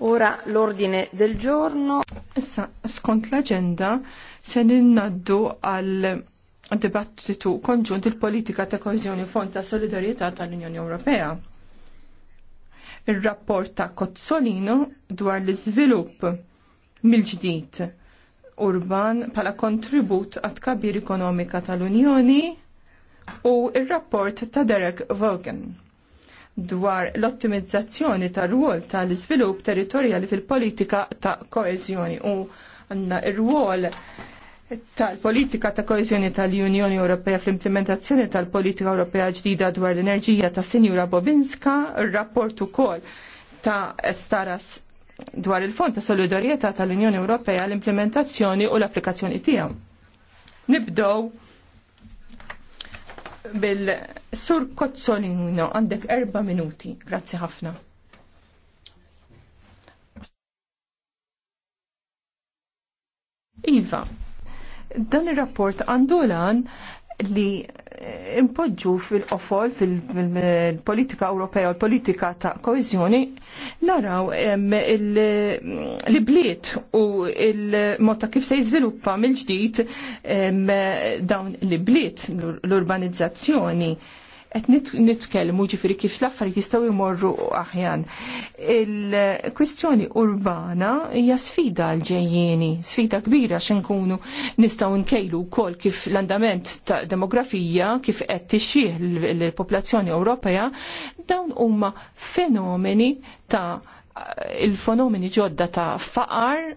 Ora l-ordine del giorno. Issa, skont l-agenda, se ninnaddu għal dibattitu konġunt il-politika ta' koezjoni fond ta' solidarietà tal-Unjoni Ewropea. Il-rapport ta' Kozzolino dwar l-iżvilupp mill-ġdid urban pala kontribut għat kabir ekonomika tal-Unjoni u il-rapport ta' Derek Vogan dwar l-ottimizzazzjoni tar rwol tal-iżvilupp territorjali fil-politika ta' koeżjoni u għanna ir-rwol tal-politika ta' koeżjoni tal-Unjoni Ewropea fl-implementazzjoni tal-politika Ewropea ġdida dwar l-enerġija ta' Sinjura Bobinska, r-rapport ukoll ta' Staras dwar il-Fond ta' Solidarjetà tal-Unjoni Ewropea l-implementazzjoni u l-applikazzjoni tiegħu. Nibdow bil-Sur Kozzolino għandek erba minuti. Grazzi ħafna. Iva, dan il-rapport għandu lan li eh, impoġġu fil-qofol fil-politika Ewropea u l-politika ta' koezjoni naraw l-bliet u il-mod ta' kif se jizviluppa mill-ġdid dawn l-bliet l-urbanizzazzjoni. l bliet bliet l urbanizzazzjoni qed nitkellmu ġifieri kif l-affarijiet jistgħu jmorru aħjan. Il-kwistjoni urbana hija sfida l-ġejjieni, sfida kbira x'inkunu nistgħu nkejlu wkoll kif l-andament ta' demografija kif qed tixxih l-popolazzjoni Ewropea, dawn huma fenomeni ta' il-fenomeni ġodda ta' faqar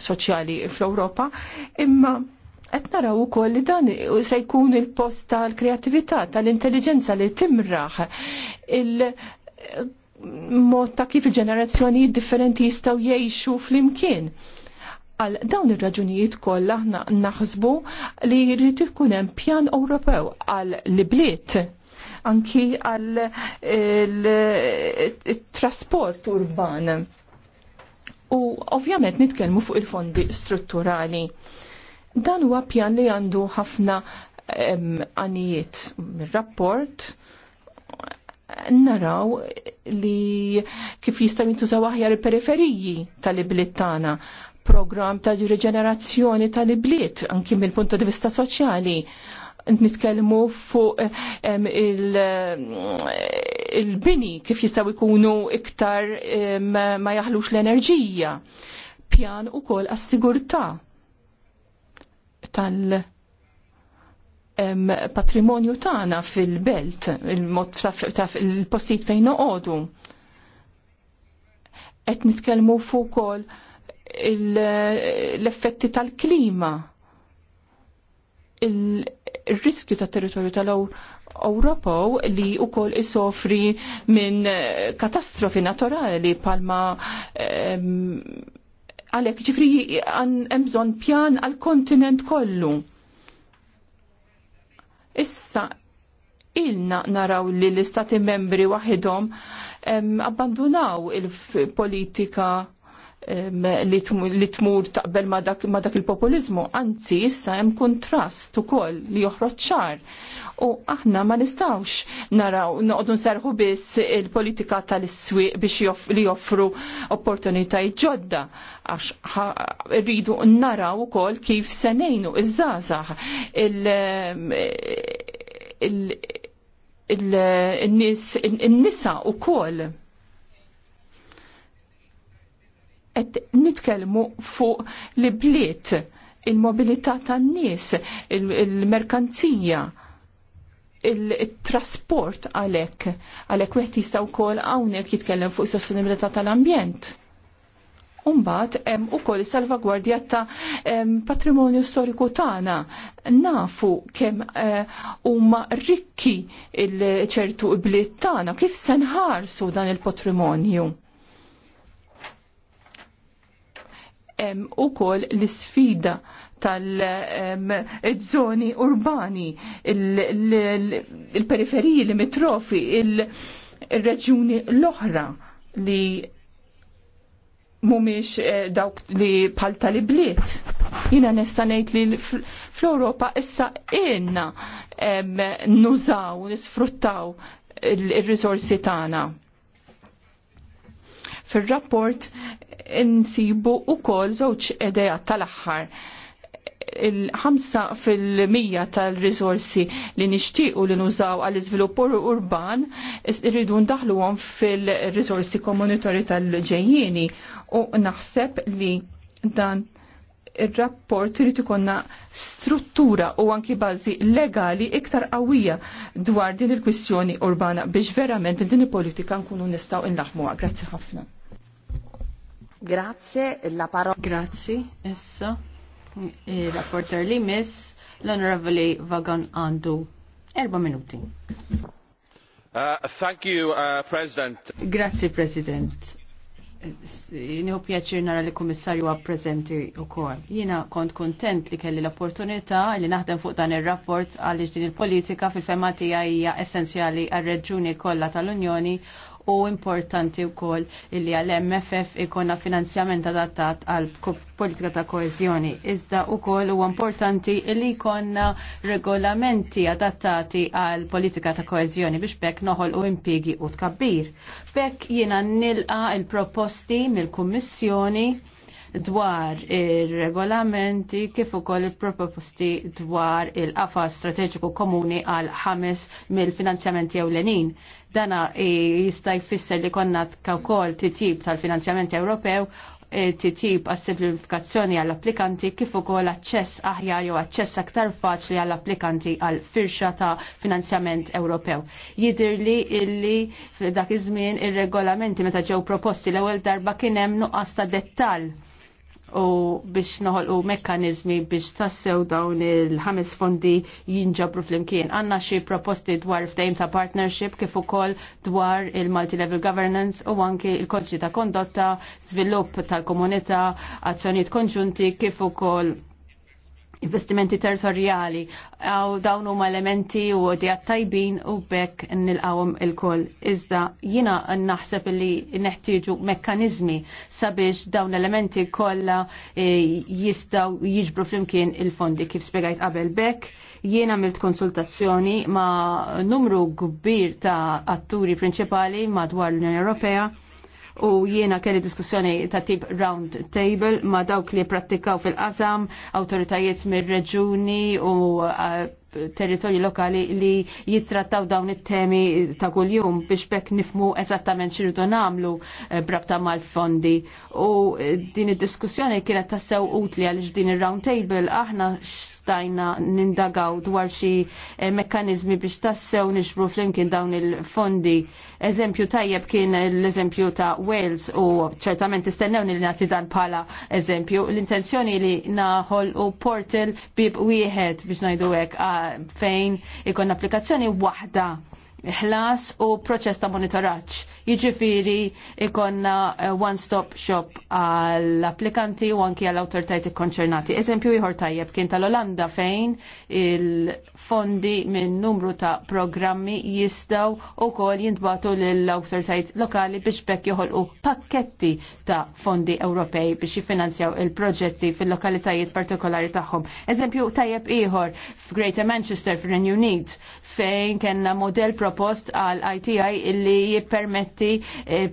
soċjali fl-Ewropa, imma Qed naraw ukoll li dan se jkun il-post tal-kreattività, tal-intelligenza li timraħ il- mod ta' kif il-ġenerazzjoni differenti jistaw jiexu fl-imkien. Għal dawn ir-raġunijiet kollha aħna naħsbu li jrid ikun hemm pjan Ewropew għal li bliet anki għal trasport urban. U ovvjament nitkellmu fuq il-fondi strutturali. Dan huwa pjan li għandu ħafna għanijiet rapport naraw li kif jistaw jintużaw aħjar il-periferiji tal-ibliet tagħna program ta' riġenerazzjoni tal-ibliet anki mill-punto di vista soċjali nitkellmu fuq il-bini il kif jistaw ikunu iktar ma jaħlux l-enerġija pjan u kol għas-sigurtà tal- patrimonju tagħna fil-belt, il postijiet fejn noqogħdu. Qed nitkellmu fuq ukoll l-effetti tal-klima, il-riskju tat territorju tal ewropa li wkoll isofri minn katastrofi naturali palma għalek ġifri għemżon pjan għal-kontinent kollu. Issa, ilna naraw li l-istati membri wahidom abbandunaw il-politika li tmur taqbel ma dak il-populizmu, anzi issa hemm kontrast ukoll li joħroġ ċar. U aħna ma nistawx naraw noqdu nserħu biss il-politika tal-iswiq biex li joffru opportunitajiet ġodda għax rridu naraw ukoll kif senejnu iż-żgħażagħ il-nisa u koll et nitkellmu fuq li bliet il-mobilità tan-nies, il-merkanzija, il-trasport għalek, għalek wieħed jista' wkoll hawnhekk jitkellem fuq is-sostenibilità tal-ambjent. Umbat, u kol salvagwardja ta' patrimonju storiku tagħna. Nafu kemm eh, huma rikki il-ċertu ibliet tagħna, kif se nħarsu dan il-patrimonju u kol l-sfida tal-żoni urbani, il-periferiji, l-mitrofi, il-reġjuni l-oħra li mumiex eh, dawk li bħal li bliet. Jina nistanejt li fl-Europa issa inna nużaw, nisfruttaw il-risorsi tagħna. Fil-rapport insibu u kol zoċ edeja tal-axħar il-5 fil-mija tal-rizorsi li nixtiequ li nużaw għall iżvilupp urban irridu ndaħluhom fil-rizorsi komunitori tal-ġejjieni u naħseb li dan il-rapport irid ikonna struttura u anki bażi legali iktar qawwija dwar din il-kwistjoni urbana biex verament din il-politika nkunu nistgħu naħmuha Grazzi ħafna. Grazie, la parola. Grazie, essa. Il-rapporter li miss l-Onorevoli Vagan għandu. Erba minuti. Uh, thank you, uh, President. Grazie, President. Nħu pjaċir nara li komissarju għab prezenti u kol. Jina kont kontent li kelli l-opportunita li naħdem fuq dan il-rapport għal din il-politika fil-fema tija hija essenzjali għal reġuni kollha tal-Unjoni u importanti wkoll illi għal-MFF ikonna finanzjament adattat għal politika ta' koezjoni. Iżda wkoll huwa importanti illi jkollna regolamenti adattati għal politika ta' koezjoni biex bekk noħolqu impigi u tkabbir. Bekk jiena nilqa il-proposti mill-Kummissjoni dwar ir-regolamenti kif ukoll il-proposti dwar il-qafa strateġiku komuni għal ħames mill-finanzjamenti ewlenin. Dana jista' jfisser li konna wkoll titjib tal-finanzjamenti Ewropew e, titjib għas simplifikazzjoni għall-applikanti kif ukoll aċċess aħjar jew aċċess aktar faċli għall-applikanti għal firxa ta' finanzjament Ewropew. li illi f'dak iż-żmien ir-regolamenti meta ġew proposti l-ewwel darba kien hemm nuqqas ta' dettall u biex u mekkanizmi biex tassew dawn il-ħames fondi jinġabru fl-imkien. Għanna xi proposti dwar f'dejm ta' partnership kif ukoll dwar il-multi-level governance u anki il-kodġi ta' kondotta, svilupp tal-komunità, azzjonijiet konġunti kif ukoll investimenti territorjali għaw dawn huma elementi u għodijat tajbin u bekk nilqawhom il-koll. Iżda jina naħseb li neħtieġu mekkanizmi sabiex dawn elementi kollha eh, jistaw jiġbru flimkien il-fondi kif spjegajt qabel bekk. Jiena għamilt konsultazzjoni ma numru kbir ta' atturi prinċipali madwar l-Unjoni Ewropea u jiena kelli diskussjoni ta' tip round table ma' dawk li prattikaw fil-qasam, autoritajiet mir-reġuni u territorji lokali li jittrattaw dawn it-temi ta' kuljum biex bekk nifmu eżattament xirridu namlu eh, brabta mal-fondi. U eh, din id-diskussjoni kienet tassew utli għal din il-round table aħna stajna nindagaw dwar xi eh, mekkanizmi biex tassew nixbru flimkien dawn il-fondi. Eżempju tajjeb kien l-eżempju ta' Wales u ċertament istennew li nagħti dan bħala eżempju. L-intenzjoni li naħol u portal bib wieħed biex ngħidu hekk fejn ikon applikazzjoni waħda ħlas u proċess ta' monitoraġġ Jiġifieri ikonna eh, one-stop shop għall-applikanti u anki għall-awtoritajiet ikkonċernati. Eżempju ieħor tajjeb kien tal-Olanda fejn il-fondi minn numru ta' programmi jistgħu wkoll jintbagħtu lill-awtoritajiet lokali biex bekk joħolqu pakketti ta' fondi Ewropej biex jiffinanzjaw il-proġetti fil-lokalitajiet partikolari tagħhom. Eżempju tajjeb ieħor f'Greater Manchester fir-Renju Unit fejn kellna model propost għal ITI illi jippermetti jippermetti e,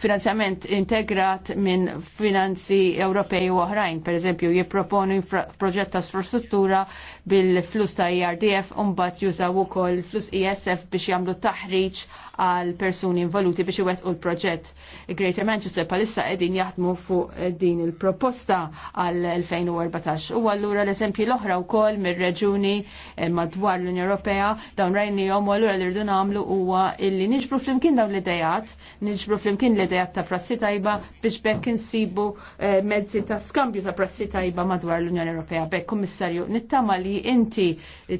finanzjament integrat minn finanzi Ewropej u oħrajn, per eżempju, jipproponu proġett ta' infrastruttura bil-flus ta' IRDF e umbat jużaw ukoll flus ISF e biex jagħmlu taħriġ għal persuni involuti biex iwettqu l-proġett. Greater Manchester palissa qegħdin jaħdmu fuq din il-proposta għal 2014. U allura l esempi l-oħra wkoll mir-reġuni eh, madwar l-Unjoni Ewropea dawn jom u allura li irdu nagħmlu huwa illi niġbru flimkien dawn l-idejat, niġbru flimkien l-idejat ta' prassi tajba biex bekk insibu eh, mezzi ta' skambju ta' prassi tajba madwar l-Unjoni Ewropea. Bekk, Kummissarju, nittama li li inti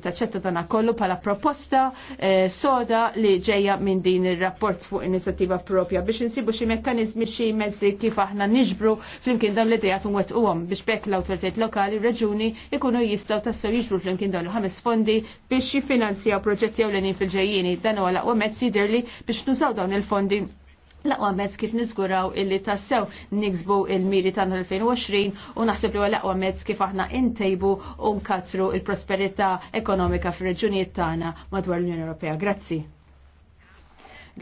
taċċetta dana kollu pala proposta eh, soda li ġeja minn din il-rapport fuq inizjattiva propja biex insibu xi mekkanizmi xi mezzi kif aħna niġbru flimkien dawn l-idejat unwet uwom biex bekk l-autoritet lokali, reġuni ikunu jistaw tassew jiġbru flimkien dawn l-ħames fondi biex jifinanzjaw proġetti ewlenin fil-ġejjini dan huwa għala u mezz jidirli biex nużaw dawn il-fondi L'aqwa mezz kif niżguraw illi tassew niksbu il-miri tan 2020 u naħseb li l-aqwa mezz kif aħna intejbu u nkatru il-prosperità ekonomika fir-reġunijiet tagħna madwar l-Unjoni Ewropea. Grazzi.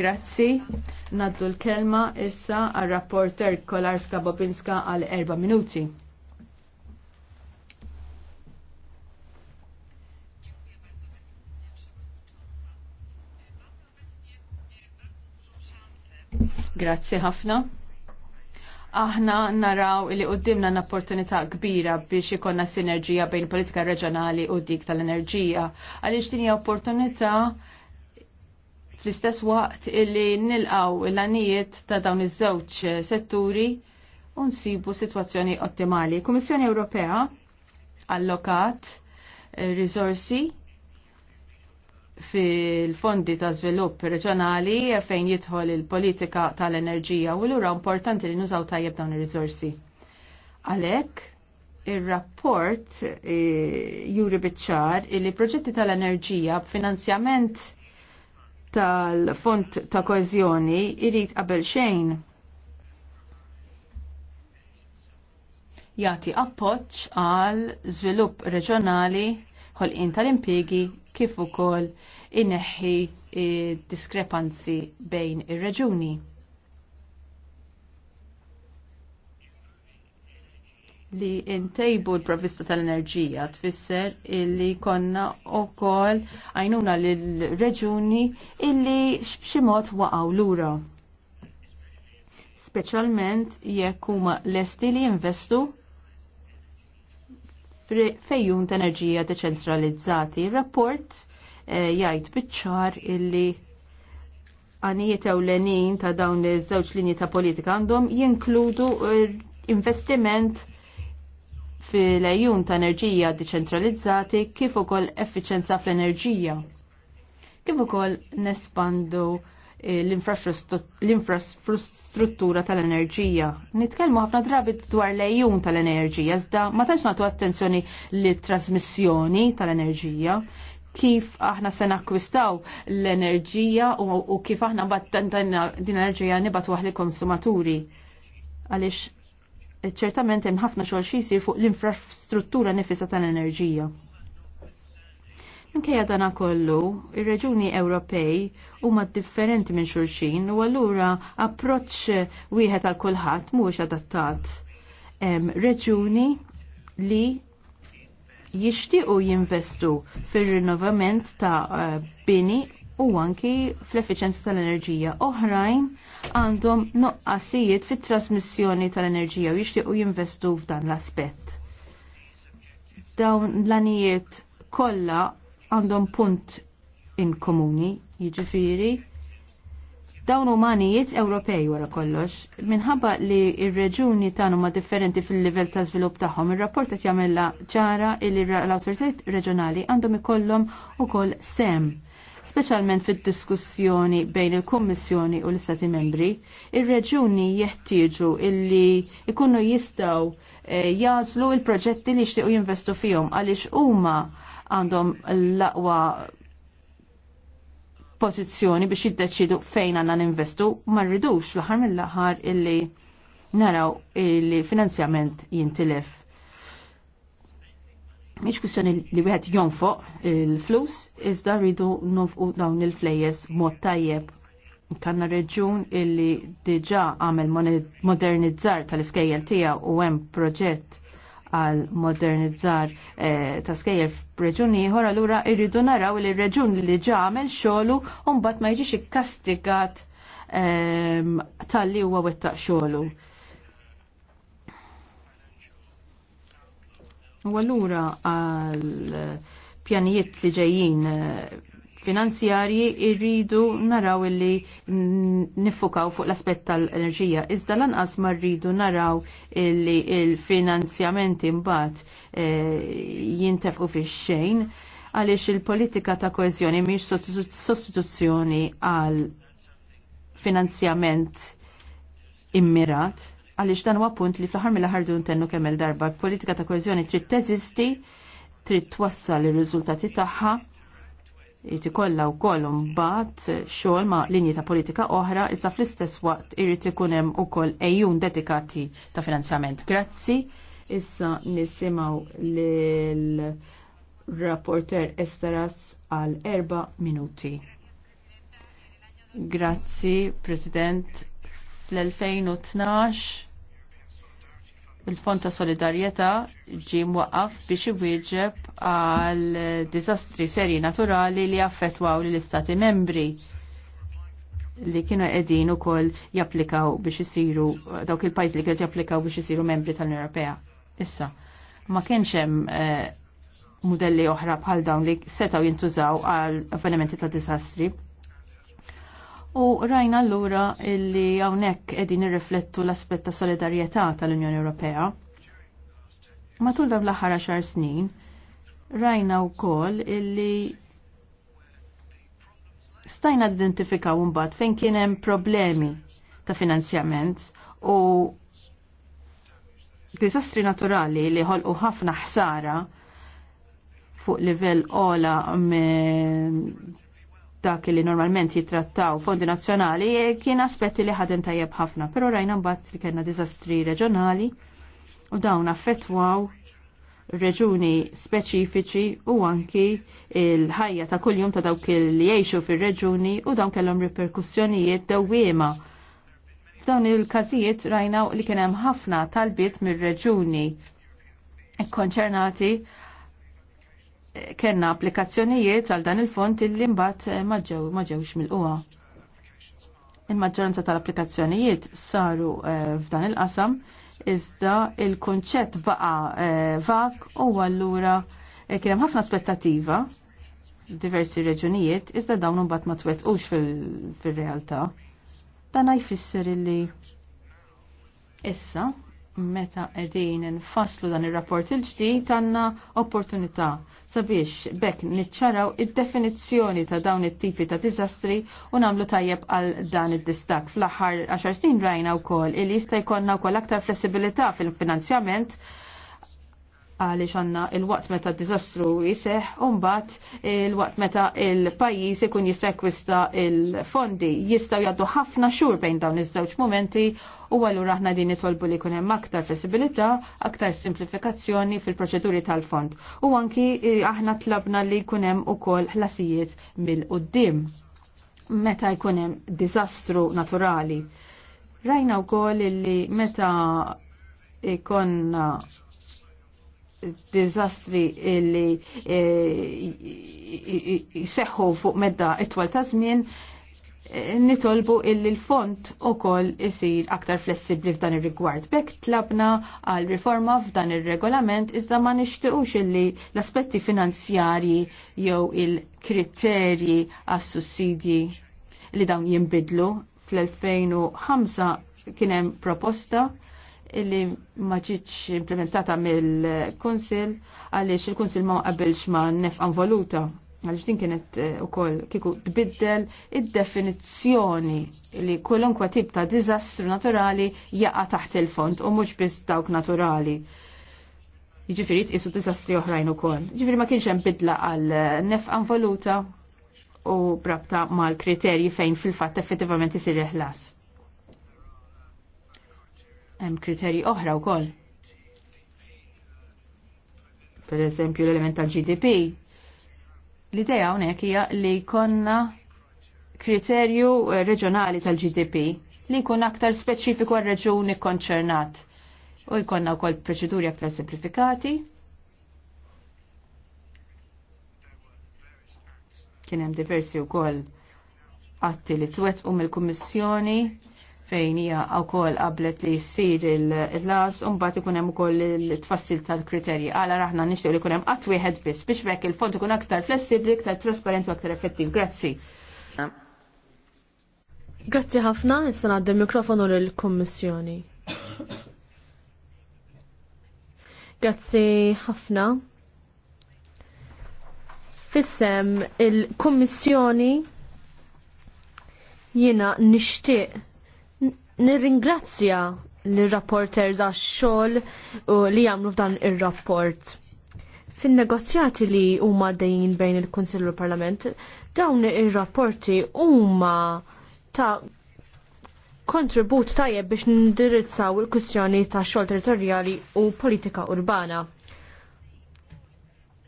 Grazzi. Naddu l-kelma issa għal rapporter Kolarska Bobinska għal erba' minuti. Grazzi ħafna. Aħna naraw li qoddimna n-opportunità kbira biex ikonna sinerġija bejn politika reġjonali u dik tal-enerġija. Għaliex din hija opportunità fl-istess waqt illi nilqaw l għanijiet ta' dawn iż-żewġ setturi u nsibu sitwazzjoni ottimali. Kummissjoni Ewropea allokat eh, risorsi fil-fondi ta' żvilupp reġjonali fejn jidħol il-politika tal-enerġija u l-ura importanti li nużaw tajjeb dawn ir-riżorsi. Għalhekk, ir-rapport e, juri biċċar li proġetti tal-enerġija b'finanzjament tal-fond ta' koezjoni jrid qabel xejn. Jati appoġġ għal żvilupp reġjonali ħolqien tal-impjegi kif ukoll ineħħi diskrepanzi bejn ir-reġuni. li ntejbu l-provista tal-enerġija tfisser illi konna u kol għajnuna l-reġuni illi ximot waqaw lura. Speċjalment jekk huma lesti li jinvestu fejjun ta' enerġija deċentralizzati. Rapport eh, jgħid biċ-ċar illi għanijiet ewlenin ta' dawn iż-żewġ linji ta' politika għandhom jinkludu investiment fil-ejjun ta' enerġija deċentralizzati kif ukoll effiċenza fl-enerġija. Kif ukoll nespandu l-infrastruttura tal-enerġija. Nitkellmu ħafna drabi dwar lejjum tal-enerġija, iżda ma tantx nagħtu attenzjoni li trasmissjoni tal-enerġija kif aħna se nakkwistaw l-enerġija u, kif aħna mbagħad din enerġija nibgħatu li konsumaturi. Għaliex ċertament hemm ħafna xogħol xi jsir fuq l-infrastruttura nifisa tal-enerġija. Anke jadana kollu, ir-reġuni Ewropej huma differenti minn xulxin u allura approċċ wieħed għal kulħadd mhuwiex adattat. reġuni li jixtiequ jinvestu fir-rinnovament ta' eh, bini u anki fl effiċjenza tal-enerġija. Oħrajn għandhom noqqasijiet fit-trasmissjoni tal-enerġija u jixtiequ jinvestu f'dan l-aspett. Dawn l-anijiet kollha għandhom punt in komuni, jiġifieri dawn umanijiet Ewropej wara kollox. Minħabba li r reġuni tagħna huma differenti fil-livell ta' żvilupp tagħhom, ir-rapport qed jagħmilha ċara li l-awtoritajiet reġjonali għandhom ikollhom ukoll sem speċjalment fid-diskussjoni bejn il-Kummissjoni u l-Istati Membri, ir-reġuni jeħtieġu illi ikunu jistgħu eh, jażlu il-proġetti li jixtiequ jinvestu fihom għaliex huma għandhom l-aqwa pożizzjoni biex jiddeċidu fejn għandna ninvestu ma rridux l-aħħar mill-aħħar illi naraw illi finanzjament jintilef. Miex kwistjoni li wieħed jonfoq il-flus, iżda rridu nofqu dawn il flejes mod tajjeb. Kanna reġun illi diġa għamel modernizzar tal-iskejjel tija u hemm proġett għal modernizzar eh, ta' skejjel f'reġun ieħor allura irridu naraw li reġun li ġa għamel xogħlu u mbagħad ma jiġix ikkastigat eh, tal-li huwa wettaq xogħlu. U allura għal pjanijiet li ġejjin eh, finanzjarji irridu naraw illi nifukaw fuq l-aspett tal-enerġija. Iżda lanqas ma rridu naraw illi il-finanzjamenti imbagħad e, eh, jintefqu fix-xejn għaliex il-politika ta' koeżjoni mhix sostituzzjoni għal finanzjament immirat għaliex dan huwa punt li fl-aħħar mill-aħħar dun tennu kemm darba politika ta' koeżjoni trid teżisti, trid twassal ir-riżultati tagħha Irrid ikollha wkoll imbagħad xogħol ma' linji ta' politika oħra iżda fl-istess waqt irrid ikun hemm ukoll ejjun dedikati ta' finanzjament. Grazzi. Issa nisimgħu lil rapporter Esteras għal erba' minuti. Grazzi, President. Fl-2012 Il-Fond ta' Solidarjetà ġie mwaqqaf biex iwieġeb għal diżastri serji naturali li affettwaw lill istati membri li kienu qegħdin ukoll japplikaw biex isiru dawk il-pajjiż li kienu japplikaw biex isiru membri tal-Unjoni Ewropea. Issa, ma kienx hemm eh, modelli oħra bħal dawn li setaw jintużaw għal avvenimenti ta' diżastri. U rajna allura illi hawnhekk qegħdin irriflettu l-aspett ta' solidarjetà tal-Unjoni Ewropea. Matul dawn l-aħħar xar snin, rajna wkoll illi stajna un mbagħad fejn kien hemm problemi ta' finanzjament u disastri naturali li ħolqu ħafna ħsara fuq livell ola dak li normalment jitrattaw fondi nazzjonali e kien aspetti li ħadem tajjeb ħafna, pero rajna mbagħad li kellna diżastri reġjonali u dawn affettwaw reġuni speċifiċi u anki il-ħajja ta' kuljum ta' dawk li jgħixu fir-reġuni u dawn kellhom riperkussjonijiet dewwiema. F'dawn il-każijiet rajna li kien hemm ħafna talbiet mir-reġuni konċernati kena applikazzjonijiet għal dan il-fond illi mbagħad eh, ma ġewx mill-qwa. Il-maġġoranza tal-applikazzjonijiet saru eh, f'dan il-qasam iżda il-konċett baqa eh, vak u allura kien hemm ħafna aspettattiva diversi reġunijiet iżda dawn mbagħad ma twettqux fil-realtà. Dan jfisser illi issa meta qegħdin nfasslu dan ir-rapport il ġdid għandna opportunità sabiex bekk niċċaraw id-definizzjoni ta' dawn it-tipi ta' diżastri u nagħmlu tajjeb għal dan id-distak. Fl-aħħar 10 snin rajna wkoll il jista' jkollna wkoll aktar flessibilità fil-finanzjament għaliex għanna il-waqt meta d-dizastru jiseħ, umbat il-waqt meta il-pajis ikun jisekwista il-fondi. Jistaw jaddu ħafna xur bejn dawn iż-żewġ momenti u għallu raħna din nitolbu li kunem aktar flessibilità, aktar simplifikazzjoni fil-proċeduri tal-fond. U anki eh, aħna tlabna li kunem u kol ħlasijiet mill-qoddim meta jkunem dizastru naturali. Rajna u kol li meta ikonna dizastri li jseħħu eh, fuq medda itwal ta' żmien eh, nitolbu illi l-font u koll isir aktar flessibli f'dan ir-rigward. Bekk tlabna għal riforma f'dan ir-regolament iżda ma nixtiqux illi l-aspetti finanzjarji jew il-kriterji għas sussidji li dawn jimbidlu fl-2005 kienem proposta illi ma ġietx implementata mill-Kunsil għaliex il-Kunsil ma qabilx ma nefqan voluta għaliex din kienet eh, ukoll kieku tbiddel id-definizzjoni li kwalunkwa tip ta' diżastru naturali jaqa' taħt il-fond u mhux biss dawk naturali. Jiġifieri tqisu diżastri oħrajn ukoll. Jiġifieri ma kienx hemm bidla għal nefqan voluta u brabta mal-kriterji fejn fil-fatt effettivament isir iħlas. Hemm kriterji oħra wkoll. Per eżempju l-element tal-GDP. L-idea hawnhekk hija li jkollna kriterju eh, reġjonali tal-GDP li jkun aktar speċifiku għal reġuni konċernat u jkollna wkoll proċeduri aktar simplifikati. Kien hemm diversi wkoll atti li twet mill kummissjoni fejn hija wkoll qablet li jsir il-las u mbagħad ikun hemm ukoll il-tfassil tal-kriterji. Għala raħna nixtieq li jkun hemm qatt wieħed biss biex bekk il-fond ikun aktar flessibbli, aktar trasparenti u aktar effettiv. Grazzi. Grazzi ħafna, issa ngħaddi l mikrofonu lill-Kummissjoni. Grazzi ħafna. Fissem il-Kummissjoni jiena nixtieq nirringrazzja l-rapporters għax xogħol li jagħmlu f'dan ir-rapport. Fin-negozjati li huma dejjin bejn il-Kunsill u l-Parlament, dawn ir-rapporti huma ta' kontribut tajjeb biex nindirizzaw il-kwistjoni ta' xogħol territorjali u politika urbana.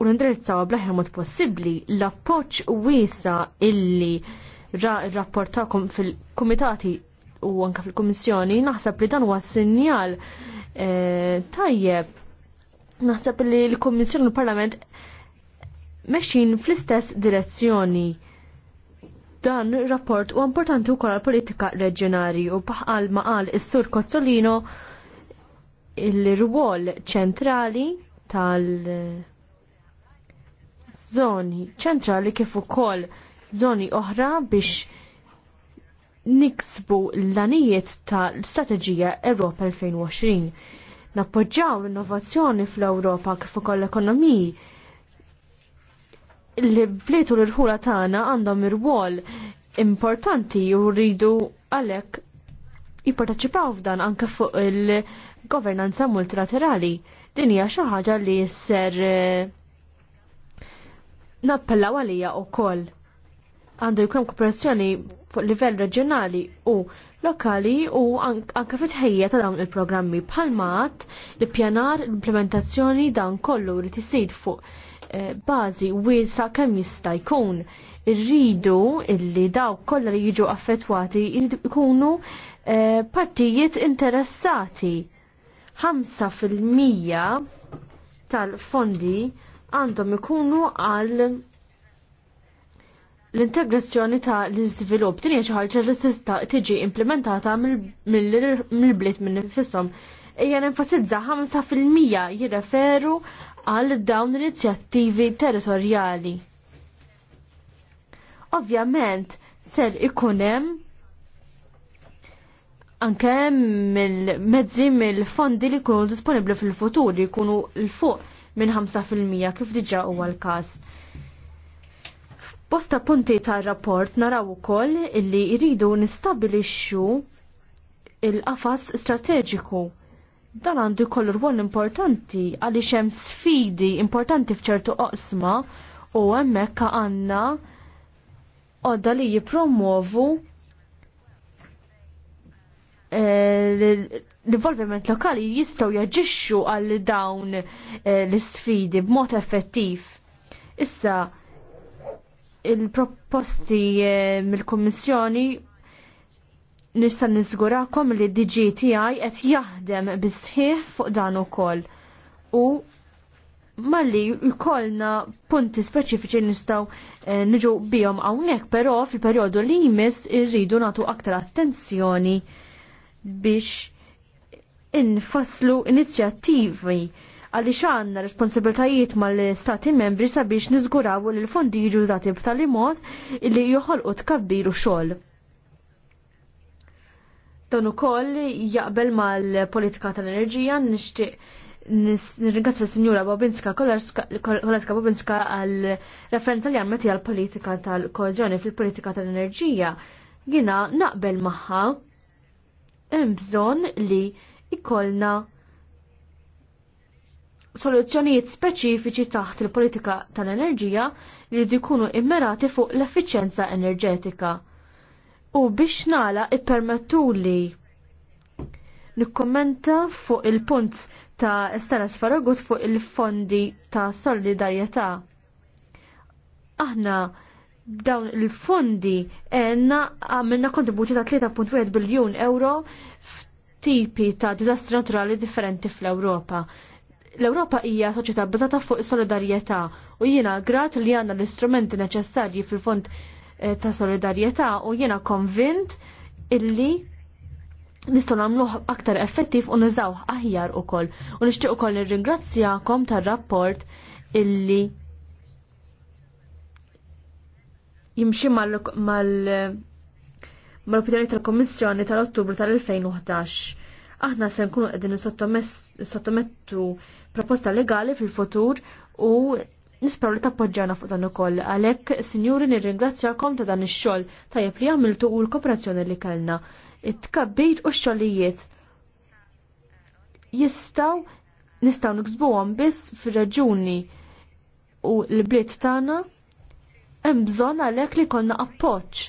U nindirizzaw bl ħem mod possibbli l-appoġġ wiesa illi ra rapportakom fil-kumitati u anka fil-Kummissjoni naħseb li dan huwa sinjal eh, tajjeb. Naħseb li l-Kummissjoni u l-Parlament meċin fl-istess direzzjoni. Dan rapport u importanti wkoll għall politika reġjonali u paħal ma qal is-Sur Kozzolino il-rwol ċentrali tal- zoni ċentrali kif ukoll zoni oħra biex niksbu l-lanijiet ta' strateġija strategija Europa 2020. Nappoġġaw l-innovazzjoni fl-Ewropa kif ukoll l-ekonomiji li bletu l-irħula tagħna għandhom irwol importanti u rridu għalhekk jipparteċipaw f'dan anke fuq il-governanza multilaterali. Din hija xi ħaġa li ser eh, nappellaw għalija wkoll għandu jkun kooperazzjoni fuq livell reġjonali u lokali u anke fitħejja ta' dawn il-programmi bħalmat li pjanar l-implementazzjoni dan kollu li tisir fuq eh, bażi wiesa kemm jista' jkun irridu illi dawk kollha li jiġu affettwati jkunu eh, partijiet interessati. 5% tal-fondi għandhom ikunu għal l-integrazzjoni ta' l-izvilupp din hija xi ħaġa li tista' tiġi implementata mill-bliet minn nifisom. Ejja nenfasizza 5% jirreferu għal dawn l-inizjattivi territorjali. Ovvjament ser ikun hemm anke mill-mezzi mill-fondi li jkunu disponibbli fil-futur li jkunu l fuq minn 5% kif diġà huwa l-każ Bosta punti tar rapport naraw ukoll illi jridu nistabilixxu il-qafas strateġiku. Dan għandu jkollu rwol importanti għaliex hemm sfidi importanti f'ċertu oqsma u hemmhekk għandna għodda li jippromovu eh, l-involviment lokali jistgħu jaġixxu għal dawn eh, l-sfidi b'mod effettiv. Issa il-proposti eh, mill-Kummissjoni nista' niżgurakom li DGTI tiegħi qed jaħdem bisħieħ fuq dan ukoll. U malli jkollna punti speċifiċi nistgħu eh, niġu bihom hawnhekk, però fil-perjodu li jmiss irridu nagħtu aktar attenzjoni biex infaslu inizjattivi għaliex għandna responsabiltajiet mal-Stati membri sabiex niżguraw li l-fondi jiġu użati b'tali mod li joħolqu tkabbiru xogħol. Dan ukoll jaqbel mal-politika tal-enerġija nixtieq nirringrazzja s-Sinjura Bobinska Kolarska Bobinska għal referenza li għamet għal politika tal kohezjoni fil-politika tal-enerġija. Gina naqbel maħħa hemm bżonn li ikollna soluzzjonijiet speċifiċi taħt il-politika tal-enerġija li jridu jkunu immerati fuq l-effiċenza enerġetika. U biex nala ippermettuli nikkommenta fuq il-punt ta' Estela Sfaragut fuq il-fondi ta' solidarjetà. Aħna dawn il-fondi għenna għamilna kontributi ta' 3.1 biljun euro f'tipi ta' dizastri naturali differenti fl-Ewropa l-Ewropa hija soċjetà bbażata fuq is-solidarjetà u jiena grat li għandna l-istrumenti neċessarji fil-fond eh, ta' solidarjetà u jiena konvint illi nistgħu nagħmluh aktar effettiv u niżawh aħjar ukoll. U nixtieq ukoll nirringrazzjakom tar-rapport illi jimxi mal mal-opinjoni tal-Kommissjoni tal-Ottubru tal-2011. Aħna se nkunu qegħdin sottomettu proposta legali fil-futur u nispraw li tappoġġana fuq dan ukoll. Għalhekk, sinjuri nirringrazzjakom ta' dan ix-xogħol tajjeb li għamiltu u l-kooperazzjoni li kellna. It-tkabbit u x-xogħlijiet jistgħu nistgħu niksbuhom biss fir-raġuni u l-bliet tagħna hemm bżonn għalhekk li konna appoġġ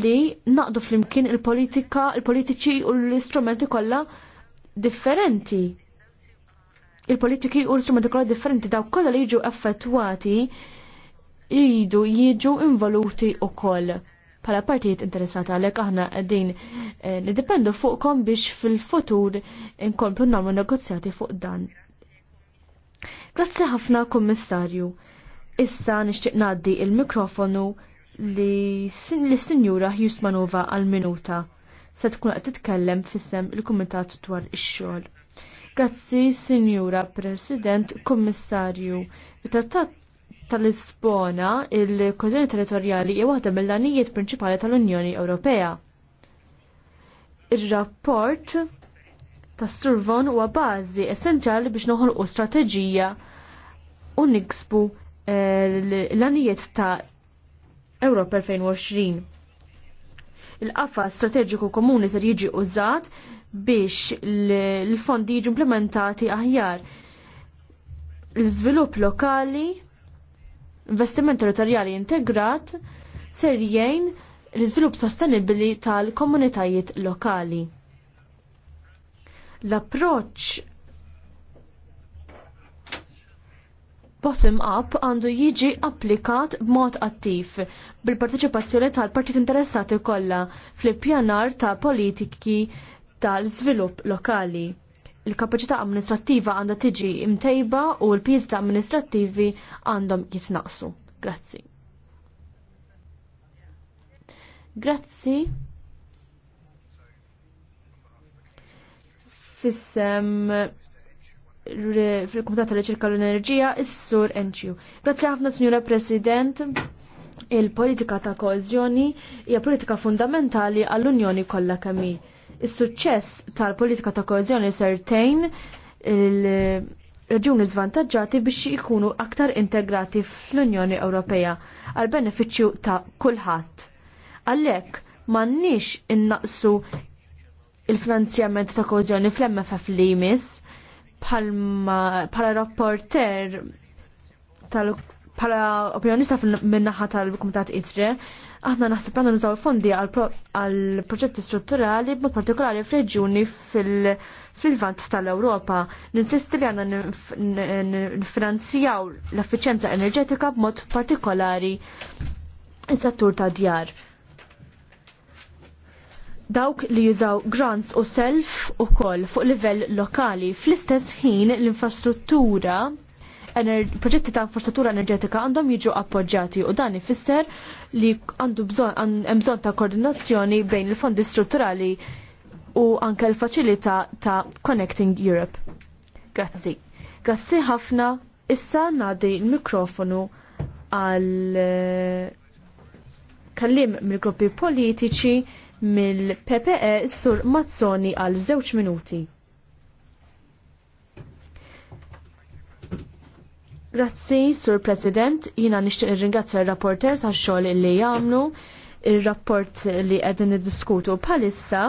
li naqdu flimkien il-politika, il-politiċi u l-istrumenti kollha differenti il-politiki u l-strumenti kollha differenti daw kollha li jiġu effettwati jidu jiġu involuti wkoll bħala partijiet interessata għalhekk aħna qegħdin eh, nidipendu fuqkom biex fil-futur inkomplu normu negozjati fuq dan. Grazzi ħafna Kummissarju. Issa nixtieq ngħaddi il-mikrofonu li sinjura Jusmanova għal-minuta se tkun qed titkellem fissem il-Kumitat dwar ix-xogħol. Grazzi, Sinjura President, Kommissarju. Trattat tal-Lisbona, il-kozjoni territorjali hija waħda mill-għanijiet prinċipali tal-Unjoni Ewropea. Ir-rapport ta' Sturvon huwa bażi essenzjali biex noħolqu strateġija u niksbu eh, l-għanijiet ta' Ewropa 2020. Il-qafa strateġiku komuni ser jiġi użat biex l-fondi jiġu implementati aħjar. l iżvilupp lokali, investiment territorjali integrat, ser jgħin l-iżvilupp sostenibbli tal-komunitajiet lokali. L-approċċ bottom-up għandu jiġi applikat b'mod attiv bil-parteċipazzjoni tal-partit interessati kollha fl-ippjanar ta' politiki tal-żvilupp lokali. Il-kapaċità amministrattiva għandha tiġi imtejba u l-pjizda amministrattivi għandhom jitnaqsu. Grazzi. Grazzi. Fissem fil-Komitat tal-Riċerka l-Enerġija, is-Sur Enċju. Grazzi ħafna, Signora President, il-politika ta' koezjoni hija politika fundamentali għall-Unjoni kollha kemm Is-suċċess tal-politika ta' koeżjoni sertejn il reġjuni zvantaġġati biex ikunu aktar integrati fl-Unjoni Ewropea għal benefiċċju ta' kulħadd. Għalhekk m'għandniex innaqsu il-finanzjament ta' koezjoni fl-MFF li jmiss bħala rapporter tal bħala opinjonista minnaħa tal-Kumitat ITRE Aħna naħseb għandna nużaw fondi għal proġetti strutturali b'mod partikolari f'reġjuni fil-vant tal-Ewropa. Ninsisti li għandna nfinanzjaw l-effiċenza enerġetika b'mod partikolari is-settur ta' djar dawk li jużaw grants u self u koll fuq livell lokali fl-istess ħin l-infrastruttura proġetti ta' infrastruttura enerġetika għandhom jiġu appoġġjati u dan ifisser li għandu bżon hemm bżonn ta' koordinazzjoni bejn il-fondi strutturali u anke l-faċilità ta' Connecting Europe. Grazzi. Grazzi ħafna. Issa nadi l-mikrofonu għal eh, kallim mill-gruppi politiċi mill-PPE sur Mazzoni għal żewġ minuti. Grazzi, Sur President, jina nishtiq ringrazzja il-rapporters għax xogħol li jagħmlu il-rapport li qegħdin niddiskutu bħalissa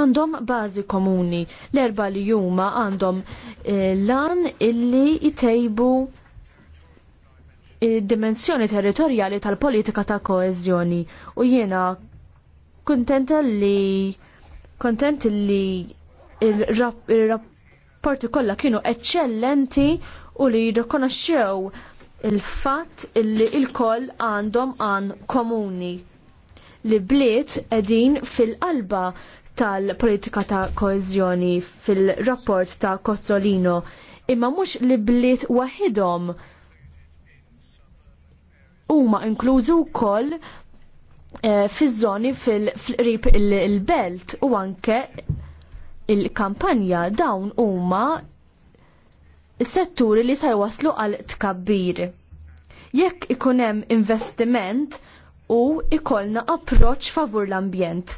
għandhom bażi komuni. L-erba li juma għandhom eh, lan illi jtejbu dimensjoni territorjali tal-politika ta' koezjoni u jiena kontenta li kontent li il-rapporti kollha kienu eċċellenti u li jirrikonoxxew il-fatt illi il-koll għandhom għan komuni li bliet edin fil-qalba tal-politika ta' koezjoni fil-rapport ta' Kozzolino imma mhux li bliet waħidhom huma inklużu wkoll eh, fiż-żoni fil-qrib il-belt u anke il-kampanja dawn huma is setturi li sa jwaslu għal tkabbir. Jekk ikunem investiment u ikolna approċ favur l-ambjent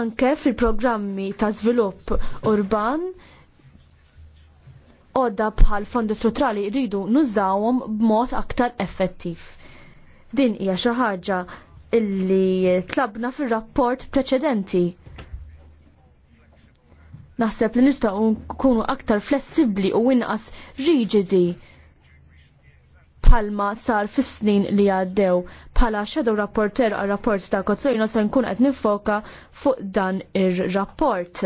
anke fil-programmi ta' svilupp urban għodda bħal fondi strutturali jridu nużawhom b'mod aktar effettiv. Din hija xi ħaġa illi tlabna fir-rapport preċedenti Naħseb li nistgħu nkunu aktar flessibbli u inqas riġidi palma sar fis snin li għaddew. Pala shadow rapporter għal rapport ta' kozzoj se nkun qed nifoka fuq dan ir-rapport.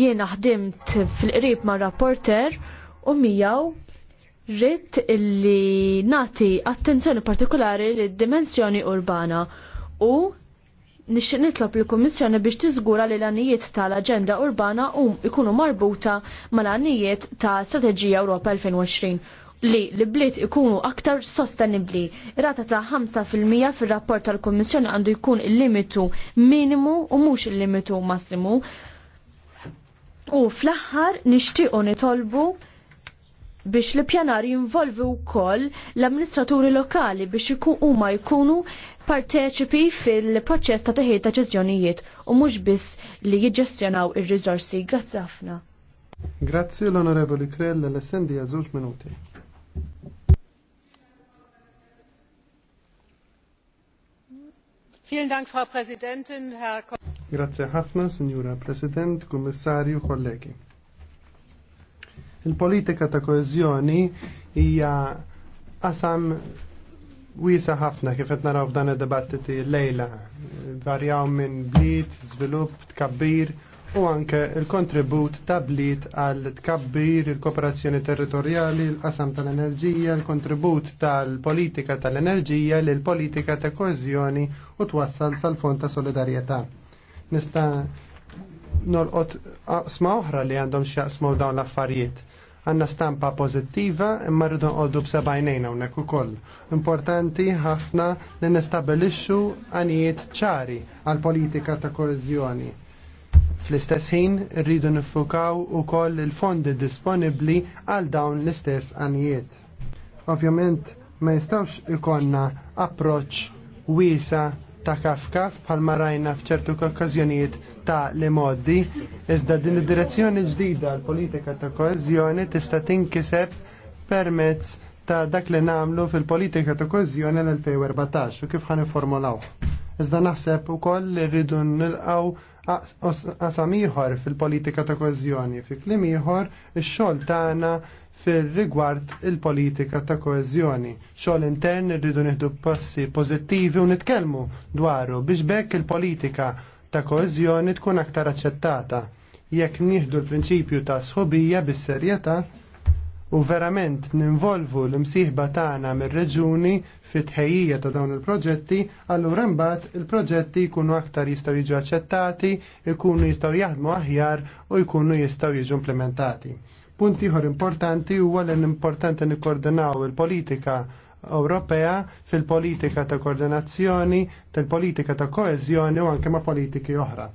Jiena ħdimt fil-qrib ma' rapporter u miegħu rrit illi nati attenzjoni partikolari lid-dimensjoni urbana u nixtieq nitlob il-Kummissjoni biex tiżgura li l-għanijiet tal-Aġenda Urbana um ikunu marbuta mal-għanijiet ta' Strateġija Ewropa 2020 li l-bliet ikunu aktar sostenibli. Rata ta' 5% fil-rapport tal-Kommissjoni għandu jkun il-limitu minimu u mhux il-limitu massimu. U fl-aħħar nixtiequ nitolbu biex li pjanar jinvolvi wkoll l-amministraturi lokali biex huma jkunu parteċipi fil-proċess ta' teħid deċiżjonijiet u mhux biss li jiġġestjonaw ir-riżorsi. Grazzi ħafna. Grazzi l-Onorevoli Krell l-essendi żewġ minuti. Grazie ħafna, Signora President, Kommissarju, kollegi. Il-politika ta' koezjoni hija qasam wiesa ħafna kif qed naraw f'dan id-dibattiti lejla. Varjaw minn bliet, żvilupp, tkabbir u anke il-kontribut ta' bliet għal tkabbir, il-kooperazzjoni territorjali, l-qasam tal-enerġija, il-kontribut tal-politika tal-enerġija lil politika ta' koezjoni u twassal sal-fond ta' solidarjetà. Nista' nolqot qasma oħra li għandhom x'jaqsmu dawn l-affarijiet Għanna stampa pozittiva imma rridu nqoddu b'sebajnejn hawnhekk ukoll. Importanti ħafna li nistabilixxu għanijiet ċari għal politika ta' koeżjoni. Fl-istess ħin rridu nifukaw ukoll il-fondi disponibbli għal dawn l-istess għanijiet. Ovvjament ma jistawx ikonna approċċ wiesa' ta' kafkaf bħalma rajna f'ċertu okkażjonijiet ta' li moddi, iżda din id-direzzjoni ġdida l-politika ta' koeżjoni tista' tinkiseb permezz ta' dak li nagħmlu fil-politika ta' koeżjoni l-2014 u kif ħan formulaw. Iżda naħseb koll li rridu nilqaw qasam ieħor fil-politika ta' koeżjoni, fi kliem ieħor ix-xogħol tagħna fil-rigward il-politika ta' koezjoni. Xogħol intern irridu nieħdu passi pożittivi u nitkellmu dwaru biex bekk il-politika ta' koezjoni tkun aktar aċċettata. Jekk nieħdu l-prinċipju ta' sħobija bis-serjetà u verament ninvolvu l-imsieħba tagħna mir-reġuni fit-tħejjija ta' dawn il-proġetti, allura mbagħad il-proġetti jkunu aktar jistgħu jiġu aċċettati, jkunu jistgħu jaħdmu aħjar u jkunu jistgħu jiġu implementati. Punt ieħor importanti huwa li importanti nikkoordinaw il-politika Ewropea fil-politika ta' koordinazzjoni, tal-politika ta' koeżjoni u anke ma' politiki oħra.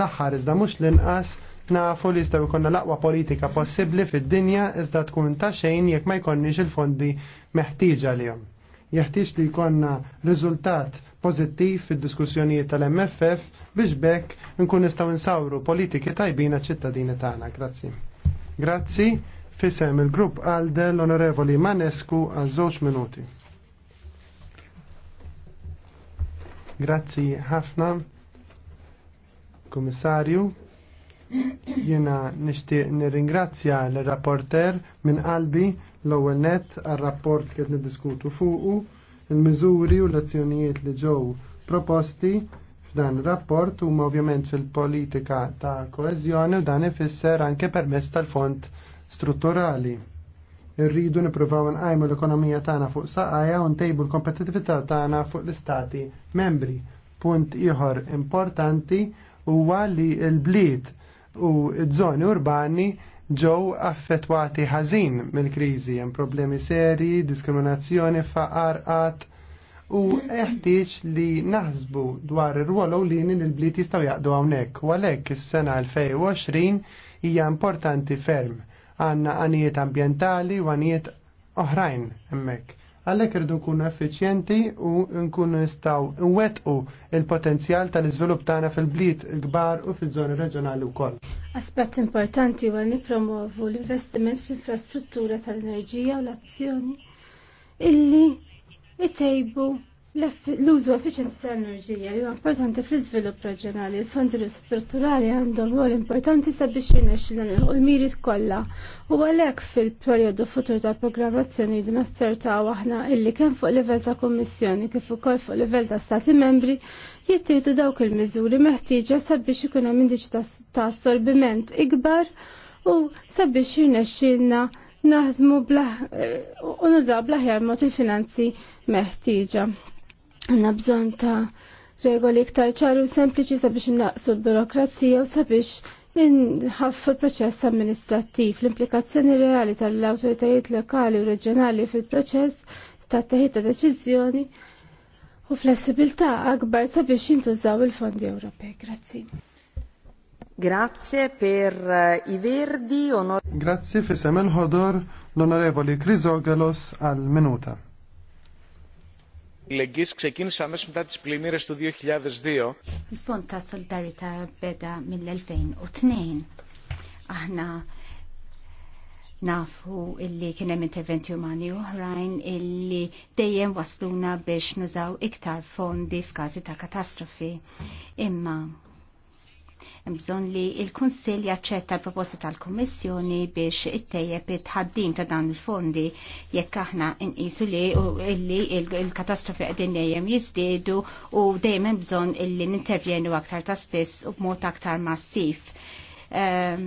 L-aħħar iżda mhux l-inqas nafu li jistgħu jkollna l-aqwa politika possibbli fid-dinja iżda tkun ta' xejn jekk ma jkollniex il-fondi meħtieġa lihom. Jeħtieġ li jkollna riżultat pożittiv fid-diskussjonijiet tal-MFF biex bekk nkun nistgħu nsawru politiki tajbin ċittadini tagħna. Grazzi. Grazzi, fissem il-grupp għalde l-onorevoli Manescu għal żewġ minuti. Grazzi ħafna, komissarju. Jena nishtiq nirringrazzja l-rapporter minn qalbi l-ewwel net għar-rapport li qed niddiskutu fuqu, il-miżuri u l-azzjonijiet li ġew proposti f'dan rapport huma ovvjament fil-politika ta' koezjoni u dan ifisser anke permezz tal-fond strutturali. Irridu nippruvaw nqajmu l-ekonomija tagħna fuq saqajja u ntejbu l-kompetitività tagħna fuq l-istati membri. Punt ieħor importanti huwa li l-bliet u ż-żoni urbani ġew affettwati ħażin mill-kriżi, hemm problemi seri, diskriminazzjoni, faqar, qatt, u eħtieġ li naħsbu dwar ir-rwol li li il bliet jistgħu jaqdu hawnhekk u għalhekk is-sena 2020 hija importanti ferm għandna għanijiet ambjentali u għanijiet oħrajn hemmhekk Għalhekk irdu nkunu effiċjenti u nkunu nistgħu nwettqu il-potenzjal tal-iżvilupp tagħna fil-bliet kbar u fiż żoni reġjonali wkoll. Aspett importanti huwa nippromovu l-investiment fl-infrastruttura tal-enerġija u l-azzjoni illi itejbu l-użu effiċenza tal-enerġija li huwa importanti fl-iżvilupp reġjonali. Il-fondi strutturali għandhom rol importanti sabiex jirnexxilna nilħu l-miri kollha. U għalhekk fil-perjodu futur tal-programmazzjoni jridu nassertaw aħna illi kemm fuq livell ta' Kummissjoni kif ukoll fuq livell ta' Stati membri jittieħdu dawk il-miżuri meħtieġa sabiex ikun hemm indiċi ta' assorbiment ikbar u sabiex jirnexxilna naħdmu bla u nużaw bla ħjar mod il-finanzi meħtieġa. Għandna bżonn ta' regoli iktar ċaru sempliċi sabiex naqsu l burokrazija u sabiex Inħaffu l-proċess amministrattiv, l-implikazzjoni reali tal-autoritajiet lokali u reġjonali fil-proċess ta' teħid ta' deċiżjoni u flessibilità akbar sabiex jintużaw il-fondi Ewropej. Grazzi. Grazie per eh, i Verdi. Onor... Grazie fissem il-ħodor l-Onorevoli Crisogalos għal-minuta. Λεγγύς ξεκίνησε αμέσως μετά τις πλημμύρες του 2002. Il-Fond ta' Solidarità beda mill-2002. Aħna nafu illi kien hemm interventi umani oħrajn illi dejjem wasluna biex nużaw iktar fondi f'każi ta' katastrofi. Imma Mżon li il-Kunsill jaċċetta l-proposta tal-Kommissjoni biex ittejjeb it-ħaddim ta' dan il-fondi jekk aħna nqisu li illi il-katastrofi qegħdin dejjem jiżdiedu u dejjem hemm bżonn illi nintervjenu aktar ta' spiss u b'mod aktar massiv. Ehm,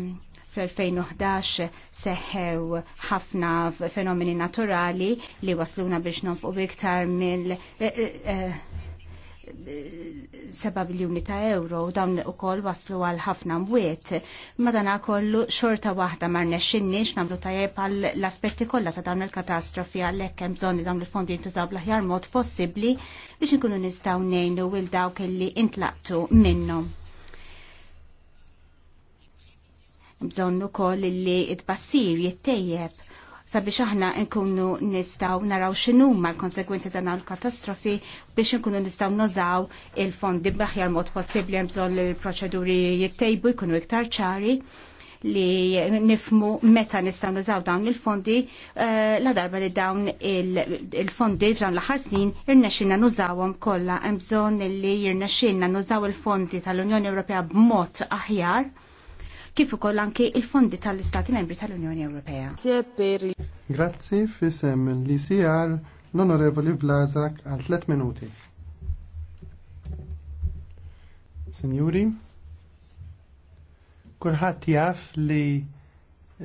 fl-2011 seħew ħafna fenomeni naturali li wasluna biex nonfqu iktar mill eh, eh, eh, seba biljoni ta' euro u dawn u koll waslu għal ħafna mwiet. Madana kollu xorta wahda mar nexxinniex namlu tajjeb għal l-aspetti kollha ta' dawn il-katastrofi għalhekk hemm bżonn dawn il-fondi jintużaw bl-aħjar mod possibbli biex inkunu nistgħu ngħinu lil dawk kelli intlaqtu minnhom. Bżonn ukoll li t bassir jittejjeb sabiex aħna nkunu nistaw naraw ma l-konsekwenzi ta' dawn katastrofi biex nkunu nistaw nużaw il-fondi b'aħjar mod possibbli hemm bżonn il-proċeduri jittejbu jkunu iktar ċari li nifmu meta nistaw nużaw dawn il-fondi eh, la darba li dawn il-fondi f'dawn l-aħħar snin irnexxinna nużawhom kollha hemm bżonn li jirnexinna nużaw il-fondi tal-Unjoni Ewropea b'mod aħjar kif ukoll anke il-fondi tal-Istati Membri tal-Unjoni Ewropea. Grazzi fisem l-ICR l-Onorevoli Vlazak għal 3 minuti. Signori, kurħat jaf li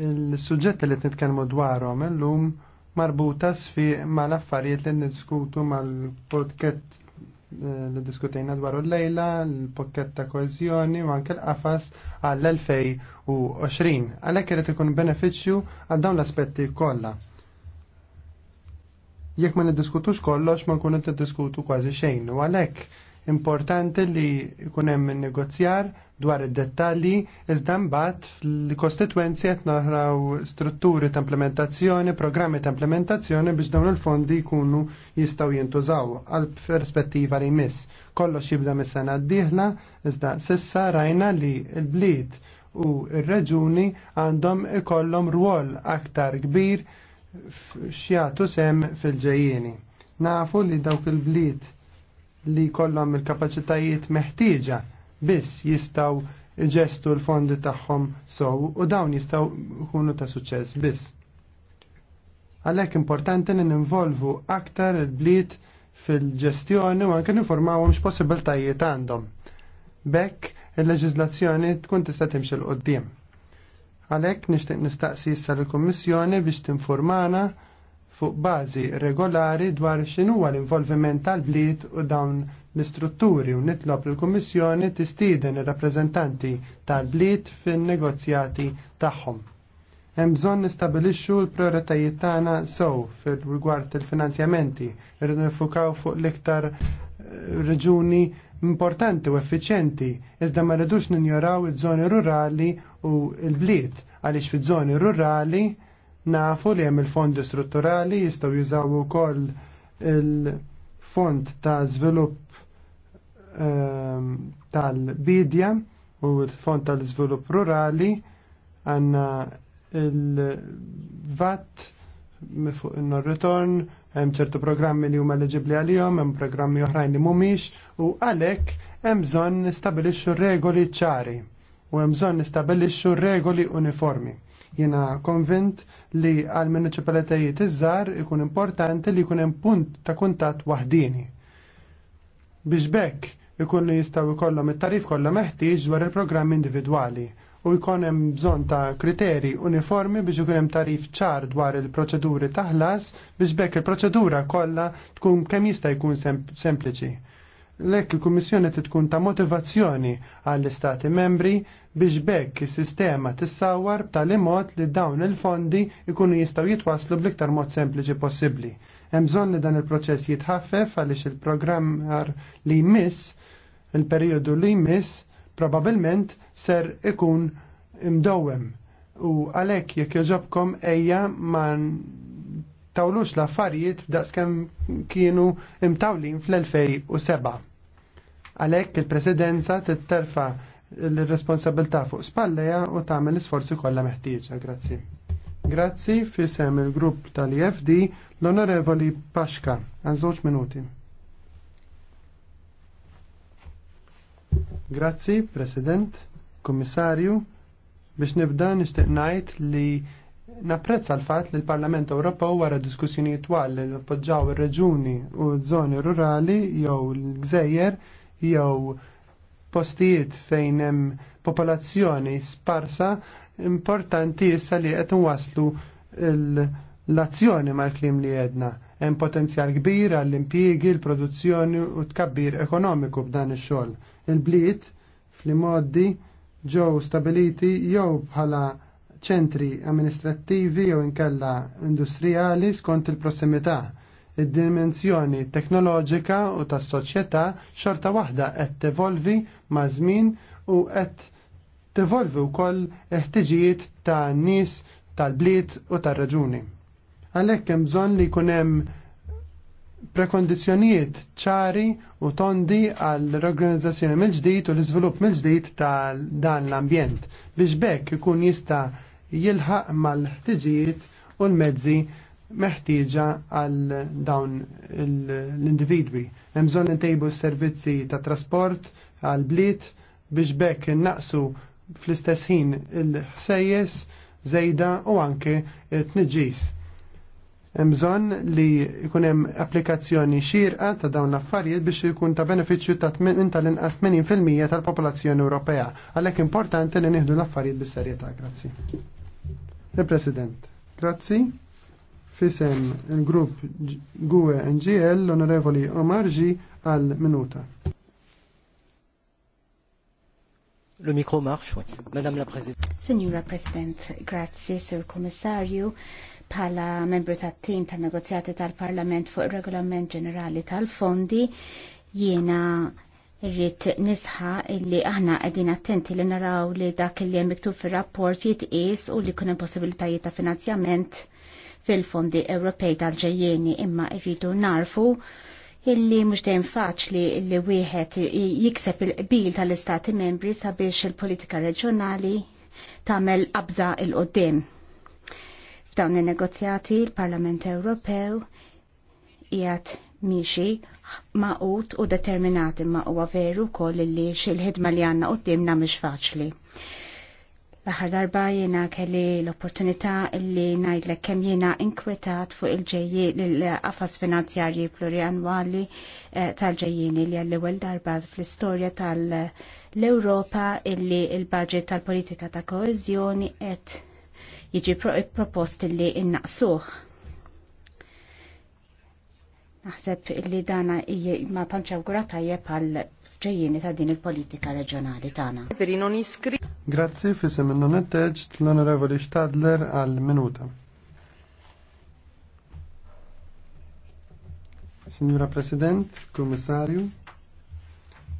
l-suġġetti li nitkellmu dwarhom illum marbuta sfiq mal affarijiet li niddiskutu mal-podcast li diskutejna dwar l-lejla, l-pokket ta' koezjoni u anke l-qafas għall-2020. Għalhekk irid ikun benefiċċju għal dawn l-aspetti kollha. Jekk ma niddiskutux kollox ma nkunu niddiskutu kważi xejn u għalhekk Importanti li jkun hemm negozjar dwar id-dettalji iżda mbagħad fil-kostitwenzi qed naraw strutturi ta' implementazzjoni, programmi ta' implementazzjoni biex dawn il-fondi jkunu jistgħu jintużaw għal perspettiva li jmiss. Kollox jibda mis-sena d-dieħla iżda sissa rajna li l-bliet u r-reġuni għandhom ikollhom rwol aktar kbir x'jagħtu sem fil-ġejjieni. Nafu li dawk il-bliet li kollhom il-kapaċitajiet meħtieġa biss jistaw ġestu l-fondi tagħhom sow u dawn jistaw kunu ta' suċċess biss. Għalhekk importanti li ninvolvu aktar il-bliet fil-ġestjoni u anke nifurmawhom x'possibiltajiet għandhom. Bekk il-leġiżlazzjoni tkun tista' timxi l qoddim Għalhekk nixtieq nistaqsi issa l-Kummissjoni biex tinformana fuq bażi regolari dwar x'inhuwa l-involviment tal-bliet u dawn l-istrutturi u nitlob il-Kummissjoni tistieden ir-rappreżentanti tal-bliet fin-negozjati tagħhom. Hemm bżonn nistabilixxu l-prioritajiet tagħna sew fil-rigward il-finanzjamenti, irridu nifukaw fuq l-iktar eh, reġuni importanti u effiċenti, iżda ma rridux ninjoraw iż-żoni rurali u l-bliet għaliex fiż-żoni rurali Nafu li hemm il-fondi strutturali jistgħu jużaw ukoll il-fond ta' żvilupp ehm, tal-bidja u l-fond tal-żvilupp rurali għandna il-VAT fuq il-non-return, hemm ċertu programmi li huma eliġibbli għalihom, hemm programmi oħrajn li mhumiex u għalhekk hemm bżonn nistabilixxu regoli ċari u hemm bżonn nistabilixxu regoli uniformi. Jena konvint li għal municipalitajiet iż-żar ikun importanti li jkun hemm punt ta' kuntatt wahdini. Biex bekk ikunu jistgħu jkollhom it-tarif kollha meħtieġ dwar il-programm individwali u jkun hemm bżonn ta' kriteri uniformi biex ikun hemm tarif ċar dwar il-proċeduri ta' ħlas biex bekk il-proċedura kollha tkun kemm jista' jkun sempliċi. Lekk il-Kummissjoni tkun ta' motivazzjoni għall-Istati membri biex bekk is-sistema tissawar b'tali mod li dawn il-fondi ikunu jistgħu jitwaslu bl-iktar mod sempliċi possibbli. Hemm bżonn li dan il-proċess jitħaffef għaliex il-programmar li jmiss il-periodu li jmiss probabilment ser ikun imdowem. U għalek jekk joġobkom ejja ma tawlux l-affarijiet daqskem kienu imtawlin fl-2007. Għalhekk il-Presidenza t-terfa l-responsabilità fuq spalleja u tagħmel l-isforzi kollha meħtieġa. Grazzi. Grazzi fisem il-grupp tal-IFD l-Onorevoli Paxka għal żewġ minuti. Grazzi, President, Kommissarju, biex nibda nixtieq ngħid li napprezza l-fatt li l-Parlament Ewropew wara diskussjonijiet twal li appoġġaw ir-reġuni u żoni rurali jew l-gżejjer jew postijiet fejn hemm popolazzjoni sparsa importanti issa li qed waslu l-azzjoni mal-klim li jedna. Hemm potenzjal kbir għall-impjiegi, l-produzzjoni u tkabbir ekonomiku b'dan ix-xogħol. Il-bliet fl-modi ġew stabiliti jew bħala ċentri amministrattivi jew inkella industrijali skont il-prossimità id-dimensjoni teknoloġika u tas soċjetà xorta waħda qed tevolvi ma' żmien u qed tevolvi wkoll eħtiġijiet ħtiġijiet ta' nies tal-bliet u tar-raġuni. Għalhekk hemm bżonn li jkun hemm prekondizzjonijiet ċari u tondi għall organizzazzjoni mill-ġdid u l-iżvilupp mill-ġdid ta' dan l-ambjent biex bekk ikun jista' jilħaq mal-ħtiġijiet u l-mezzi meħtieġa għal dawn l-individwi. Hemm bżonn intejbu s-servizzi ta' trasport għal bliet biex bekk innaqsu fl-istess ħin il-ħsejjes zejda u anke t-tniġġis. Hemm bżonn li jkun hemm applikazzjoni xierqa ta' dawn l-affarijiet biex ikun ta' benefiċċju ta' tal-inqas 80% tal-popolazzjoni Ewropea. Għalhekk importanti li nieħdu l-affarijiet bis-serjetà. Grazzi. Il-President. Grazzi fisem il-grupp GUE NGL l-Onorevoli Omar G għal minuta. Le micro marche, oui. Madame la Présidente. Signora President, grazie, Sir Commissario. Pala membru tat-tim tan negozjati tal-Parlament fuq il-Regolament Ġenerali tal-Fondi, jiena rrit nisħa illi aħna għedin attenti li naraw li dak li hemm miktub fir-rapport jitqies u li kunem possibilitajiet ta' finanzjament fil-fondi Ewropej tal-ġejjeni imma rridu narfu illi mhux dejjem faċli li wieħed jikseb il-qbil tal-istati membri sabiex il-politika reġjonali tagħmel qabża il qoddim F'dawn in-negozjati l-Parlament Ewropew qiegħed miexi maqut u determinati ma' huwa veru koll li l ħidma li għandna qudiem mhix faċli. L-aħħar darba jiena kelli l-opportunità illi ngħidlek kemm jiena inkwetat fuq il-ġejji l-qafas finanzjarji plurianwali eh, tal-ġejjini li għall-ewwel darba fl-istorja tal-Ewropa illi il-budget tal-politika ta' koezjoni qed jiġi propost illi innaqsuh. Naħseb illi dana ma tantx awgura tajjeb għal ġejjini ta' din il-politika reġjonali tagħna. Grazzi fisem non etteġ l-Onorevoli Stadler għal minuta. Signora President, Kommissarju,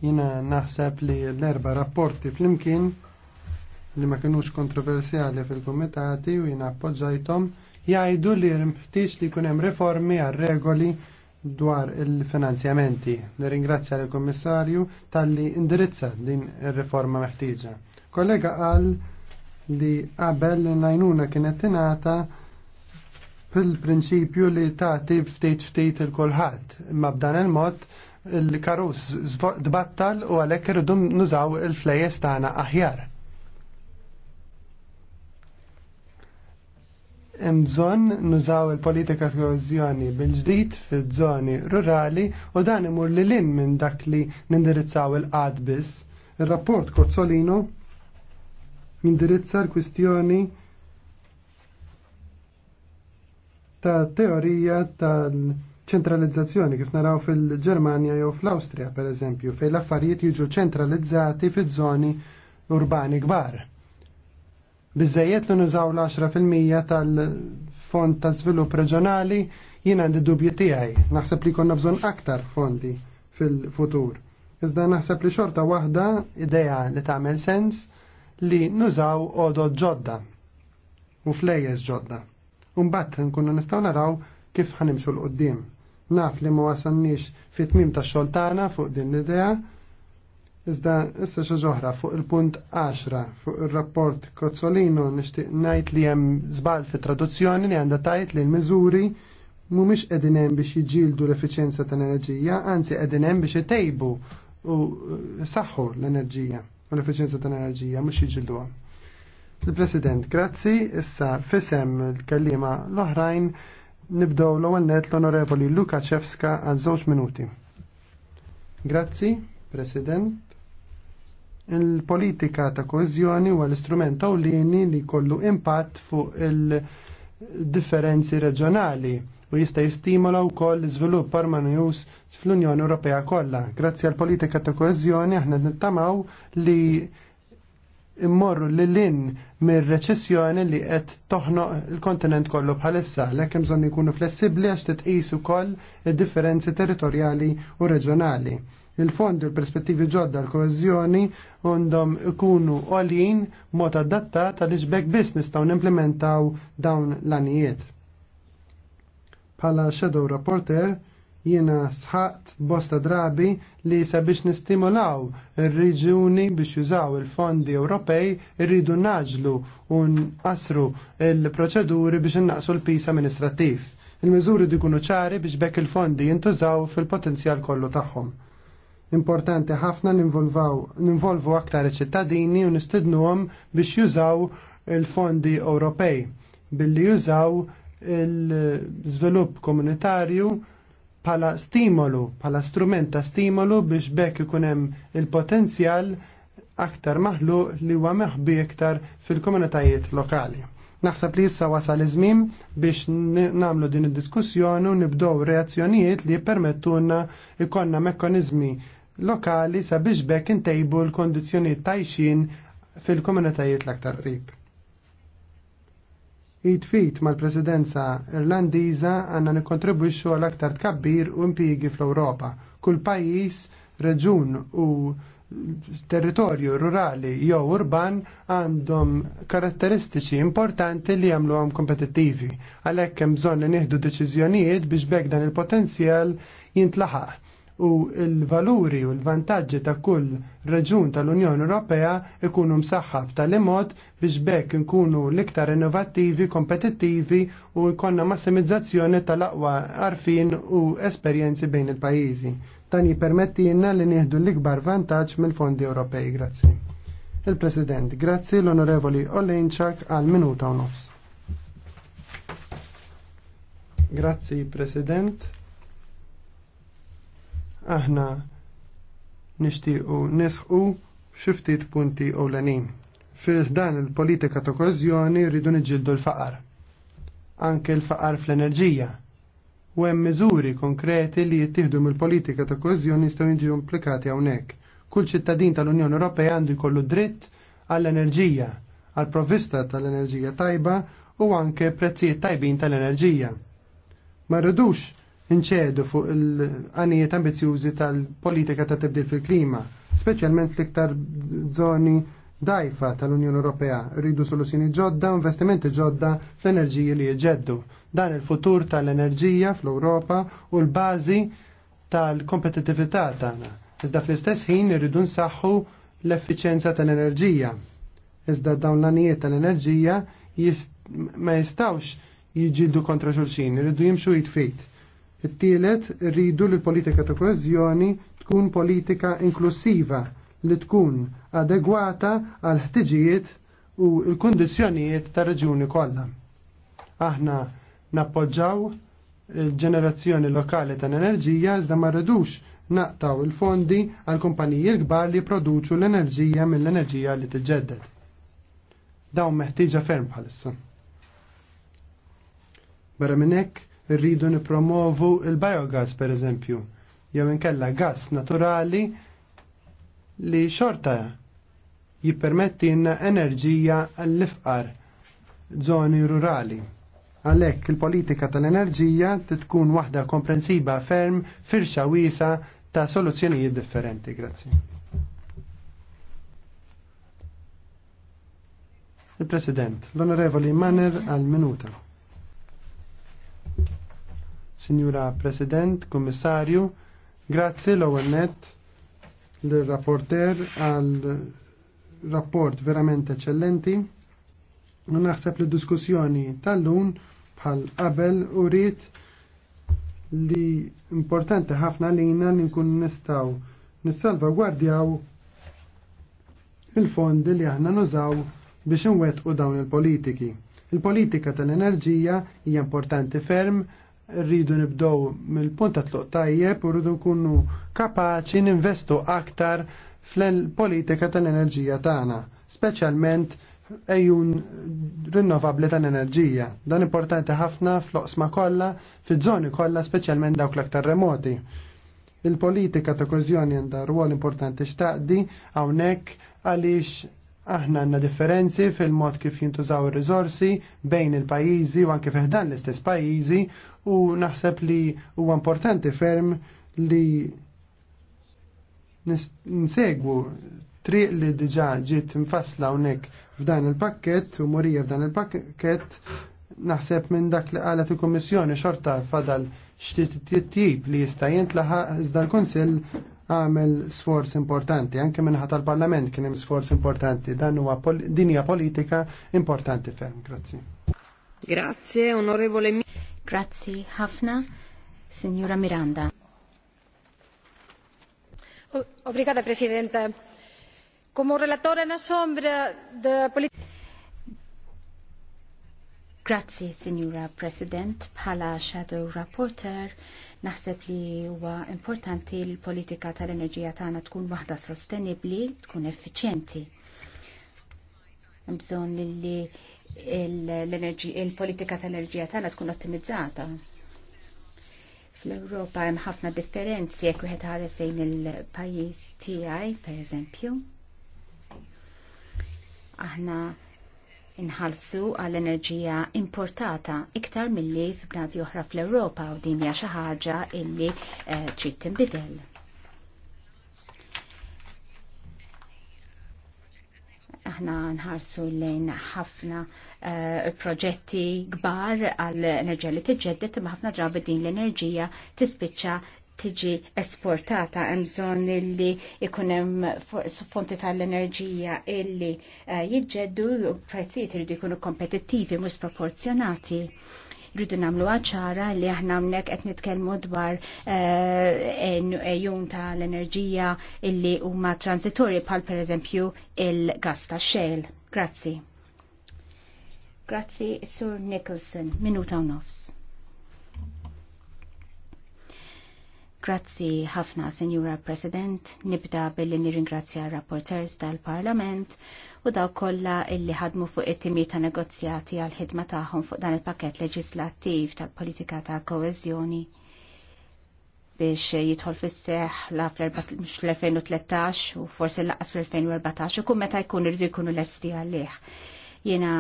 jina naħseb li l-erba rapporti fl-imkien li ma kienux kontroversjali fil-komitati u jina appoġġajtom jgħidu li rmħtix li kunem reformi għal regoli dwar il-finanzjamenti. Nirringrazzja lill kommissarju tal-li indirizza din ir-riforma meħtieġa. Kollega qal li qabel l-najnuna kienet tingħata fil-prinċipju li tagħti ftit ftit il-kulħadd, imma b'dan il-mod il-karus dbattal u għalhekk irridu nużaw il-flejes tagħna aħjar. hemm bżonn nużaw il-politika kohezjoni bil-ġdid fiż-żoni rurali u dan imur li lin minn dak li nindirizzaw il-qad biss. Ir-rapport Kozzolino jindirizza l-kwistjoni ta' teorija tal-ċentralizzazzjoni kif naraw fil-Ġermanja jew fl-Awstrija pereżempju fejn l-affarijiet jiġu ċentralizzati fiż-żoni urbani kbar Bizzejiet li nużaw l-10% tal-fond ta' svilupp reġjonali jiena għandi dubju tiegħi. Naħseb li konna bżonn aktar fondi fil-futur. Iżda naħseb li xorta waħda ideja li tagħmel sens li nużaw għodod ġodda u flejjes ġodda. Umbatt nkunu nistgħu naraw kif ħanimxu l-qoddim. Naf li ma wasanniex fit-tmim tax-xoltana fuq din l-idea, Iżda issa xi ġoħra fuq il-punt 10 fuq ir-rapport Kozzolino nixtieq ngħid li hemm żball fit-traduzzjoni li għandha tajt li l-miżuri mhumiex qegħdin hemm biex jiġildu l-effiċjenza tal-enerġija, anzi qegħdin hemm biex itejbu u saħħu l-enerġija u l-effiċjenza tal-enerġija mhux jiġilduha. Il-President, grazzi, issa fisem il kelliema l-oħrajn nibdew l-ewwel net l-Onorevoli Luka Ċefska għal żewġ minuti. Grazzi, President il-politika ta' koezjoni huwa l-istrument ewlieni li jkollu impatt fuq il-differenzi reġjonali u jista' jistimola wkoll l-iżvilupp armonjus fl-Unjoni Ewropea kollha. Grazzi għall politika ta' koeżjoni aħna nittamaw li immorru lil-in mir-reċessjoni li qed toħnoq il-kontinent kollu bħalissa, l hemm bżonn jkunu flessibbli għax titqis ukoll id-differenzi territorjali u reġjonali. Il-fond u l-perspettivi ġodda l-koezjoni għandhom ikunu għalin mod adattat għaliex bekk biss nistgħu nimplementaw dawn l-anijiet. Pala Shadow Reporter, jiena sħat bosta drabi li sabiex nistimulaw ir-reġuni biex jużaw il-fondi Ewropej irridu naġlu u asru il-proċeduri biex innaqsu l-pis amministrattiv. Il-miżuri dikunu ċari biex bekk il-fondi jintużaw fil-potenzjal kollu tagħhom. Importanti ħafna ninvolvu aktar ċittadini u nistidnuhom biex jużaw il-fondi Ewropej billi jużaw il-żvilupp komunitarju pala stimolu, pala strument ta' stimolu biex bekk ikun hemm il-potenzjal aktar maħluq li huwa meħbi iktar fil-komunitajiet lokali. Naħseb li issa wasal iż-żmien biex nagħmlu din id-diskussjoni u nibdew reazzjonijiet li jippermettuna ikonna mekkaniżmi lokali sabiex bek intejbu l kondizjoni tajxin fil-komunitajiet l-aktar qrib. Id-fit mal-presidenza irlandiża għanna nikontribuixu għal aktar tkabbir u impjigi fl-Ewropa. Kull pajjiż, reġun u territorju rurali jew urban għandhom karatteristiċi importanti li jagħmluhom kompetittivi. Għalhekk hemm bżonn li nieħdu deċiżjonijiet biex bek dan il-potenzjal jintlaħaq u l-valuri u l-vantaġġi ta' kull reġun tal-Unjoni Ewropea ikunu msaħħab tal mod biex bekk nkunu l-iktar innovattivi, kompetittivi u jkollna massimizzazzjoni tal-aqwa arfin u esperjenzi bejn il-pajjiżi. Dan jippermettilna li nieħdu l-ikbar vantaġġ mill-fondi Ewropej. Grazzi. Il-President, grazzi l-Onorevoli Olejnczak għal minuta u nofs. Grazzi, President aħna nixtiequ nisħu xiftit punti ewlenin. Fil dan il-politika ta' kożjoni rridu niġġieldu l-faqar. Anke l-faqar fl-enerġija. U hemm miżuri konkreti li jittieħdu mill-politika ta' kożjoni jistgħu jiġu implikati hawnhekk. Kull ċittadin tal-Unjoni Ewropea għandu jkollu dritt għall-enerġija, għall provvista tal-enerġija tajba u anke prezzijiet tajbin tal-enerġija. Ma rridux inċedu fuq il-għanijiet ambizjużi tal-politika ta' tibdil fil-klima, speċjalment fl-iktar zoni dajfa tal-Unjoni Ewropea. Rridu soluzzjoni ġodda, investimenti ġodda fl-enerġiji li jġeddu. Dan il-futur tal-enerġija fl-Ewropa u l-bażi tal-kompetitività tagħna. Iżda fl-istess ħin irridu nsaħħu l-effiċenza tal-enerġija. Iżda dawn l-għanijiet tal-enerġija ma jistawx jiġildu kontra xulxin, irridu jimxu jitfit It-tielet rridu li l-politika ta' koeżjoni tkun politika inklusiva li tkun adegwata għal ħtiġijiet u l-kundizzjonijiet ta' reġuni kollha. Aħna nappoġġaw il-ġenerazzjoni lokali ta' enerġija iżda ma rridux naqtaw il-fondi għal kumpaniji l-kbar li produċu l-enerġija mill-enerġija li tiġġedded. Dawn meħtieġa ferm bħalissa. Barra minn hekk rridu nipromovu il-biogas per eżempju, jew inkella gas naturali li xorta jippermetti inna enerġija għall-ifqar zoni rurali. Għalek il-politika tal-enerġija tkun waħda komprensiba ferm firxa wisa ta' soluzzjonijiet differenti. Grazzi. Il-President, l-Onorevoli Manner għal-Minuta. Signora President, Kommissarju, grazzi l net l-rapporter għal rapport verament eccellenti. Naħseb li diskussjoni tal-lum bħal qabel u rrit li importanti ħafna lina li nkun nistaw nissalva gwardjaw il-fondi li aħna nużaw biex u dawn il-politiki. Il-politika tal-enerġija hija importanti ferm rridu nibdow mill punta tluq tajjeb u rridu nkunu kapaċi ninvestu aktar fl-politika tal-enerġija tagħna, speċjalment ejjun rinnovabli tal-enerġija. Dan importanti ħafna fl-oqsma kollha, fiż-żoni kollha, speċjalment dawk l-aktar remoti. Il-politika ta' kozjoni għandha rwol importanti xtaqdi hawnhekk għaliex aħna għandna differenzi fil-mod kif jintużaw ir rizorsi bejn il-pajjiżi u anke feħdan l-istess pajjiżi u naħseb li huwa importanti ferm li nsegwu triq li diġà ġiet mfassla hawnhekk f'dan il-pakket u morija f'dan il-pakket naħseb minn dak li qalet il-Kummissjoni xorta fadal xtitjib li jista' jintlaħaq iżda l-Kunsill għamel sforz importanti, anke minħat tal-Parlament kien hemm sforz importanti, dan huwa pol dinja politika importanti ferm. Grazzi. Grazie, onorevole. mi. Grazzi ħafna, Signora Miranda. Obrigada, Presidente. Como relatore na sombra de politica... Grazie, Signora President, pala Shadow Rapporteur Naħseb li huwa importanti l-politika tal-enerġija tagħna tkun waħda sostenibbli, tkun effiċjenti. Bżonn li l-politika tal-enerġija tagħna tkun ottimizzata. Fl-Ewropa hemm ħafna differenzi jekk wieħed ħares lejn il-pajjiż tiegħi, pereżempju. Aħna inħalsu għall enerġija importata iktar milli f'bnadi oħra fl-Ewropa u din hija xi ħaġa illi eh, trid tinbidel. Aħna nħarsu lejn ħafna eh, proġetti kbar għall enerġija li tiġġedded imma ħafna drabi din l-enerġija tispiċċa tiġi esportata hemm bżonn illi ikun hemm fonti tal-enerġija illi eh, jiġġeddu u prezzijiet iridu jkunu kompetittivi mhux proporzjonati. Rridu nagħmlu ċara li aħna hawnhekk qed nitkellmu dwar eh, ejjun tal-enerġija illi huma transitorji bħal pereżempju il-gas tax-xejl. Grazzi. Grazzi, Sur Nicholson, minuta u nofs. Grazzi ħafna, Senjura President, nibda billi nirringrazzja rapporters tal-Parlament u daw kollha illi ħadmu fuq it-timi ta' negozjati għal ħidma tagħhom fuq dan il-pakett leġislattiv tal-politika ta' koeżjoni biex jidħol fis-seħ l fl-2013 u forsi laqas fl-2014 u kum meta jkun irdu jkunu lesti għalih. Jena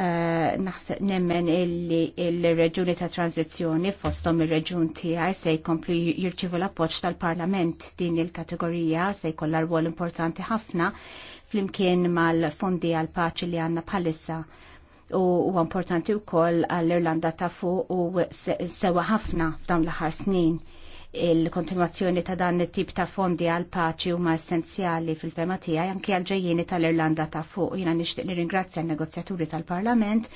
Eh, naħseb nemmen il-reġuni ta' tranzizjoni fostom il-reġun tiegħi se jkomplu jirċivu l-appoġġ tal-Parlament din il-kategorija se jkollha rwol importanti ħafna flimkien mal-fondi għal paċi li għandna bħalissa u huwa importanti wkoll għall-Irlanda ta' fuq u sewa ħafna f'dawn l-aħħar snin il-kontinuazzjoni ta' dan it-tip ta' fondi għal paċi huma essenzjali fil-fema tiegħi anke għal ġejjieni tal-Irlanda ta' fuq. Jiena nixtieq nirringrazzja n-negozjaturi tal-Parlament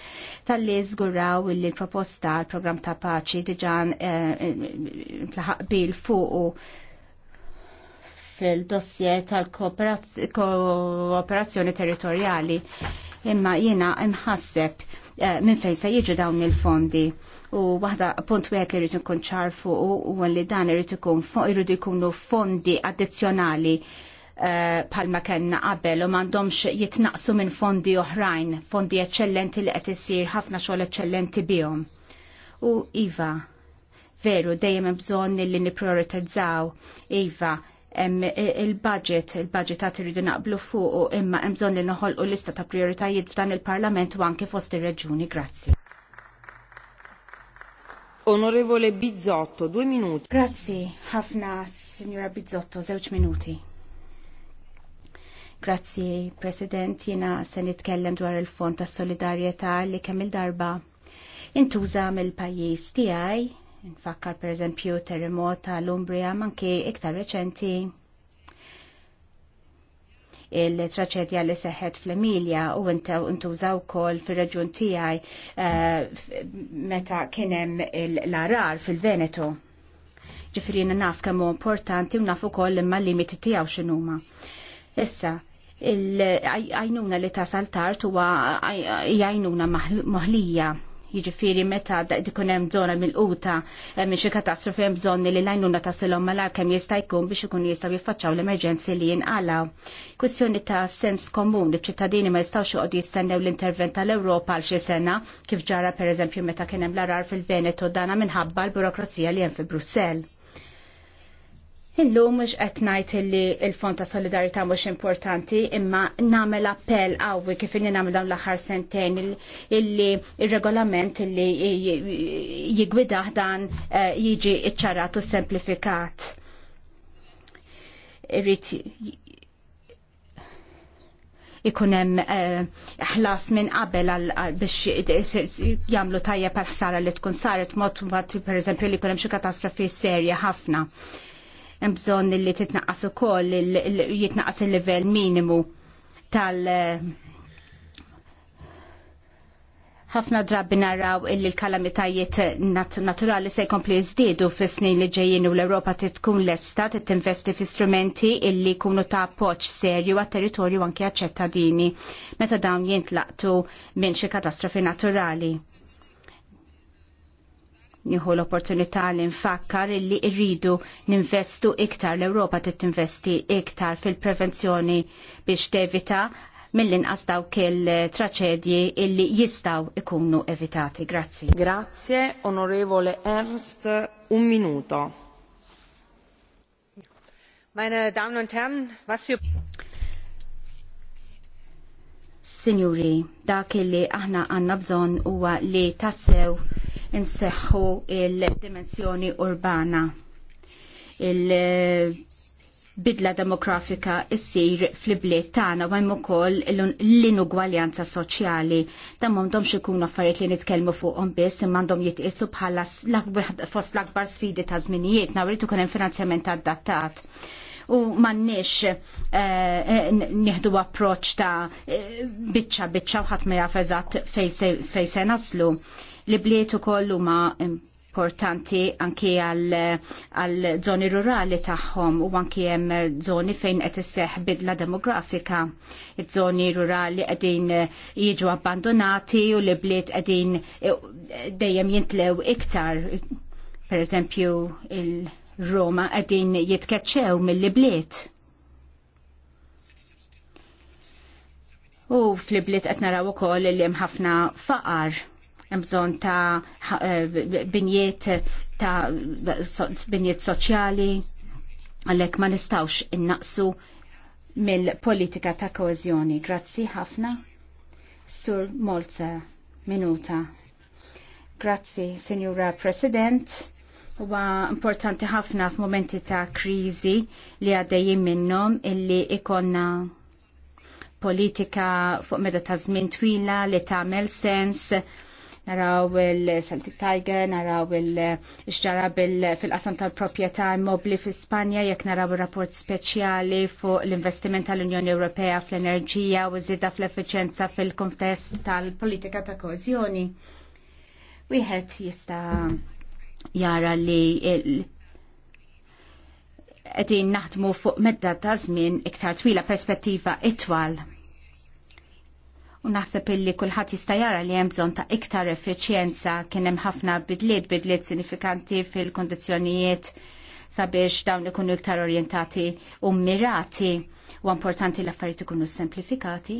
tal-li żguraw li l-proposta għal programm ta' paċi diġà eh, tlaħaq bil fuq fil-dossier tal-kooperazzjoni territorjali imma jiena imħasseb eh, minn fejn se jiġu dawn il-fondi U waħda punt wieħed li rridu ikun ċar fuq huwa li dan irid ikun irridu jkunu fondi addizzjonali eh, ma kellna qabel u m'għandhomx jitnaqsu minn fondi oħrajn, fondi eċċellenti li qed issir ħafna xogħol eċċellenti bihom. U iva, veru dejjem hemm bżonn li nipprioritizzaw iva il-budget, il-budget għat irridu naqblu fuq imma hemm bżonn li noħolqu lista ta' prioritajiet f'dan il-Parlament u anke fost ir-reġuni. Grazzi. Onorevole Bizzotto, due minuti. Grazie, ħafna, signora Bizzotto, zewċ minuti. Grazzi, President, jina se nitkellem dwar il-Fond ta' Solidarieta li kemm il-darba intuża mill-pajjiż tiegħi, nfakkar pereżempju terremota l umbria manki iktar reċenti il-traċedja li seħħet fl-Emilja u ntużaw kol fil-reġun tijaj eh, meta kienem l-arar fil-Veneto. Ġifirin naf kemmu importanti u nafu kol imma limiti tijaw xinuma. Issa, il-għajnuna li tasal tart huwa għajnuna maħlija Jiġifieri meta ikun hemm żona mill-quta hemm eh, xi katastrofi hemm bżonn li l-għajnuna tasilhom malar kemm jista' jkun biex ikun jistgħu jiffaċċaw l-emerġenzi li jinqalaw. Kwistjoni ta' sens komun, li ċittadini ma jistgħux joqgħod jistennew l-intervent tal-Ewropa għal xi sena kif ġara pereżempju meta kien hemm l-arar fil-Veneto dana minħabba l-burokrazija li hemm fi Brussell Illum mhux qed ngħid illi l-Fond ta' Solidarità mhux importanti, imma nagħmel appell qawwi kif inni nagħmel dawn l-aħħar sentejn illi ir-regolament illi jigwidah dan eh, jiġi ċċarat u semplifikat. Irrid ikun hemm eh, ħlas minn qabel biex jagħmlu tajjeb għal ħsara li tkun saret mod mod pereżempju li jkun hemm xi katastrofi serja ħafna hemm bżonn li titnaqqas ukoll jitnaqqas il-livell minimu tal- eh, ħafna drabi naraw illi l-kalamitajiet naturali se jkompli jiżdiedu fis-snin li ġejjin u l-Ewropa titkun lesta titinvesti fi strumenti illi jkunu ta' appoġġ serju għat-territorju anke għaċ meta dawn jintlaqtu minn xi katastrofi naturali nieħu l-opportunità li nfakkar illi rridu ninvestu iktar l-Ewropa tittinvesti tinvesti iktar fil-prevenzjoni biex tevita mill-inqas dawk il-traċedji illi jistaw ikunu evitati. Grazie. Grazie, onorevole Ernst, un minuto. Meine Damen und Herren, was für... Signori, dak li aħna għanna bżon huwa li tassew inseħħu il-dimensjoni urbana. Il-bidla demografika issir fl ibliet tagħna ma hemm ukoll l-inugwaljanza soċjali. Dan m'għandhomx ikunu affarijiet li nitkellmu fuqhom biss imma għandhom jitqisu bħala fost l-akbar sfidi ta' żminijiet nawritu kien hemm finanzjament adattat u m'għandniex eh, nieħdu approċċ ta' biċċa biċċa u ħadd ma jaf eżatt fejn se naslu. Li bliet ukoll huma importanti anki għal żoni rurali tagħhom u anki hemm żoni fejn qed isseħħ bidla demografika. Iż-żoni rurali qegħdin jiġu abbandonati u li bliet qegħdin dejjem jintlew iktar. Per eżempju, il- Roma għedin jitkeċċew mill-bliet. U fl-bliet qed naraw ukoll li hemm ħafna faqar hemm bżonn ta' eh, binjiet ta' binjiet soċjali għalhekk ma nistawx innaqsu mill-politika ta' koezjoni. Grazzi ħafna. Sur Molza, minuta. Grazzi, Signora President. Huwa importanti ħafna f'momenti ta' kriżi li għaddejjin minnhom illi ikonna politika fuq meta ta' żmien twila li tagħmel sens naraw il-Celtic Tiger, naraw il-ġara fil-qasam tal-propieta immobli fi Spanja, jekk naraw il-rapport speċjali fuq l-investiment tal-Unjoni Ewropea fl-enerġija u zidda fl-efficienza fil-kontest tal-politika ta' kozjoni. Wieħed jista' jara li qegħdin naħdmu fuq medda ta' żmien iktar twila perspettiva itwal. U naħseb illi kulħadd jista' jara li hemm bżonn ta' iktar effiċjenza kien hemm ħafna bidliet bidliet sinifikanti fil-kondizzjonijiet sabiex dawn ikunu iktar orjentati u mirati u importanti l-affarijiet ikunu semplifikati.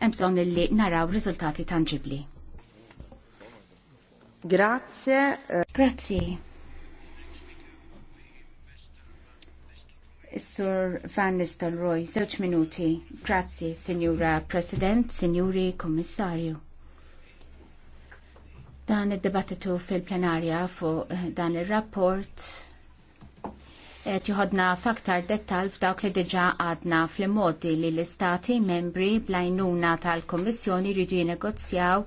Hemm bżonn illi naraw riżultati tangibli. Grazie. Eh. Grazie. Sur Van Nistelrooy, zewċ minuti. Grazie, Signora President, Signori Kommissarju. Dan id-debattitu fil-plenarja fuq eh, dan il-rapport eh, tiħodna faktar dettal f'dawk li diġa għadna fl-modi li l-istati membri blajnuna tal-Kommissjoni rridu jinegozjaw negozjaw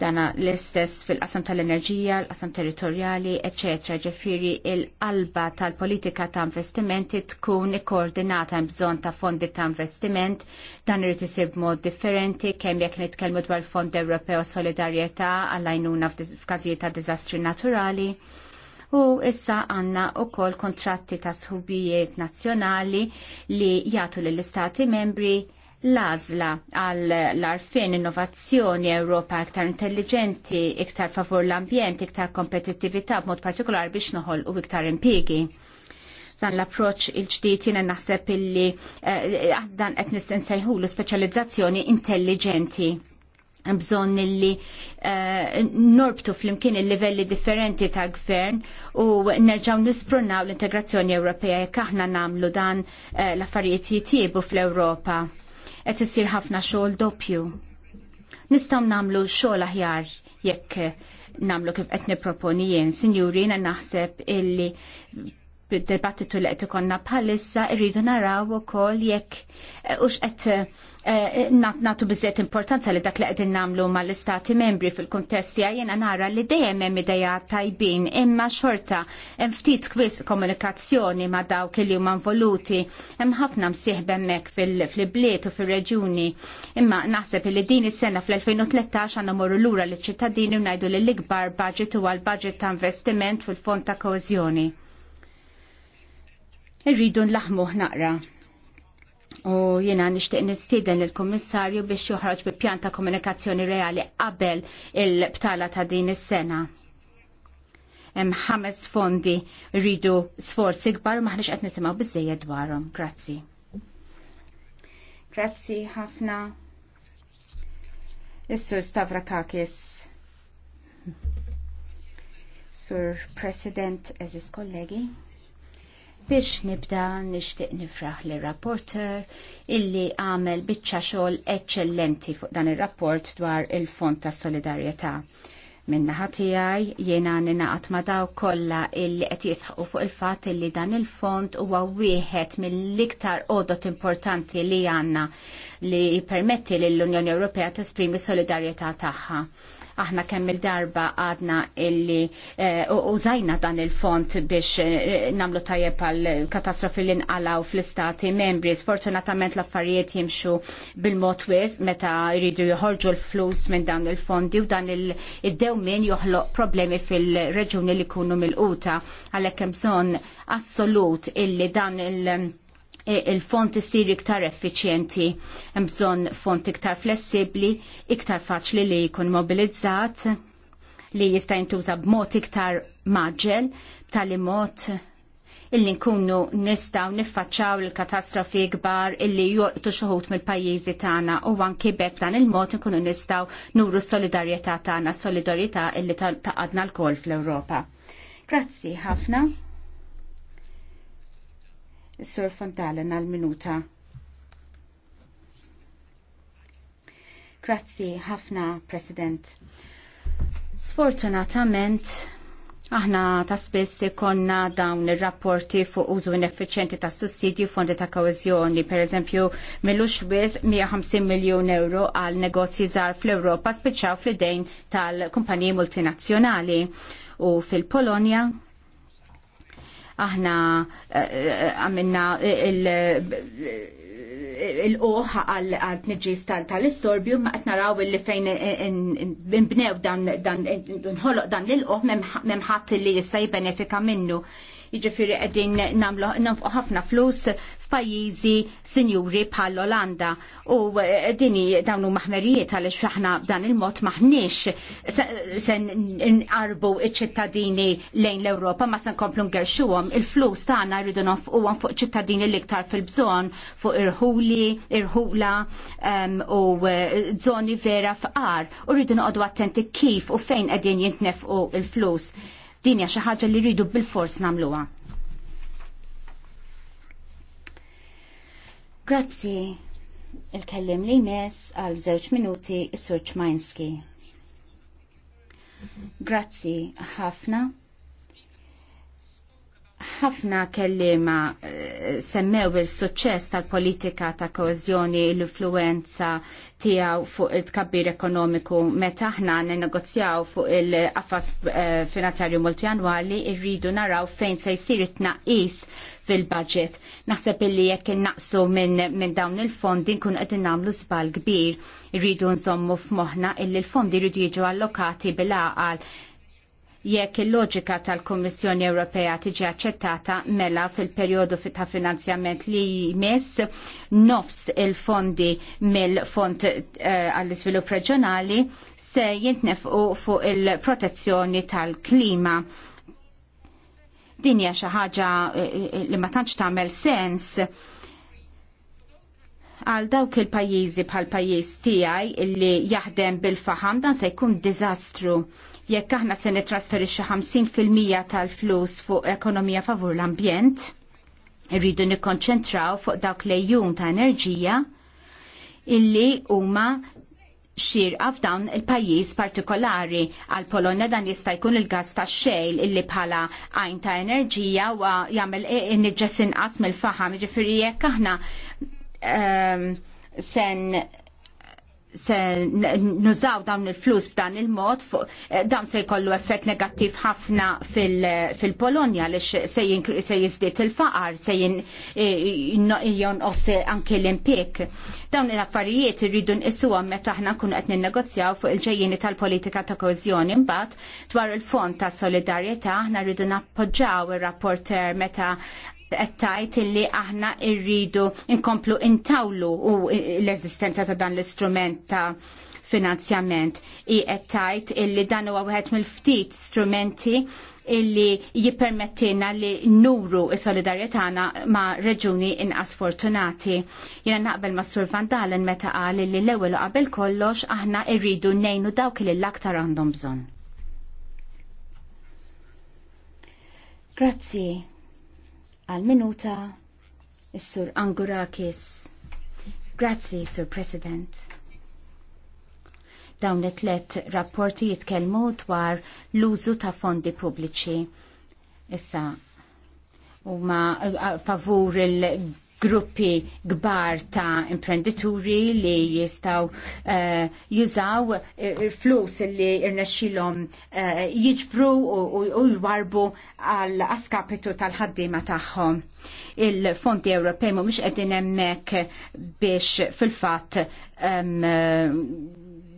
dana l-istess fil-qasam tal-enerġija, l-qasam territorjali, ecc. ġifiri il-qalba tal-politika ta' investimenti tkun ikkoordinata bżon ta' fondi ta' investiment dan irrid isib mod differenti kemm jekk nitkellmu dwar Fond Ewropew Solidarjetà għall-għajnuna f'każijiet ta' diżastri naturali. U issa għanna u kol kontratti ta' sħubijiet nazzjonali li jgħatu l-istati membri l-azla għal l-arfin innovazzjoni Ewropa iktar intelligenti, iktar favur l-ambjent, iktar kompetittività b'mod partikolar biex noħol u iktar impigi. Dan l-approċ il-ġdijt jina naħseb illi eh, dan qed nissensejħu l speċjalizzazzjoni intelligenti bżon illi uh, norbtu fl-imkien il-livelli differenti ta' gvern u nerġaw nisprunaw l-integrazzjoni Ewropea jekk aħna namlu dan uh, l-affarijiet jitjibu fl-Ewropa qed issir ħafna xogħol doppju. Nistgħu nagħmlu xogħol aħjar jekk nagħmlu kif qed nipproponi jien, sinjuri, naħseb illi bid-debattitu li qed ikonna bħalissa irridu naraw ukoll jekk hux eh, qed eh, nagħtu biżejjed importanza li dak li qegħdin nagħmlu mal-istati membri fil-kuntest jiena nara li dejjem hemm idejja tajbin imma xorta hemm ftit kwis komunikazzjoni ma' dawk li huma involuti hemm ħafna msieħb hemmhekk fil-bliet u fir-reġuni imma naħseb li din is-sena fl-2013 għandna morru lura liċ ċittadini u ngħidu li l-ikbar budget huwa l-budget ta' investiment fil-fond ta' koeżjoni irridu nlaħmuh naqra. U jiena nixtieq nistieden lill kummissarju biex joħroġ bi pjan ta' komunikazzjoni reali qabel il-btala ta' din is-sena. Hemm ħames fondi rridu sforzi kbar u maħniex qed nisimgħu biżejjed dwarhom. Grazzi. Grazzi ħafna. Is-Sur Stavrakakis. Sur President, eżis kollegi. Biex nibda nixtieq nifraħ li rapporter illi għamel biċċa xogħol eċċellenti fuq dan ir-rapport dwar il-Fond tas Solidarjetà. Minna ħatijaj jiena ninaqat ma daw kollha illi qed jisħu fuq il-fatt illi dan il-fond huwa wieħed mill-iktar odot importanti li għandna li permetti lill-Unjoni Ewropea tesprimi solidarjetà tagħha. taħħa. Aħna kemm il-darba għadna illi eh, użajna dan il-font biex eh, namlu tajjeb għal katastrofi li nqalaw fl-istati membri. Sfortunatament l-affarijiet jimxu bil-mod meta jridu joħorġu l-flus minn dan il-fondi u dan il-dewmin joħloq problemi fil-reġuni li kunu mill-quta għalhekk hemm bżonn assolut illi dan il- E, il-font isir iktar effiċjenti, hemm bżonn font iktar flessibbli, iktar faċli li jkun mobilizzat, li jista' jintuża b'mod iktar maġġel, tal mod illi nkunu nistaw niffaċċaw il-katastrofi kbar illi joqtu xuħut mill-pajjiżi tagħna u anki bekk dan il-mod nkunu nistaw nuru s-solidarjetà tagħna, solidarjetà illi taqadna l-kol fl-Ewropa. Grazzi ħafna. Sur Fontalen għal-minuta. Grazzi ħafna, President. Sfortunatament, aħna ta' spess ikonna dawn ir-rapporti fuq użu ineffiċenti ta' sussidju fondi ta' kawizjoni, per eżempju, millux wis 150 miljon euro għal negozji żgħar fl europa speċaw fl dejn tal-kumpaniji multinazzjonali u fil-Polonja Aħna eh, eh, għamilna il- il-qoħ għal t-nġis tal-istorbju ma qed naraw li fejn bimbnew eh, dan nħoloq dan l-qoħ memħat li jista' benefika minnu. Jiġifieri qegħdin nagħmlu ħafna flus f'pajjiżi sinjuri bħal Olanda u eh, dini dawn huma ħmerijiet għaliex aħna b'dan il-mod maħniex se nqarbu iċ-ċittadini lejn l-Ewropa ma se nkomplu ngerxuhom il-flus tagħna jridu nofquhom fuq ċittadini l-iktar fil-bżonn fuq irħuli, irħula ehm, u żoni eh, vera fqar u rridu noqogħdu attenti kif u fejn qegħdin jintnefqu il-flus. Dinja xi ħaġa li rridu bil-fors nagħmluha. Grazzi. Il-kellim li mess għal żewġ minuti is-Sur Czmański. Grazzi ħafna. Ħafna kellima eh, semmew il-suċċess tal-politika ta' koeżjoni l-influenza tiegħu fuq il-tkabbir ekonomiku meta aħna ninnegozjaw fuq il-qafas eh, finanzjarju multianwali irridu naraw fejn se jsir it-tnaqqis fil-budget Naħseb illi jekk innaqsu minn min dawn il-fondi nkun qed nagħmlu żball kbir. Irridu nżommu f'moħħna illi l-fondi jridu jiġu allokati bil-aqal jekk il-loġika tal kummissjoni Ewropea tiġi aċċettata mela fil-perjodu ta' finanzjament li jmiss nofs il-fondi mill-Fond eh, għall-Iżvilupp Reġjonali se jintnefqu fuq il-protezzjoni tal-klima Din hija xi ħaġa eh, eh, li ma tantx tagħmel sens għal dawk il-pajjiżi bħal pajjiż tiegħi illi jaħdem bil faħam dan se jkun diżastru jekk aħna se nitrasferixxu 50% tal-flus fuq ekonomija favur l-ambjent, irridu nikkonċentraw fuq dawk lejjun ta' enerġija illi huma xirqa f'dawn il-pajjiż partikolari. Għal Polonja dan jista' jkun il-gas ta' xejl illi bħala għajn ta' enerġija u jagħmel inġessin inqas mill-faħam, ġifieri jekk aħna ehm, sen se nużaw dawn il-flus b'dan il-mod, eh, dawn se jkollu effett negattiv ħafna fil-Polonja fil li se, se jizdiet il-faqar, se eh, ossi anki l-impik. Dawn il-affarijiet irridu nqisuhom meta aħna nkunu qed ninnegozjaw fuq il ġejjini tal-politika ta' kożjoni mbagħad dwar il-fond ta' solidarjetà aħna rridu nappoġġaw ir-rapporter meta għettajt illi aħna irridu inkomplu intawlu u l-eżistenza ta' dan l-istrument ta' finanzjament. I għettajt illi dan huwa wieħed mill-ftit strumenti illi jipermettina li nuru is solidarietana ma' reġuni inqas fortunati. Jena naqbel ma' Sur Van Dalen meta qal li l-ewwel qabel kollox aħna rridu nejnu dawk li l-aktar għandhom bżonn. Grazzi għal minuta is-Sur Angurakis. Grazzi, Sur President. Dawn it tlet rapporti jitkellmu dwar l-użu ta' fondi pubbliċi. Issa, huma eh, favur il gruppi gbar ta' imprenditori li jistaw eh, jużaw il-flus li irnexxilhom eh, jiġbru u jwarbu għal askapitu tal-ħaddima tagħhom. Il-fondi Ewropej mhumiex qegħdin hemmhekk biex fil-fatt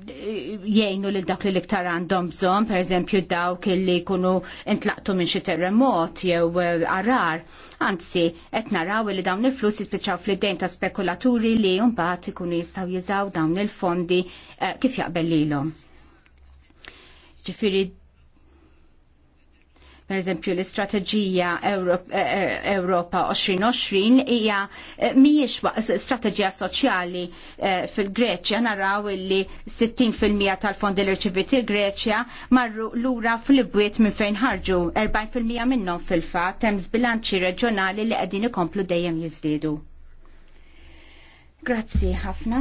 jgħinu li dak li liktar għandhom bżon, per eżempju dawk li kunu intlaqtu minn xi terremot jew eh, arar anzi qed naraw li dawn il-flus jispiċċaw fl-idejn ta' spekulaturi li mbagħad ikunu jistgħu jużaw dawn il-fondi eh, kif jaqbel lilhom. Ġifieri Per eżempju, l-istrateġija eh, eh, Europa 2020 hija eh, mhijiex strateġija soċjali fil-Greċja naraw illi 60% tal-fondi li rċivit il-Greċja marru lura fil-bwiet minn fejn ħarġu 40% minnhom fil-fatt hemm bilanċi reġjonali li qegħdin ikomplu dejjem jiżdiedu. Grazzi ħafna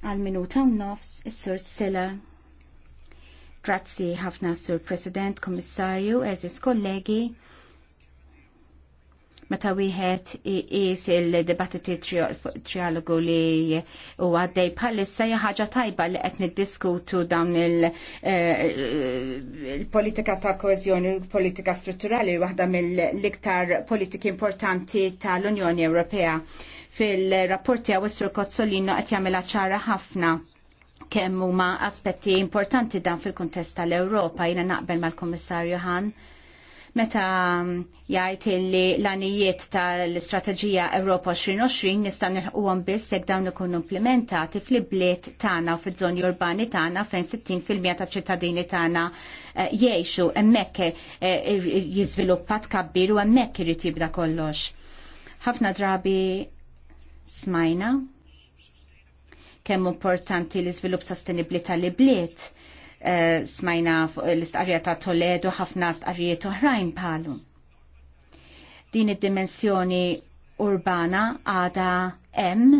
għal minuta u nofs is-sur Sela. Grazzi ħafna Sur President, Kommissarju, eżis kollegi. Meta wieħed is il-dibattiti trialogu li huwa għaddej bħalissa hija ħaġa tajba li qed niddiskutu dawn eh, il-politika ta' koeżjoni u politika strutturali waħda mill-iktar politiki importanti tal-Unjoni Ewropea. Fil-rapporti għaw Sur Kozzolino qed jagħmilha ċara ħafna kemm huma aspetti importanti dan fil-kuntest tal-Ewropa jiena naqbel mal-Kummissarju Han meta mm, jgħid li l-anijiet tal-Istrateġija Ewropa 2020 nista' nilħquhom biss jekk dawn ikunu implementati fl-ibliet tagħna u fiż-żoni urbani tagħna fejn 60% taċ-ċittadini tagħna eh, jgħixu hemmhekk eh, jiżviluppa tkabbir u hemmhekk irid jibda kollox. Ħafna drabi smajna kemm importanti l-iżvilupp sostenibbli tal-ibliet. Eh, smajna l istqarja ta' Toledo ħafna stqarrijiet oħrajn palu. Din id-dimensjoni urbana għada hemm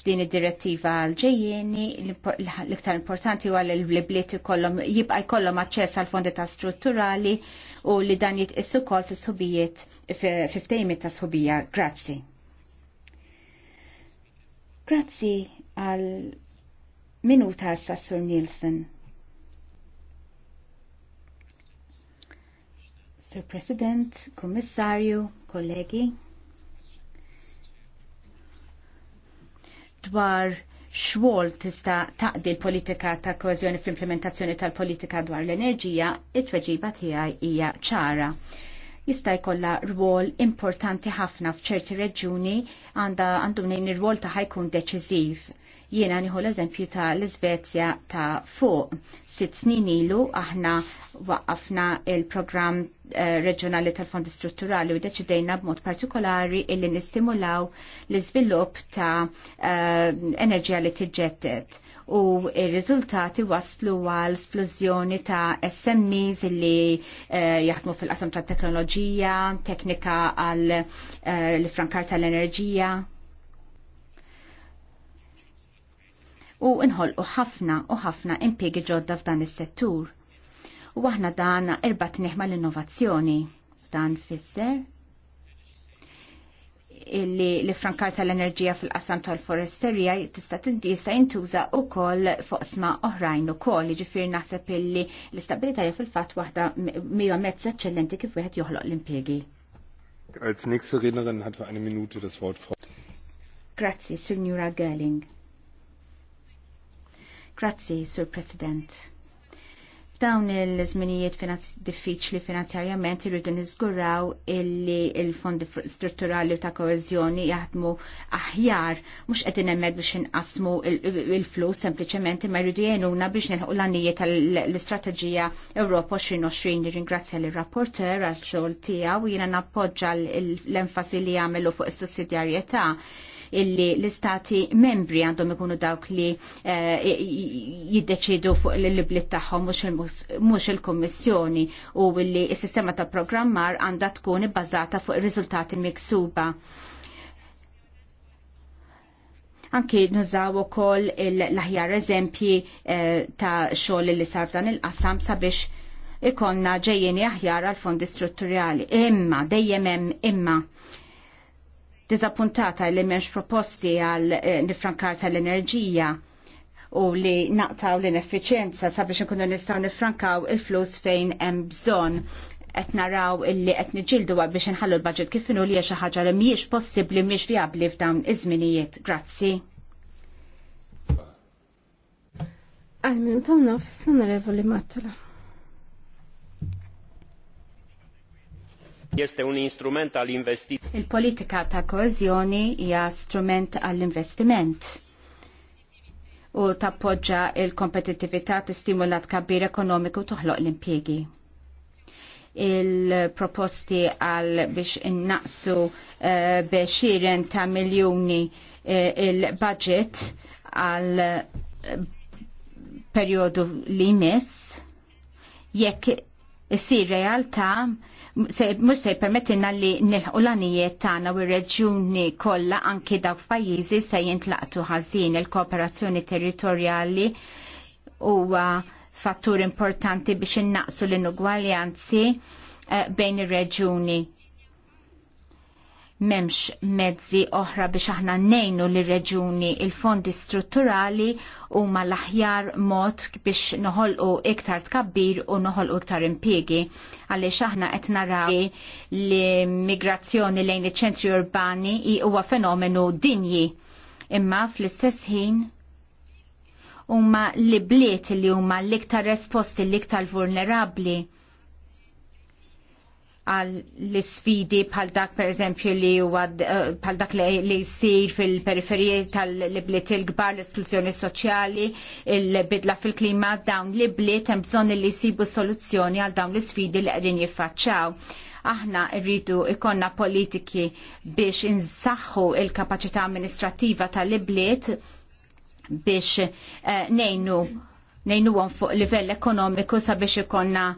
f'din id-direttiva għal-ġejjeni l-iktar importanti huwa li l-bliet jibqa' jkollhom aċċess għal fondi ta' strutturali u li dan jitqissu kol fis-subijiet f'ftejmiet ta' subija. Grazzi. Grazzi għal minuta sassur Nielsen. Sir President, Kommissarju, kollegi, dwar xwol tista' taqdi l-politika ta' kohezjoni fl-implementazzjoni tal-politika dwar l-enerġija, it-tweġiba tiegħi hija ċara jista' jkollha rwol importanti ħafna f'ċerti reġjuni għandha għandu nejn ir-rwol ta' jkun deċiżiv. Jiena nieħu l-eżempju ta' l-Iżvezja ta' fuq. Sitt snin ilu aħna waqqafna il-programm eh, reġjonali tal-Fondi Strutturali u deċidejna b'mod partikolari illi nistimulaw l-iżvilupp ta' eh, enerġija li tiġġettet u r-riżultati waslu għal splużjoni ta' SMEs li eh, jaħdmu fil-qasam ta' teknoloġija, teknika għal eh, l-frankar tal-enerġija. U u ħafna u ħafna impiegi ġodda f'dan is-settur. U aħna dan erbat neħma l-innovazzjoni. Dan fisser li l-frankar tal-enerġija fil-qasam tal-foresterija tista' tista' jintuża wkoll fuq sma oħrajn ukoll, ġifir naħseb illi l-istabilità fil-fatt waħda mija mezz eccellenti kif wieħed joħloq l impiegi Als nächste Rednerin hat für eine Minute das Wort Frau. Grazie, Signora Gerling. Grazie, Sir President. F'dawn il-żminijiet diffiċli finanzjarjament irridu niżguraw illi il-fondi strutturali ta' koeżjoni jaħdmu aħjar mhux qegħdin hemmhekk biex inqasmu il-flus sempliċement imma jridu jgħinuna biex nilħu l-għanijiet l istrateġija Ewropa 2020. Nirringrazzja l rapporter għal xogħol tiegħu u jiena nappoġġa l-enfasi li jagħmlu fuq is-sussidjarjetà illi l-istati membri għandhom ikunu dawk li eh, jiddeċidu fuq l-liblit tagħhom mhux il-Kummissjoni u illi s-sistema ta' programmar għandha tkun ibbażata fuq ir-riżultati miksuba anki nużaw ukoll l-aħjar eżempji eh, ta' xogħol li sar dan il-qassam sabiex ikonna ġejjeni aħjar għal fondi strutturali. Imma, dejjem hemm imma dizappuntata li m'hemmx proposti għal eh, nifrankar tal-enerġija u li naqtaw l-ineffiċenza sabiex nkunu nistgħu nifrankaw il-flus fejn hemm bżonn qed naraw illi qed niġildu biex inħallu l-budget kif inhu li hija xi ħaġa li mhijiex possibbli mhix vijabbli f'dawn iż-żminijiet. Grazzi. Għal-minuta nofs, onorevoli Mattola. Este un instrument għal investiment. Il-politika ta' koezjoni hija strument għall investiment u tappoġġa il-kompetittività tistimula tkabbir ekonomiku toħloq l impjiegi il-proposti għal biex innaqsu uh, eh, biex ta' miljoni uh, eh, il-budget għal eh, periodu li jmiss jekk isir realtà mux se permettina li nilħu l-anijiet tagħna u r-reġjuni kollha anki dawk f'pajjiżi se jintlaqtu ħażin il-kooperazzjoni territorjali huwa fattur importanti biex innaqsu l-inugwaljanzi eh, bejn ir-reġjuni memx mezzi oħra biex aħna nejnu li reġuni il-fondi strutturali u ma l-aħjar mod biex noħolqu iktar tkabbir u noħolqu iktar impiegi. Għalli xaħna qed naraw li migrazzjoni lejn iċ-ċentri urbani huwa fenomenu dinji. Imma fl-istess ħin huma li bliet li huma l-iktar esposti l-iktar vulnerabli għal l-sfidi bħal dak per eżempju li huwa eh, bħal dak li jsir fil-periferiji tal-bliet il-kbar l-esklużjoni soċjali, il-bidla fil-klima dawn li bliet hemm bżonn li jsibu soluzzjoni għal dawn l-sfidi li qegħdin jiffaċċaw. Aħna rridu ikonna politiki biex insaħħu il-kapaċità amministrattiva tal-bliet biex eh, nejnu nejnu fuq livell ekonomiku sabiex ikonna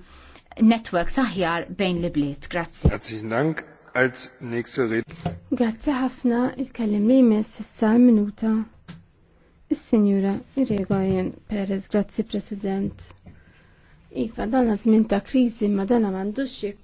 networks aħjar bejn li bliet. Grazzi. Grazzi dank. Als nächste Red. Grazzi ħafna il kallim li jmess s-sa' minuta. Is-Sinjura Iregoyen Perez, grazzi President. Iva, dan żmien ta' kriżi ma dan m'għandux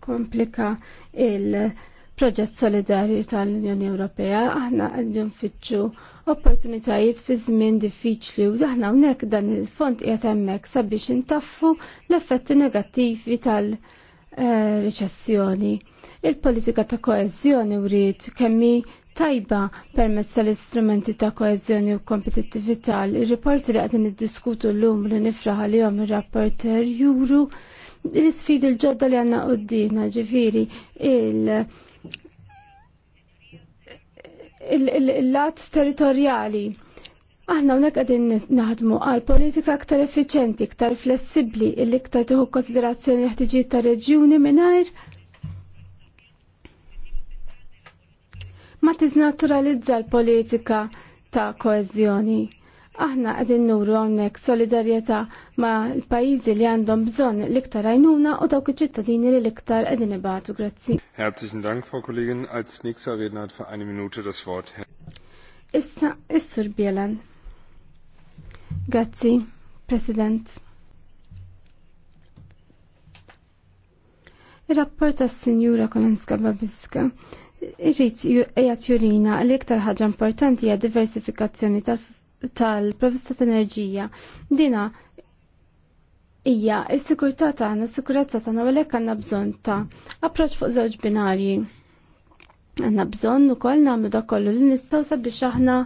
komplika il- proġett solidari tal-Unjoni Ewropea, aħna għedin fitxu opportunitajiet fi żmien diffiċli u daħna hawnhekk dan il-fond qiegħed hemmhekk sabiex intaffu l-effetti negattivi tal-riċessjoni. Il-politika ta' koeżjoni wrid kemmi tajba permezz tal-istrumenti ta' koeżjoni u kompetittività. Il-riporti li qegħdin l llum li li għom ir-rapporter juru l-isfidi l-ġodda li għandna qudiemna ġifieri il- il-lat territorjali. Aħna unek għadin naħdmu għal politika aktar effiċenti, aktar flessibli, illi iktar tuħu konsiderazzjoni ħtiġijiet ta' reġjuni minnajr. Ma tiznaturalizza l-politika ta' koezjoni Aħna għedin nuru għonek solidarieta ma' l-pajizi li għandhom bżon l-iktar għajnuna u dawk iċ-ċittadini li l-iktar għedin ibatu. Grazzi. Herzlichen Dank, Frau Kollegin. Als nächster Redner hat für eine Minute das Wort. Issa, Issur Bielan. Grazzi, President. Il-rapport tas sinjura Kolonska Babiska irrit jgħat jurina li iktar ħaġa importanti hija diversifikazzjoni tal- tal-provista tal-enerġija. Dina hija s-sikurtà tagħna, s-sikurezza tagħna għalhekk għanna bżonn ta' approċċ fuq żewġ binarji. Għandna bżonn ukoll nagħmlu da' kollu li nistaw sabiex aħna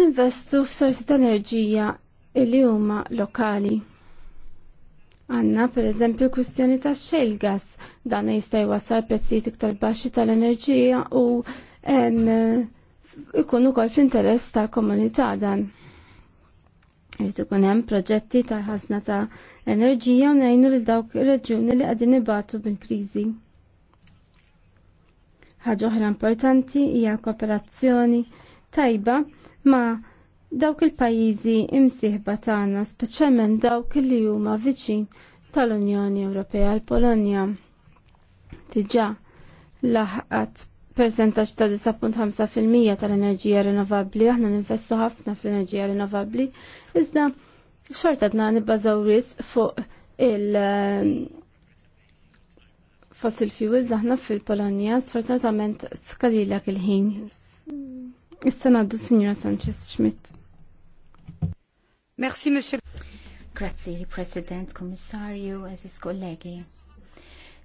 ninvestu f'sorsi ta' enerġija li huma lokali. Għanna per eżempju kustjoni ta' xejl gas dan jista' jwassal prezzijiet iktar baxxi tal-enerġija u em, ikun ukoll fl-interess tal-komunità dan. Irid ikun hemm proġetti ta' ħasna ta' enerġija u ngħinu lil dawk ir-reġjuni li qegħdin ibatu bil-kriżi. Ħaġa oħra importanti hija kooperazzjoni tajba ma' dawk il-pajjiżi imsieħba tagħna, speċjalment dawk li huma viċin tal-Unjoni Ewropea l-Polonja. Diġà laħqat percentaġġ ta' 10.5% tal-enerġija rinnovabbli, aħna ninvestu ħafna fl-enerġija rinnovabbli, iżda xorta għadna nibbażaw ris fuq il- eh, fossil fuels aħna fil-Polonja, sfortunatament skalila il-ħin. Issa naddu Signora Sanchez Schmidt. Merci, Monsieur. Grazie, President, Kommissarju, eżis kollegi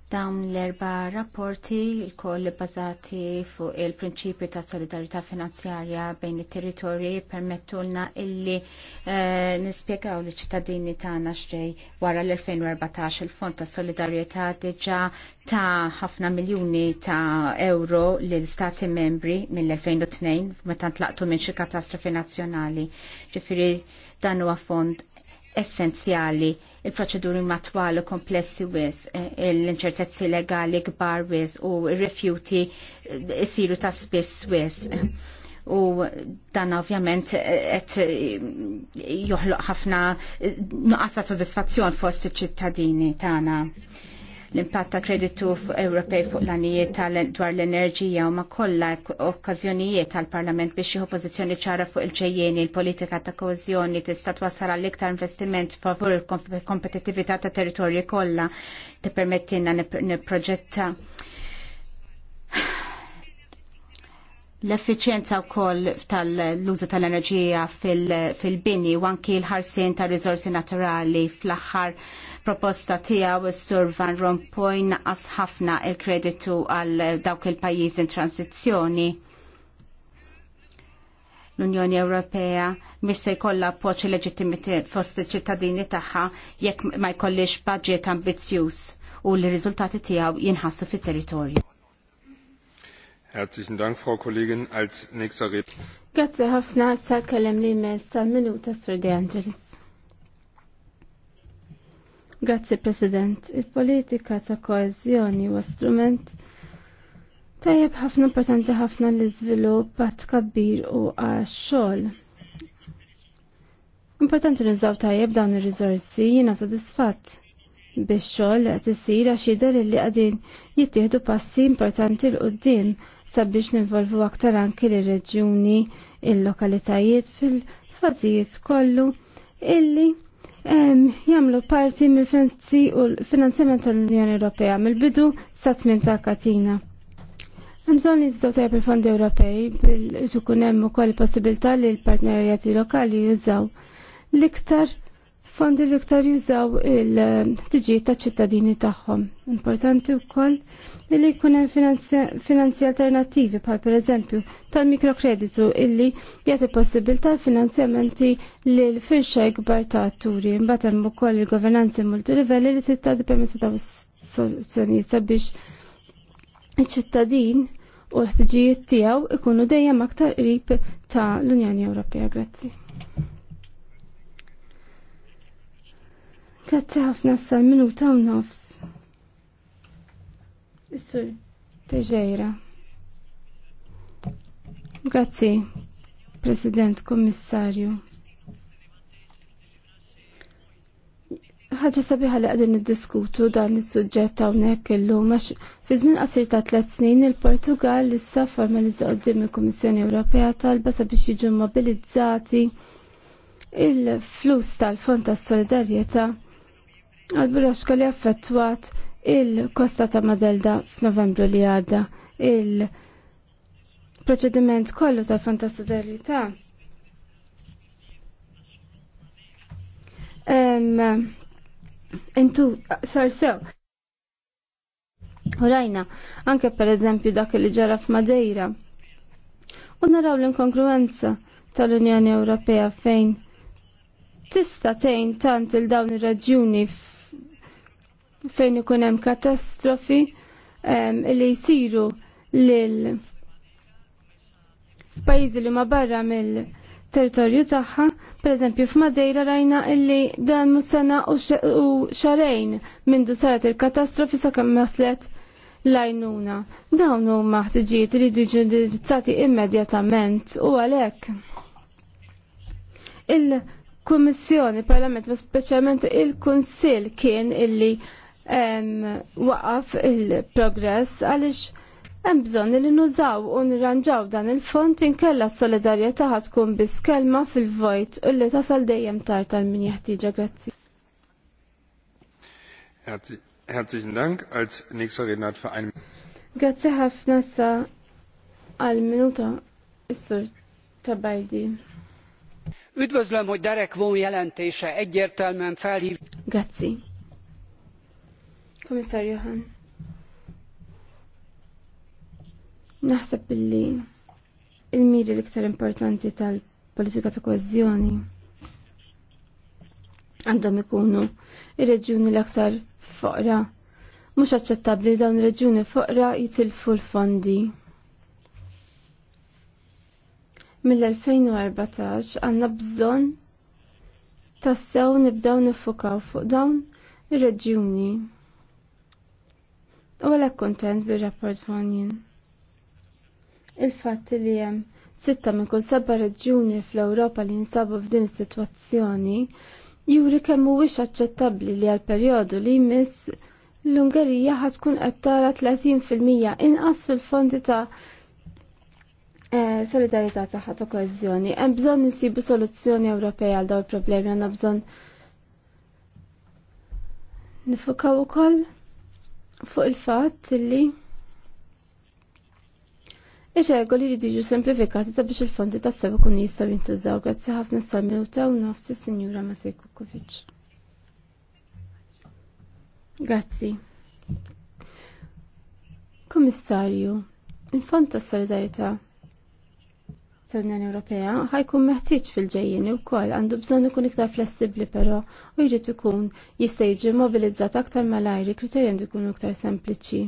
Dawn l-erba rapporti il-koll bazati fuq il-prinċipju ta' solidarità finanzjarja bejn it-territorji permettulna illi eh, nispjegaw li ċittadini tagħna xej wara l-2014 il-Fond ta' Solidarjetà diġà ta' ħafna miljuni ta' euro lil stati membri mill-2002 meta ntlaqtu minn xi katastrofi nazzjonali. Ġifieri dan huwa fond essenzjali il-proċeduri matwal u komplessi wis, eh, l-inċertezzi legali kbar wis u rifjuti eh, siru ta' spiss wis. U dan ovvjament qed eh, joħloq ħafna nuqqa ta' sodisfazzjon fost iċ-ċittadini tagħna l-impatt ta' kreditu Ewropej fuq l-anijiet dwar l-enerġija u ma' kollha okkażjonijiet tal-Parlament biex jieħu pożizzjoni ċara fuq il-ċejjeni il-politika ta' kohezjoni tista' twassal għal iktar investiment favur il-kompetittività ta' territorji kollha tippermettilna nipproġetta l-effiċjenza wkoll tal-użu tal-enerġija fil-bini u anki l-ħarsien ta' rizorsi naturali fl-aħħar proposta tiegħu s-Sur Van Rompuy naqas ħafna il-kreditu għal dawk il pajizi in transizzjoni. L-Unjoni Ewropea mis se jkollha appoġġ leġittimiti fost iċ-ċittadini tagħha jekk ma jkollix budget ambizzjuż u l-riżultati tiegħu jinħassu fit-territorju. Grazie ħafna sa kellem li mess tal-minuta sur De Angelis. Grazie President. Il-politika ta' koezjoni huwa strument tajjeb ħafna importanti ħafna li żvilupp għat kabbir u għax-xogħol. Importanti nżaw tajjeb dawn ir-riżorsi jiena sodisfatt biex xogħol qed isir għax jidher li qegħdin jittieħdu passi importanti l qudiem sabiex nivolvu aktar anki li reġjuni il-lokalitajiet fil-fazijiet kollu illi jamlu parti mill finanzjament tal-Unjoni Ewropea mill-bidu sa tmim ta' katina. Mżon li tizzaw tajab il-fondi Ewropej bil ġukunem hemm ukoll possibilità li l partnerijati lokali jużaw l-iktar fondi li iktar jużaw il-tiġijiet ta' ċittadini tagħhom. Importanti wkoll li jkun hemm finanzi alternattivi per pereżempju tal-mikrokreditu illi possibil possibilità finanzjamenti lil firxa kbar ta' atturi. mbatem hemm ukoll il-governanzi multilivelli li di permessa ta' soluzzjonijiet sabiex iċ-ċittadin u l-ħtiġijiet tiegħu ikunu dejjem aktar qrib ta' l-Unjoni Ewropea. Grazzi. Grazzi ħafna s-sal minuta u nofs. Issur teġejra. Grazzi, President, Kommissarju. ħaġa sabiħa li qegħdin diskutu dan is-suġġett hawnhekk unnek il fi żmien qasir ta' tliet snin il-Portugal issa formalizza quddiem il-Kummissjoni Ewropea talba sabiex jiġu mobilizzati il-flus tal-Fond tas-Solidarjetà ta għal Biroxka li affettwat il-kosta ta' Madelda f'Novembru li għadda il-proċediment kollu tal-Fonta Solidarità. Intu, sar sew. Urajna, anke per eżempju dak li ġara f'Madeira. U naraw l-inkongruenza tal-Unjoni Ewropea fejn tista' tejn tant il dawn ir-raġuni fejn ikun hemm katastrofi li jsiru lil pajjiżi li ma barra mill-territorju tagħha, pereżempju f'Madeira rajna illi dan mhux sena u xarejn mindu saret il-katastrofi sakemm maslet lajnuna. Dawn huma ħtiġijiet li jiġu indirizzati immedjatament u għalhekk. Il-Kummissjoni, il Parlament, u speċjalment il-Kunsill kien illi waqaf il-progress għalix hemm bżonn li nużaw u nirranġaw dan il-font inkella s-solidarjetà ħad tkun biss kelma fil-vojt u li tasal dejjem tard tal min jeħtieġa grazzi. Herzlichen Dank. Als nächster Redner hat Verein. Grazie ħafna sa għal minuta is-sur tabajdi. Üdvözlöm, hogy Derek von jelentése egyértelműen felhív. Grazie. Komissar Johan. Naħseb billi il-miri l-iktar importanti tal-politika ta' kwezzjoni għandhom ikunu ir-reġjuni l-aktar foqra. Mhux aċċettabbli dawn ir-reġjuni foqra jitilfu l-fondi. Mill-2014 għandna bżonn tassew nibdaw nifukaw fuq dawn ir-reġjuni. U għalek kontent bil-rapport Vanjen. il fat li jem sitta minn kull seba reġuni fl-Ewropa li jinsabu f'din is-sitwazzjoni juri kemm mhuwiex aċċettabbli li għal perjodu li jmiss l-Ungerija ħad tkun qed tara 30% inqas fil-fondi ta' eh, Solidarità taħħa u koezzjoni. Hemm bżonn nisibu soluzzjoni Ewropea għal dawn il-problemi għandna bżonn nifukaw ukoll fuq il-fatt li Ir-regoli li semplifikati ta' sabiex il-fondi ta' sebu kun jistgħu jintużaw grazzi ħafna s minuta u nofsi sinjura Masej Kukovic. Grazzi. Komissarju, il-Fond tas Solidarità tal-Unjoni Ewropea ħajkun meħtieġ fil-ġejjin ukoll għandu bżonn ikun iktar flessibbli però u jrid ikun jista' jiġi mobilizzat aktar malajr kriterji għandu jkunu iktar sempliċi.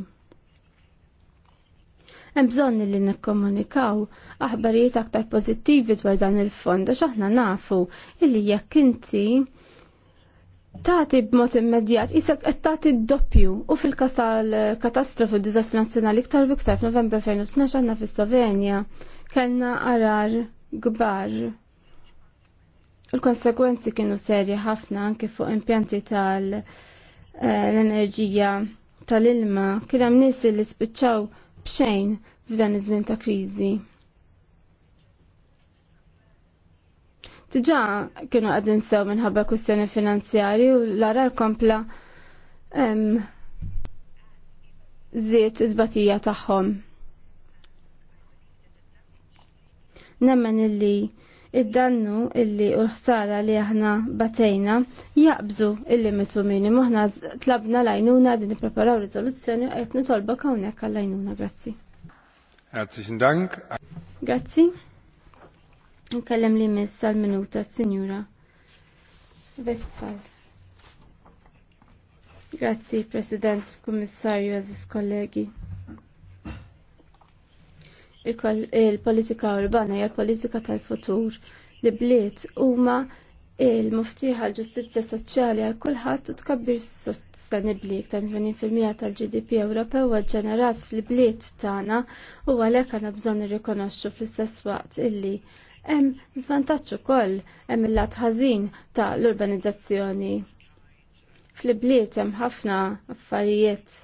Hemm bżonn li nikkomunikaw aħbarijiet aktar pożittivi dwar dan il-fond għax aħna nafu illi jekk inti Tati b'mod immedjat, isek qed tagħti d-doppju u fil-kas tal-katastrofi u d-diżastru nazzjonali iktar biktar f'Novembru 2012 għandna fi Slovenja kellna arar kbar. Il-konsekwenzi kienu serji ħafna anke fuq impjanti tal-enerġija tal-ilma kien hemm nies li spiċċaw b'xejn f'dan iż-żmien ta' kriżi. Diġà kienu qegħdin sew minħabba kwistjoni finanzjarji u l-arar kompla żiet it-tbatija tagħhom. nemmen illi id-dannu illi u l-ħsara li aħna batejna jaqbżu il-limitu minimu. Aħna tlabna lajnuna din nipreparaw rizoluzzjoni u qed tolba hawnhekk għall-lajnuna. Grazzi. Grazzi xindank. Grazzi. Nkellem li miss għal-minuta Signora sinjura Grazzi, President, Kummissarju, Aziz kollegi il-politika urbana hija politika tal-futur li bliet huma il-muftiħa l-ġustizzja soċjali għal kulħadd u tkabbir sostenibbli iktar 80% tal-GDP Ewropew huwa ġenerat fil-bliet tagħna u għalhekk għandna bżonn irrikonoxxu fl-istess waqt illi hemm żvantaġġ ukoll hemm il-lat ħażin ta' l-urbanizzazzjoni. Fl-bliet hemm ħafna affarijiet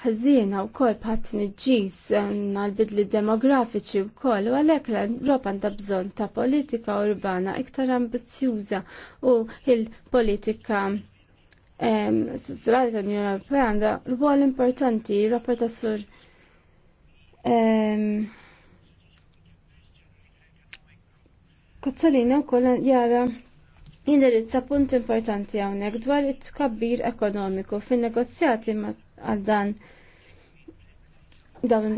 u wkoll bħat niġġis eh, għal-bidli demografiċi wkoll u għalhekk l-Ewropa għandha bżonn ta' politika urbana iktar ambizjuża u il-politika eh, strutturali tal-Unjoni Ewropea għandha rwol importanti, rapport ta' sur eh, Kozzolina u kol jara indirizza punt importanti għawnek dwar it-kabbir ekonomiku fin negozjati ma' għal dan dawn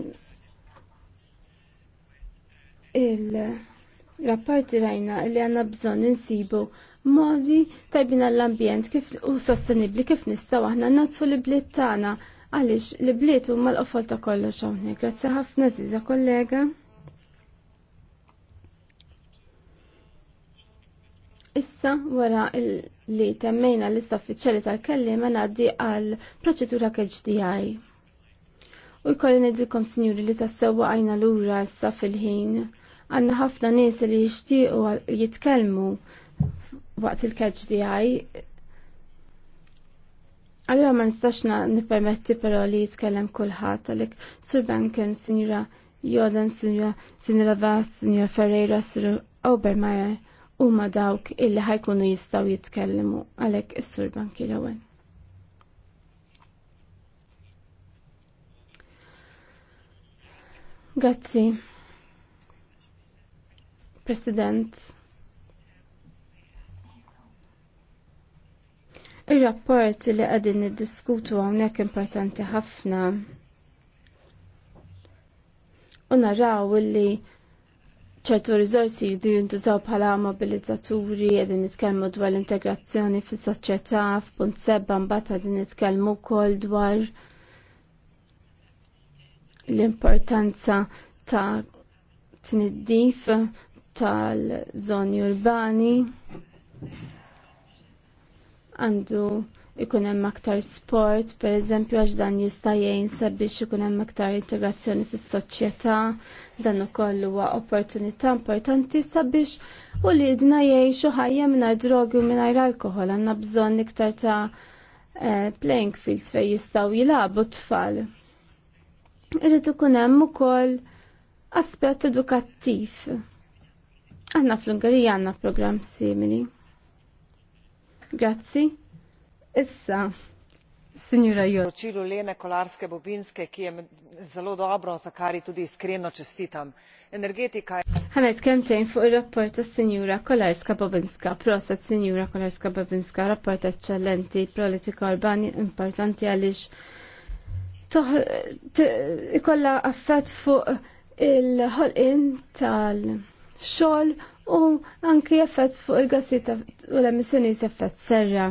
il-rapporti rajna li għanna bżon insibu modi tajbin għall-ambjent kif u sostenibli kif nistaw aħna natfu li bliet tagħna għaliex li bliet huma l-qofol ta' kollox hawnhekk. Grazzi ħafna Ziza kollega. Issa wara li temmejna l-lista uffiċjali tal-kellima ngħaddi għal proċedura KHDI. U jkolli ngħidilkom sinjuri li tassewwa għajna lura issa fil-ħin. Għandna ħafna nies li jixtiequ jitkellmu waqt il-KHDI. Allora ma nistax nippermetti però li jitkellem kulħadd għalhekk Sur Banken, Sinjura Jordan, Sinjura Sinjura Vas, Sinjura Ferreira, Sur Obermeyer ma dawk illi ħajkunu jistgħu jitkellmu għalhekk is-sur banki l-ewwel. Grazzi. President. Ir-rapport li qegħdin niddiskutu hawnhekk importanti ħafna u naraw li ċertu rizorsi jintu jintużaw bħala mobilizzaturi qegħdin nitkellmu dwar l-integrazzjoni fis-soċjetà f'punt sebba mbagħad qegħdin nitkellmu wkoll dwar l-importanza ta' tniddif tal-żoni urbani għandu ikun hemm aktar sport, pereżempju għax dan jista' jgħin sabiex ikun hemm aktar integrazzjoni fis-soċjetà, Dan ukoll huwa opportunità importanti sabiex u li idna jgħixu ħajja mingħajr drogi u mingħajr alkohol għandna bżonn iktar ta' eh, playing fields fejn jistgħu jilagħbu tfal. Irid ikun hemm ukoll aspett edukattiv. Aħna fl-Ungerija għandna programm simili. Grazzi. Issa. Signora Jo. Poročilu Lene Kolarske Bobinske, ki je zelo dobro, za kar ji tudi iskreno čestitam. Energetika je. Ħanet kemtejn fuq ir-rapport ta' Kolarska Bobinska. Prosa Sinjura Kolarska Bobinska, rapport eccellenti, politika urbani importanti għaliex ikolla affett fuq il-ħolqin tal-xogħol u anki affet fuq il-gassi u l s-affet serra.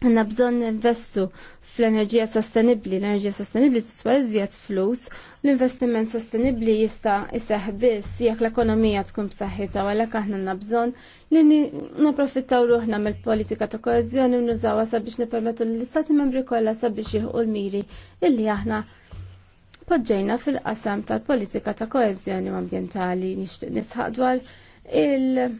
Għanna bżon investu fl-enerġija sostenibli, l-enerġija sostenibli t-swa iżjed flus, l-investiment sostenibli jista' jiseħ biss jekk l-ekonomija tkun b'saħħitha għalhekk aħna għandna bżonn li napprofittaw ruħna mill-politika ta' koeżjoni u nużawha sabiex nippermettu lill-istati membri kollha sabiex jieħu l-miri illi aħna poġġejna fil-qasam tal-politika ta' koeżjoni u ambjentali nixtieq nisħaq dwar il-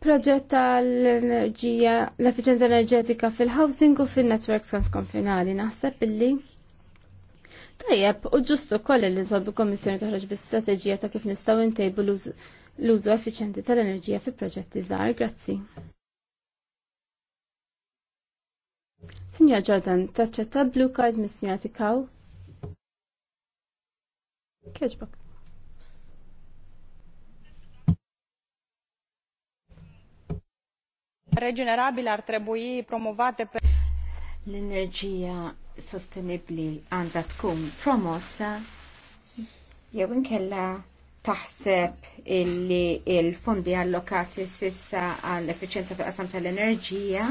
proġett tal-enerġija, l-efficienza enerġetika fil-housing u fil-networks transkonfinali. Naħseb illi tajjeb u ġustu koll li nsolbu kommissjoni toħroġ bis-strateġija ta' kif nistgħu ntejbu l-użu effiċjenti tal-enerġija fi proġetti żgħar. Grazzi. Signor Jordan, taċċetta blue card mis signor tikaw? Kieġbok. Reġenerabili ar trebui promovate per l-enerġija sostenibli għandha tkun promossa jew inkella taħseb illi il-fondi allokati sissa għall-efficienza fil-qasam tal-enerġija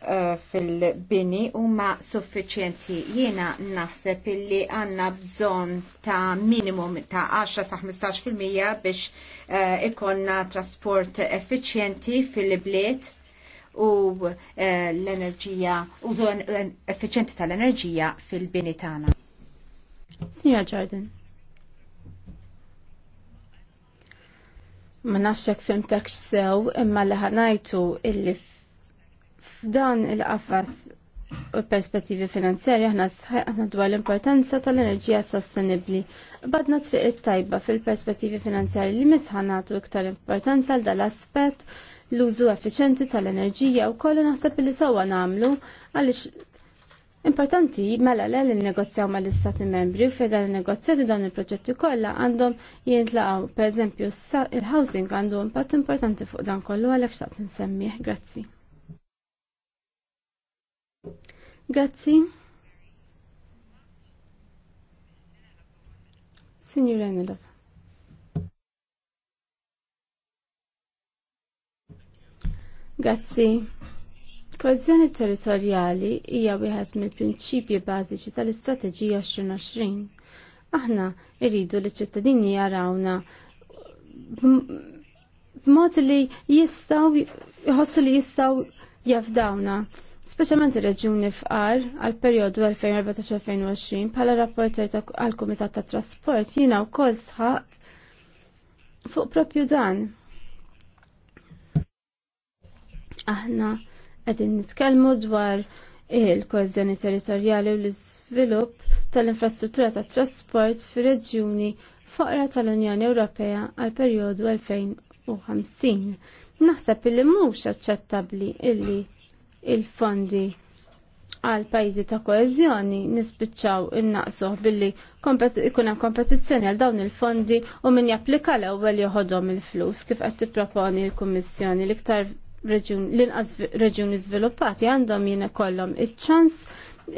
Eh, fil-bini huma suffiċjenti. Jiena naħseb illi għandna bżonn ta' minimum ta' 10 sa 15% biex eh, ikonna trasport effiċjenti fil-bliet u eh, l-enerġija, użu effiċjenti tal-enerġija fil-bini tagħna. Signora Jordan. Ma nafxek fimtek sew imma li ħanajtu illi F'dan il-qafas u perspettivi finanzjarji aħna sħaqna dwar l-importanza tal-enerġija sostenibbli. Badna triq it-tajba fil-perspettivi finanzjarji li misħan nagħtu iktar importanza għal dal-aspett l-użu effiċenti tal-enerġija u kollu naħseb li sewwa nagħmlu għaliex importanti mela l negozjaw mal-istati membri u fedan l-negozjati dan il-proġetti kollha għandhom jintlaqgħu pereżempju il-housing għandu impatt importanti fuq dan kollu għalhekk xtaqt insemmih. Grazzi. Grazzi. Signor Enelov. Grazzi. Kozzjoni territorjali hija wieħed mill-prinċipji bażiċi tal-Istrateġija 2020. Aħna rridu li ċittadini jarawna b'mod li jistgħu jħossu li jistgħu jafdawna speċjalment ir-reġjuni fqar għal perjodu 2014-2020 bħala rapporter għal kumitat ta' trasport jiena wkoll sħaq fuq propju dan. Aħna qegħdin nitkellmu dwar il-koeżjoni territorjali u l-iżvilupp tal-infrastruttura tat trasport fir-reġjuni foqra tal-Unjoni Ewropea għal perjodu 2050. Naħseb illi mhux aċċettabbli illi il-fondi għal pajzi ta' koezjoni nispiċċaw innaqsuh billi ikun hemm kompetizzjoni għal dawn il-fondi u min japplika l-ewwel joħodhom il-flus kif qed tipproponi l-Kummissjoni l-iktar l-inqas reġjuni żviluppati għandhom jien ikollhom iċ-ċans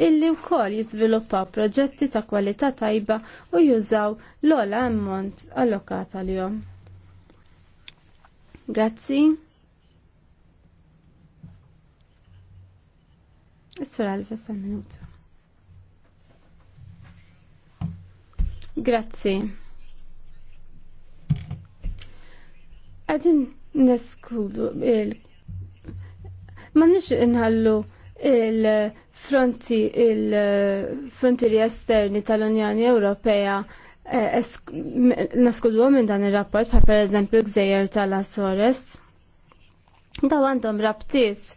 illi wkoll jiżviluppaw proġetti ta' kwalità tajba u jużaw l-ola ammont l għalihom. Grazzi. Is-sur Alves minuta. Grazzi. Għadin neskudu il- Ma nix inħallu il-fronti il-frontieri esterni tal-Unjoni Ewropea eh, naskudu minn dan il-rapport, pa' per eżempju gżejjer tal asores Daw għandhom rabtis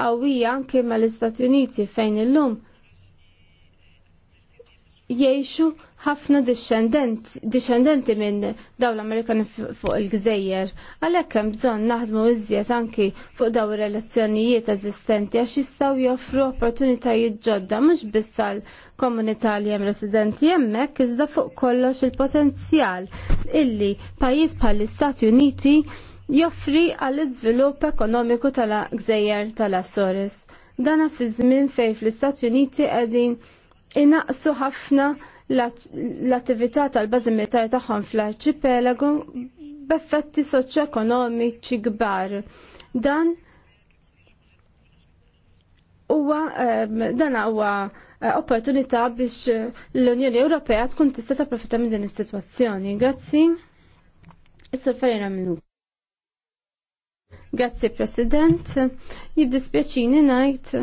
qawwija anke mal-Istati Uniti fejn illum jgħixu ħafna discendenti minn daw l-Amerikani fuq il-Gżejjer. Għalhekk hemm bżonn naħdmu iżjed anki fuq daw ir-relazzjonijiet eżistenti għax jistgħu joffru opportunitajiet ġodda mhux biss l komunità li hemm residenti hemmhekk iżda fuq kollox il-potenzjal illi pajjiż bħall-Istati Uniti joffri għall iżvilupp ekonomiku tal-gżejjer tal-Azores. Dana fi żmien fejn fl-Istati Uniti qegħdin inaqsu ħafna l-attività tal-bażi militari tagħhom fl-arċipelagu b'effetti soċjoekonomiċi kbar. Dan huwa ehm, dan huwa eh, opportunità biex l-Unjoni Ewropea tkun tista' tapprofitta minn din is-sitwazzjoni. Grazzi. Is-Sur Ferreira Minu. Grazzi President, jiddispjaċini najt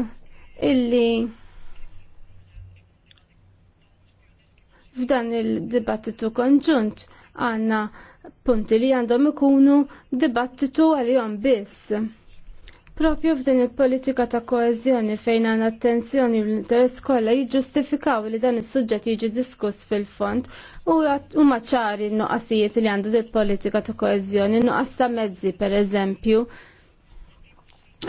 illi f'dan il-dibattitu konġunt għanna punti li għandhom ikunu dibattitu għal-jom biss. Propju f'din il-politika ta' koezjoni fejn għandna attenzjoni l-interess kolla jiġġustifikaw li dan is-suġġett jiġi diskuss fil-fond u huma ċari n-nuqqasijiet li għandu il politika ta' koezjoni, nuqqas ta' mezzi pereżempju.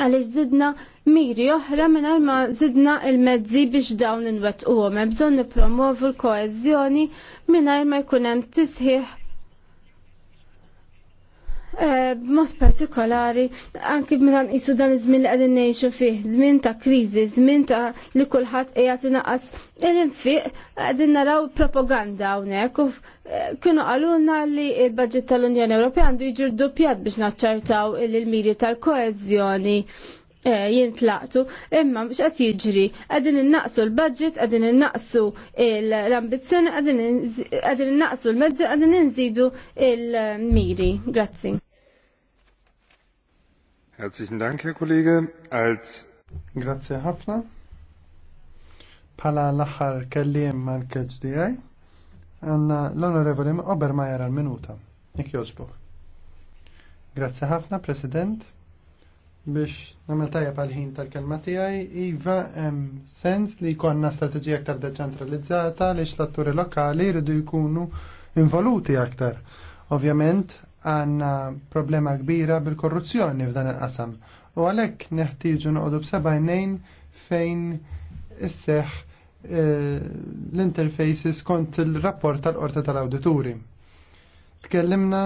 Għaliex zidna miri oħra mingħajr ma zidna il-mezzi biex dawn inwettquhom bżon bżonn nippromovu l-koeżjoni mingħajr ma jkun hemm tisħiħ Eh, b'mod partikolari anki minan mela isu dan iż-żmien li qegħdin ngħixu fih, żmien ta' kriżi, żmien ta' li kulħadd qiegħed inaqas l fiħ, qegħdin naraw propaganda hawnhekk u eh, kienu għaluna li l-budget tal-Unjoni Ewropea għandu jiġu ddoppjat biex naċċartaw il-miri tal-koeżjoni eh, jintlaqtu, imma biex qed jiġri, qegħdin innaqsu l-budget, qegħdin innaqsu l-ambizzjoni, qegħdin innaqsu l-mezzi, qegħdin inżidu l miri Grazzi. Herzlichen Dank, Herr Kollege. Als Grazie ħafna. Pala l-aħħar kellim mal-kedġ DI, għanna l-Onorevoli Obermajer għal-minuta. Nik joġbuk. Grazie ħafna, President. Biex namel tajja pal-ħin tal-kelma tijaj, Iva, em, sens li konna strategija aktar deċentralizzata li l-atturi lokali rridu jkunu involuti aktar. Ovvjament, għanna problema kbira bil-korruzzjoni f'dan il-qasam. U għalek neħtiġu noqdu b'sebajnejn fejn isseħ eh, l-interfaces kont il-rapport tal-qorta tal-awdituri. Tkellimna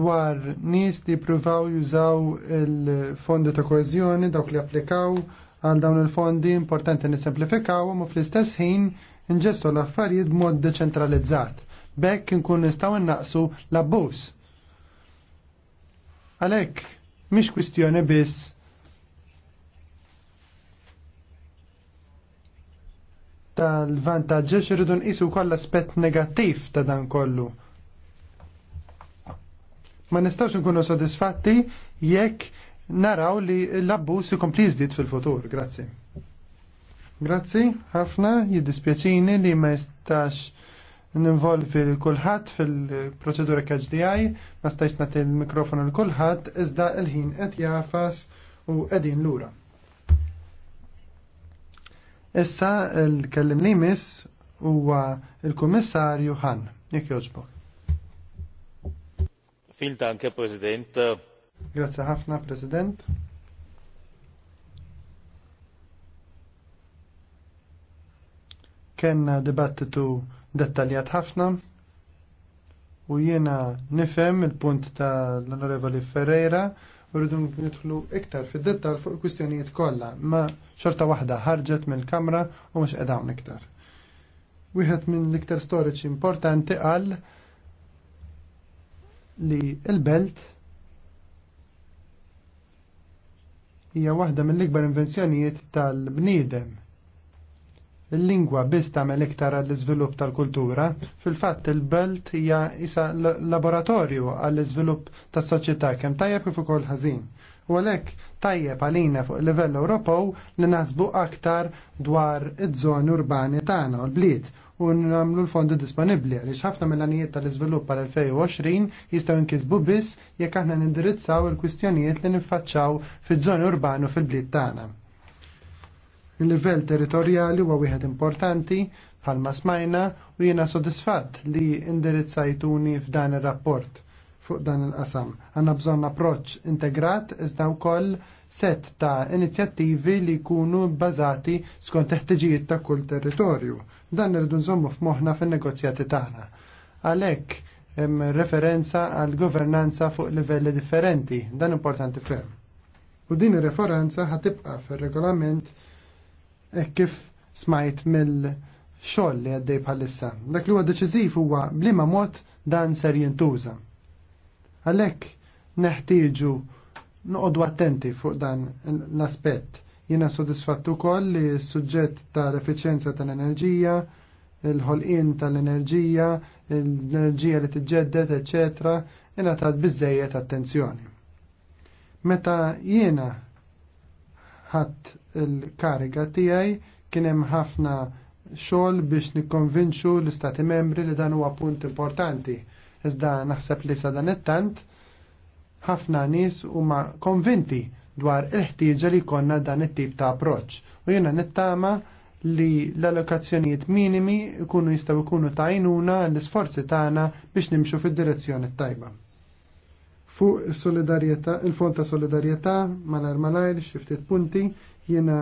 dwar nies li pruvaw jużaw il-fondi ta' koezjoni dawk li applikaw għal dawn il-fondi importanti nisimplifikaw u fl-istess ħin nġestu l-affarijiet b'mod deċentralizzat Bekk nkun nistgħu innaqsu l-abbuż. Għalhekk mhix kwistjoni biss tal-vantaġġi xirridu nqisu wkoll aspett negattiv ta' dan kollu. Ma nistgħux nkunu sodisfatti jekk naraw li l-abbuż ikompli jiżdied fil-futur. Grazzi. Grazzi, ħafna jiddispjaċini li ma jistax ninvolvi l-kulħadd fil-proċedura KHDI, ma stajx l-mikrofonu l-kulħadd iżda l-ħin qed jafas u qegħdin lura. Issa l-kellim li miss huwa l-Kummissarju Han, jekk jogħġbok. Fil danke, President. Grazie ħafna, President. Kenna dibattitu dettaljat ħafna u jiena nifhem il-punt ta' l-Onorevoli Ferreira u rridu nidħlu iktar fid-dettal fuq il-kwistjonijiet kollha, ma xorta waħda ħarġet mill-kamra u mhux qed hawn iktar. Wieħed minn l-iktar storiċi importanti qal li l-belt hija waħda mill-ikbar invenzjonijiet tal-bniedem Il-lingwa biss tagħmel iktar għall-iżvilupp tal-kultura, fil-fatt il-belt hija isa laboratorju għall-iżvilupp tas-soċjetà kemm tajjeb kif ukoll ħażin. U għalhekk tajjeb għalina fuq livell Ewropew li nasbu aktar dwar iż-żoni urbani tagħna u l-bliet u nagħmlu l-fondi disponibbli għaliex ħafna mill-għanijiet tal-iżvilupp għal-2020 jistgħu nkisbu biss jekk aħna nindirizzaw il-kwistjonijiet li niffaċċaw fiż-żoni urbani u fil-bliet tagħna. Il-livell territorjali huwa wieħed importanti bħalma smajna u jiena sodisfatt li indirizzajtuni f'dan ir-rapport fuq dan il-qasam. Għanna bżonn approċċ integrat iżda wkoll set ta' inizjattivi li jkunu bbażati skont teħtiġijiet ta' kull territorju. Dan irridu nżommu f'moħħna fin-negozjati tagħna. Għalhekk hemm referenza għal governanza fuq livelli differenti, dan importanti ferm. U din ir-referenza ħatibqa' fir-regolament E kif smajt mill xoll li għaddej bħalissa. Dak li huwa deċiżiv huwa bliema mod dan ser jintuża. Għalhekk neħtieġu noqogħdu attenti fuq dan l-aspett. Jiena sodisfattu wkoll li s-suġġett tal-efficienza tal-enerġija, il-ħolqien tal-enerġija, l-enerġija li tiġġedded, eċetera, ingħatat biżejjed attenzjoni. Meta jiena ħadd il-kariga tiegħi kien hemm ħafna xogħol biex nikkonvinċu l-istati membri li dan huwa punt importanti. Iżda naħseb li sa dan it-tant ħafna nies huma konvinti dwar il-ħtieġa li jkollna dan it-tip ta' approċċ. U jiena nittama li l-allokazzjonijiet minimi jkunu jistgħu jkunu ta' għajnuna l-isforzi tagħna biex nimxu fid-direzzjoni tajba fuq il-solidarieta, il-fond ta' solidarieta, malar malar, xiftit punti, jiena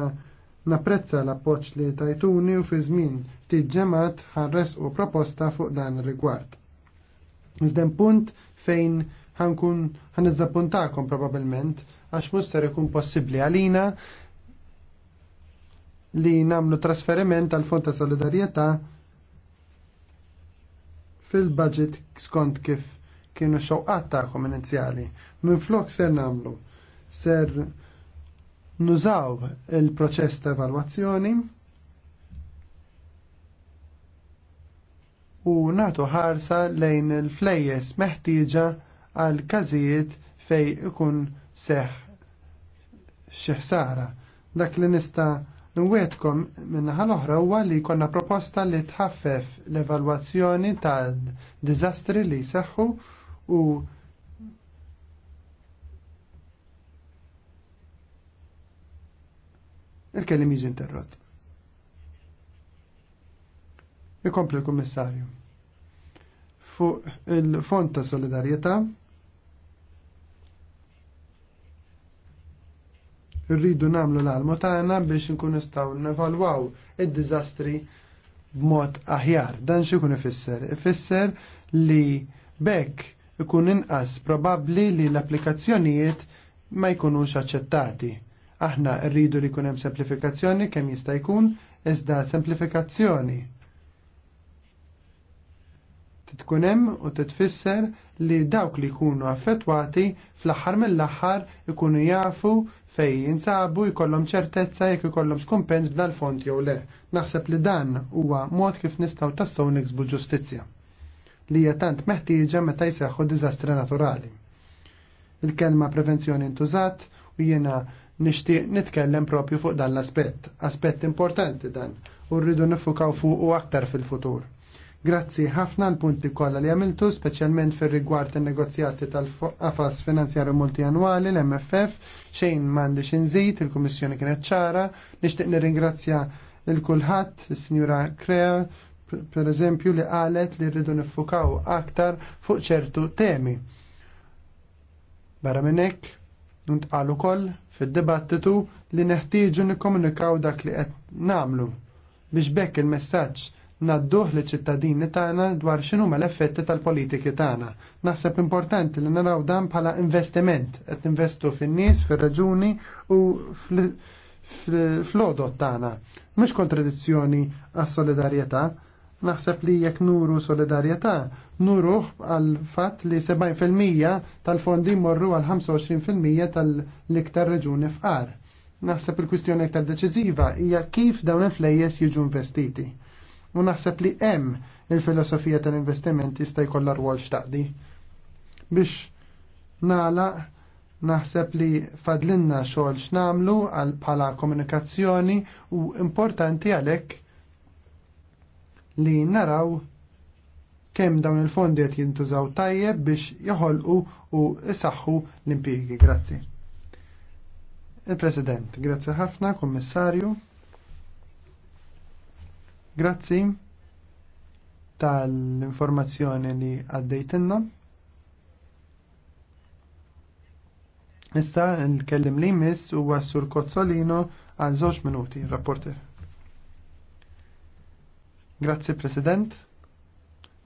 napprezza l-appoċ li tajtuni u fi żmien ftit ġemat ħarres u proposta fuq dan rigward. Nizden punt fejn ħankun ħanizzappuntakom probabilment għax mhux ikun possibbli għalina li namlu trasferiment għal fond ta' solidarjetà fil-budget skont kif kienu xoqqat tagħhom inizjali. Minn flok ser namlu, ser nużaw il-proċess ta' evalwazzjoni u natu ħarsa lejn il-flejjes meħtieġa għal każijiet fej ikun seħ xeħsara. Dak li nista nwietkom l oħra huwa li konna proposta li tħaffef l-evalwazzjoni tad dizastri li seħħu u il-kellim jiġi interrott. Ikompli l-Kummissarju. Fuq il-Fond ta' Solidarjetà rridu namlu l-almu tagħna biex nkun nistgħu nevalwaw id-diżastri b'mod aħjar. Dan xikun ifisser? Ifisser li bekk ikun inqas probabbli li l-applikazzjonijiet ma jkunux aċċettati. Aħna rridu li jkun hemm semplifikazzjoni kemm jista' jkun iżda semplifikazzjoni. Titkun hemm u titfisser li dawk li jkunu affettwati fl-aħħar mill-aħħar ikunu jafu fej jinsabu jkollhom ċertezza jekk ikollhom x'kumpens b'dal fond jew le. Naħseb li dan huwa mod kif nistgħu tassaw niksbu ġustizzja li hija tant meħtieġa meta jseħħu diżastri naturali. Il-kelma prevenzjoni ntużat u jiena nixtieq nitkellem propju fuq dan l-aspett, aspett importanti dan, u rridu nifukaw fuq u aktar fil-futur. Grazzi ħafna l-punti kollha li għamiltu, speċjalment fir rigward in-negozjati tal afas finanzjarju multianwali l-MFF, xejn m'għandi xinżid, il-Kummissjoni kienet ċara, nixtieq nirringrazzja l kulħadd, is-Sinjura Krea, per eżempju li qalet li rridu nifukaw aktar fuq ċertu temi. Barra minnek, għalu koll fid-dibattitu li neħtieġu nikkomunikaw dak li qed namlu biex bekk il-messaġġ nadduh li ċittadini tagħna dwar x'inhu l-effetti tal-politiki tagħna. Naħseb importanti li naraw dan bħala investiment qed investu fin-nies, fir-raġuni u fl-odot tagħna. Mhux kontradizzjoni għas-solidarjetà, naħseb li jekk nuru solidarjetà, nuruħ għal fatt li 70% tal-fondi morru għal 25% tal-iktar reġuni fqar. Naħseb il-kwistjoni iktar deċiżiva hija kif dawn il-flejjes jiġu investiti. U naħseb li hemm il-filosofija tal-investiment jista' jkollha rwol xtaqdi. Biex nagħlaq naħseb li fadlinna xogħol x'namlu għal bħala komunikazzjoni u importanti għalhekk li naraw kemm dawn il-fondi qed jintużaw tajjeb biex joħolqu u isaħħu l-impjiegi. Grazzi. Il-President, grazzi ħafna, Kummissarju. Grazzi tal-informazzjoni li għaddejtinna. Issa, nkellim li miss u għassur Kozzolino għal żewġ minuti, rapporter. Grazzi President.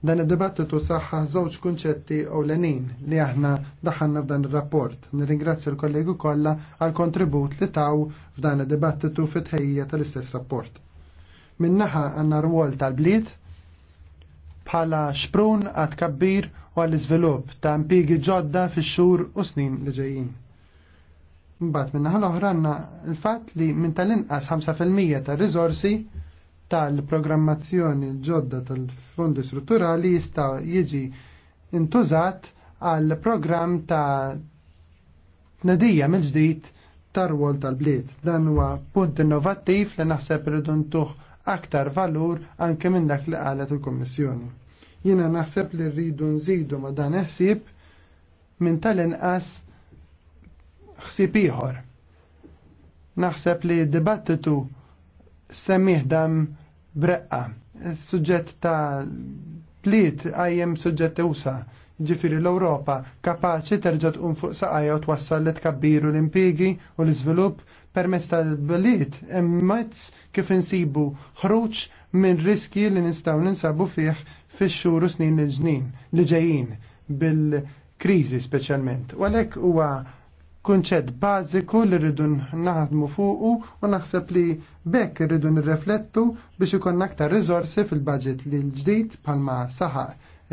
Dan id-dibattitu saħħa żewġ kunċetti ewlenin li aħna daħanna f'dan ir-rapport. Nirringrazzja l-kollegu kollha għal kontribut li taw f'dan id-dibattitu fit tal-istess rapport. Minnaħa għandna rwol tal-bliet bħala xprun għad kabbir u għall iżvilupp ta' impigi ġodda fix-xhur u snin li ġejjin. Mbagħad min-naħa l-oħra għandna l-fatt li minn tal-inqas 5% tar-riżorsi tal-programmazzjoni ġodda tal-fondi strutturali jista' jiġi intużat għal programm ta' tnedija mill-ġdid tar-rwol tal-bliet. Dan huwa punt innovattiv li naħseb irridu ntuħ aktar valur anke minn dak li qalet il-Kommissjoni. Jiena naħseb li rridu nżidu ma' dan ħsieb minn tal-inqas ħsieb ieħor. Naħseb li d-dibattitu semmiħdam breqqa. Suġġett ta' plit għajjem suġġett usa. Ġifiri l-Europa kapaċi terġat tqum fuq saqajja u twassal li tkabbiru l-impigi u l-iżvilupp permezz tal-bliet hemm kif insibu ħruġ minn riski li nistgħu ninsabu fih fix-xhur u snin l-ġnin li ġejjin bil-kriżi speċjalment. U għalhekk huwa kunċett bażiku li rridu naħdmu fuqu u naħseb li bekk rridu nirreflettu biex ikun aktar riżorsi fil-budget li l-ġdid palma saħa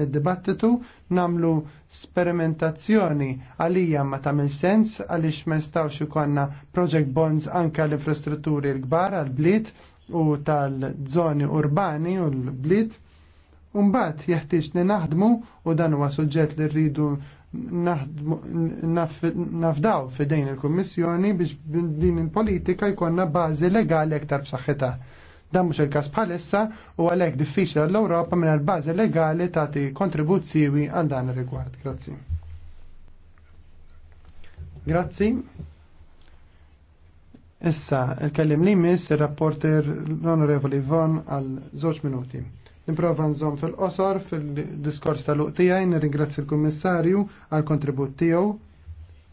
id-dibattitu namlu sperimentazzjoni għalija ma tamil sens għaliex ma jistawx ikonna project bonds anke l-infrastrutturi l-kbar għal-bliet u tal-żoni urbani u l-bliet. Umbat jeħtieġ li naħdmu u dan huwa suġġett li rridu nafdaw fidejn il-Kommissjoni biex din il-politika jkonna bażi legali aktar b'saħħitha. Dan mhux il-każ bħalissa u għalhekk diffiċli l-Ewropa minn bażi legali tagħti kontribuzzjiwi għal dan ir-rigward. Grazzi. Grazzi. Issa, il-kellim li miss il-rapporter l-Onorevoli Von għal żewġ minuti. Niprofa nżom fil-qosor fil-diskors tal-luq tiegħi, nirringrazzi l-Kummissarju għal kontribut tiegħu.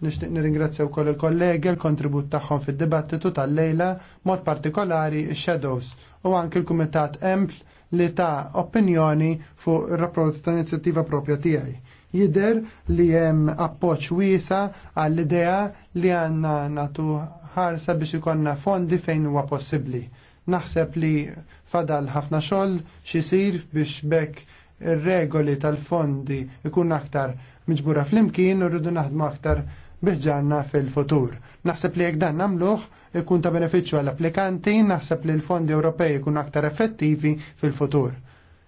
Nixtieq nirringrazzja wkoll il-kollegi l-kontribut tagħhom fid-dibattitu tal-lejla, mod partikolari x-Shadows u anke l-Kumitat Empl li ta' opinjoni fuq ir-rapport ta' inizjattiva propja tiegħi jider li jem appoċ wisa għall-idea li għanna natu ħarsa biex ikonna fondi fejn huwa possibli. Naħseb li fadal ħafna xogħol xisir biex bekk ir-regoli tal-fondi ikun aktar miġbura fl-imkien u rridu naħdmu aktar biħġarna fil-futur. Naħseb li jekk dan nagħmluh ikun ta' benefiċċju għall-applikanti, naħseb li l-fondi Ewropej ikun aktar effettivi fil-futur.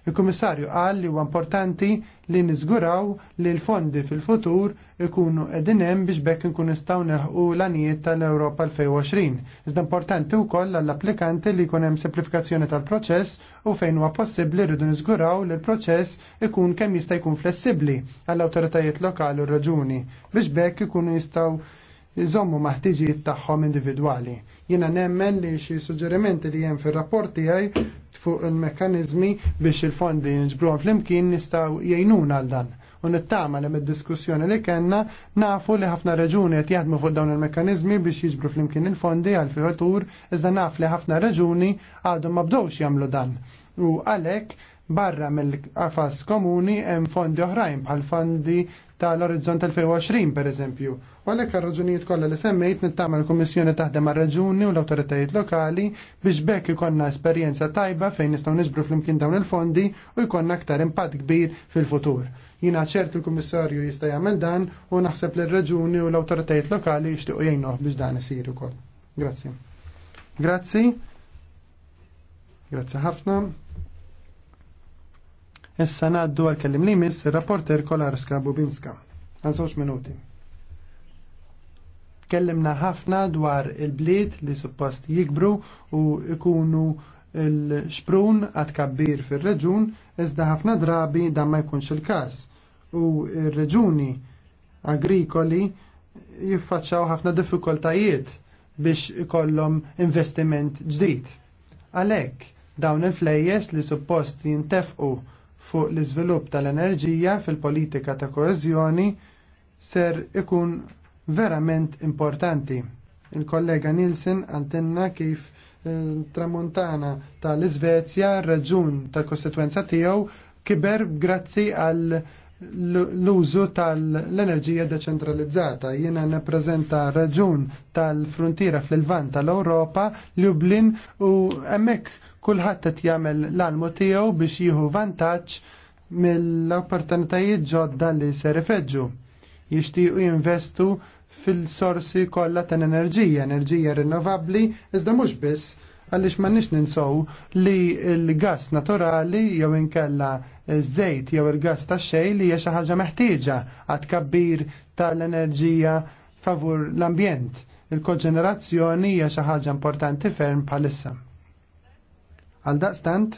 Il-Kummissarju qal li huwa importanti li niżguraw li l-fondi fil-futur ikunu qegħdin hemm biex bekk nkun nistgħu nelħqu l-anijiet tal-Ewropa 2020. Iżda importanti wkoll għall-applikanti li jkun hemm simplifikazzjoni tal-proċess u fejn huwa possibbli rridu niżguraw li l-proċess ikun kemm jista' jkun flessibbli għall-awtoritajiet lokali u raġuni biex bekk ikunu jistgħu jżommu maħtiġijiet tagħhom individwali. Jiena nemmen li xi suġġerimenti li hemm fir-rapport tiegħi fuq il-mekkaniżmi biex il-fondi nġbruhom flimkien nistgħu jgħinuna għal dan. U nittama li mid-diskussjoni li kellna nafu li ħafna reġuni qed jaħdmu fuq dawn il-mekkaniżmi biex jiġbru flimkien il-fondi għal fiħatur iżda naf li ħafna reġuni għadhom ma bdewx jagħmlu dan. U għalhekk barra mill-qafas komuni hemm fondi oħrajn bħal fondi tal-Orizzont 2020 per eżempju. U għalhekk għal-raġunijiet kollha li semmejt nittamal l-Kummissjoni taħdem mar-Reġuni u l-awtoritajiet lokali biex bekk ikonna esperjenza tajba fejn nistgħu niġbru flimkien dawn il-fondi u jkollna aktar impatt kbir fil-futur. Jina ċert il-Kummissarju jista' jagħmel dan u naħseb li r-Reġuni u l-awtoritajiet lokali jixtiequ jgħinuh biex dan isir ukoll. Grazzi. Grazzi. Grazzi ħafna. Issa naddu għal-kellim li miss rapporter Kolarska Bubinska. Għanżoċ minuti. Kellimna ħafna dwar il-bliet li suppost jikbru u ikunu l-xprun għad kabbir fil-reġun, iżda ħafna drabi dan ma jkunx il-kas. U il-reġuni agrikoli jiffaċċaw ħafna diffikultajiet biex ikollhom investiment ġdid. Għalhekk dawn il-flejjes li suppost jintefqu fuq l-iżvilupp tal-enerġija fil-politika ta' koeżjoni ser ikun verament importanti. Il-kollega Nilsen għantenna kif tramuntana tal-Iżvezja, r-raġun tal-kostituenza tiegħu kiber grazzi għal l-użu tal-enerġija deċentralizzata. Jiena nappreżenta raġun tal-frontiera fl-Lvant tal-Ewropa, Lublin u hemmhekk kulħadd qed jagħmel l-almu tiegħu biex jieħu vantaġġ mill-opportunitajiet ġodda li se ifeġġu. Jixtiequ jinvestu fil-sorsi kollha ta' enerġija, enerġija rinnovabbli, iżda mhux biss għaliex m'għandniex ninsow li l-gas naturali jew inkella żejt jew il-gas ta' xej li hija xi ħaġa meħtieġa għad kabbir tal-enerġija favur l-ambjent. Il-koġenerazzjoni hija xi ħaġa importanti ferm bħalissa. Għal daqstant,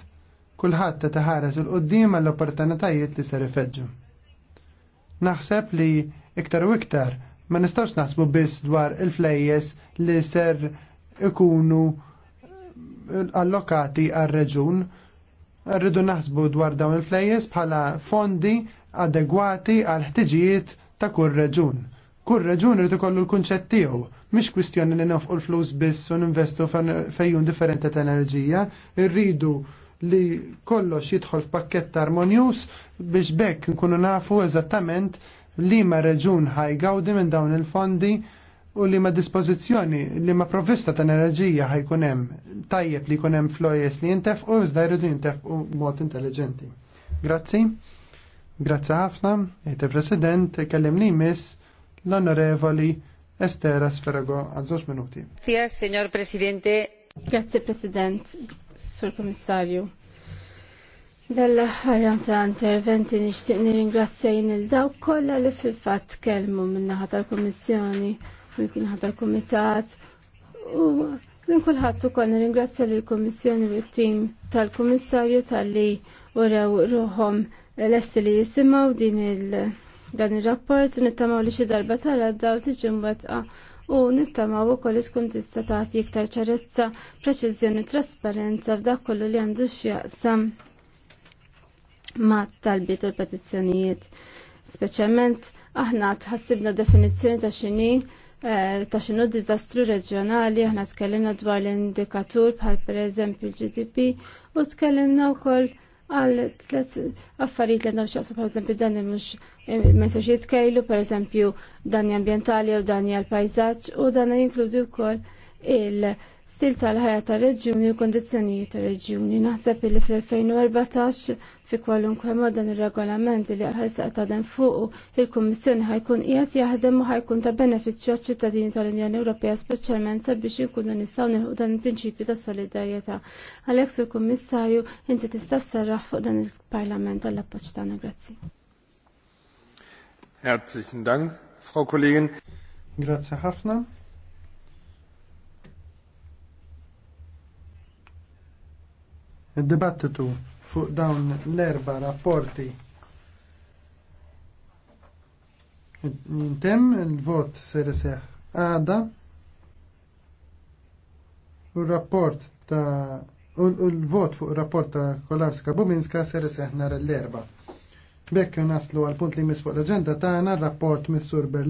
kullħat ta' taħares il-qoddim għall opportunitajiet li ser ifeġġu. Naħseb li iktar u iktar ma nistax naħsbu biss dwar il-flejjes li ser ikunu allokati għal reġun rridu naħsbu dwar dawn il-flejjes bħala fondi adegwati għal ħtiġijiet ta' kull reġun Kull reġun irid ikollu l-kunċett tiegħu, mhix kwistjoni li nafqu l-flus biss u ninvestu fejjun differenti ta' enerġija, irridu li kollox jidħol f'pakkett armonjus biex bekk nkunu nafu eżattament li ma reġun ħajgawdi minn dawn il-fondi u li ma dispożizzjoni li ma provvista ta' enerġija ħajkun hemm tajjeb li jkun hemm flojes li jintef u iżda jridu jintef u mod intelligenti. Grazzi. Grazzi ħafna, jgħid il-President, kellim li miss l-onorevoli Estera Sferago għal żewġ minuti. Grazie, Signor Presidente. Grazie, President, Sur Komissarju. dall ħarjam ta' interventi nixtieq nirringrazzjajn il-dawk kollha li fil-fatt kelmu min-naħa tal-Kummissjoni u l-kien tal-Kumitat u Minn kulħadd ukoll nirringrazzja lill kummissjoni u t-tim tal-Kummissarju tal-li urew ruħhom lesti li jisimgħu din il- dan ir-rapport nittamaw li xi darba tara daw tiġi mwettqa u nittamaw ukoll tkun tista' tagħti iktar ċarezza, preċiżjoni u trasparenza f'dak kollu li għandu x'jaqsam ma' talbiet u l-petizzjonijiet. Speċjalment aħna tħassibna definizzjoni ta' xini eh, ta' xinu dizastru reġjonali, aħna tkellimna dwar l-indikatur bħal per eżempju GDP u tkellimna wkoll għal tlet affarijiet li għandhom xaqsu eżempju dan mhux eh, ma jistax jitkejlu pereżempju danni ambjentali u danni għal pajzaġġ u dan jinkludi wkoll il- stil tal-ħajja tal-reġjuni u kondizzjonijiet tal-reġjuni. Naħseb li fl-2014 fi kwalunkwe dan ir-regolamenti li għal ta' dan fuq il-Kummissjoni ħajkun qiegħed jaħdem u ħajkun ta' benefiċċju għaċ-ċittadini tal-Unjoni Ewropea speċjalment sabiex inkunu nistgħu nilħu dan il-prinċipju ta' solidarjetà. Għalhekk sur Kummissarju inti tista' sserraħ fuq dan il-Parlament għall appoġġ tagħna. Grazzi. Herzlichen Dank, Frau Kollegin. Grazie ħafna. il dibattitu fuq dawn l-erba rapporti jintem il-vot ser seħ għada u rapport ta' u l-vot fuq rapport ta' Kolarska Bubinska ser seħ nar l-erba. Bekk naslu għal punt li mis fuq l-agenda ta' għana rapport missur Berlin.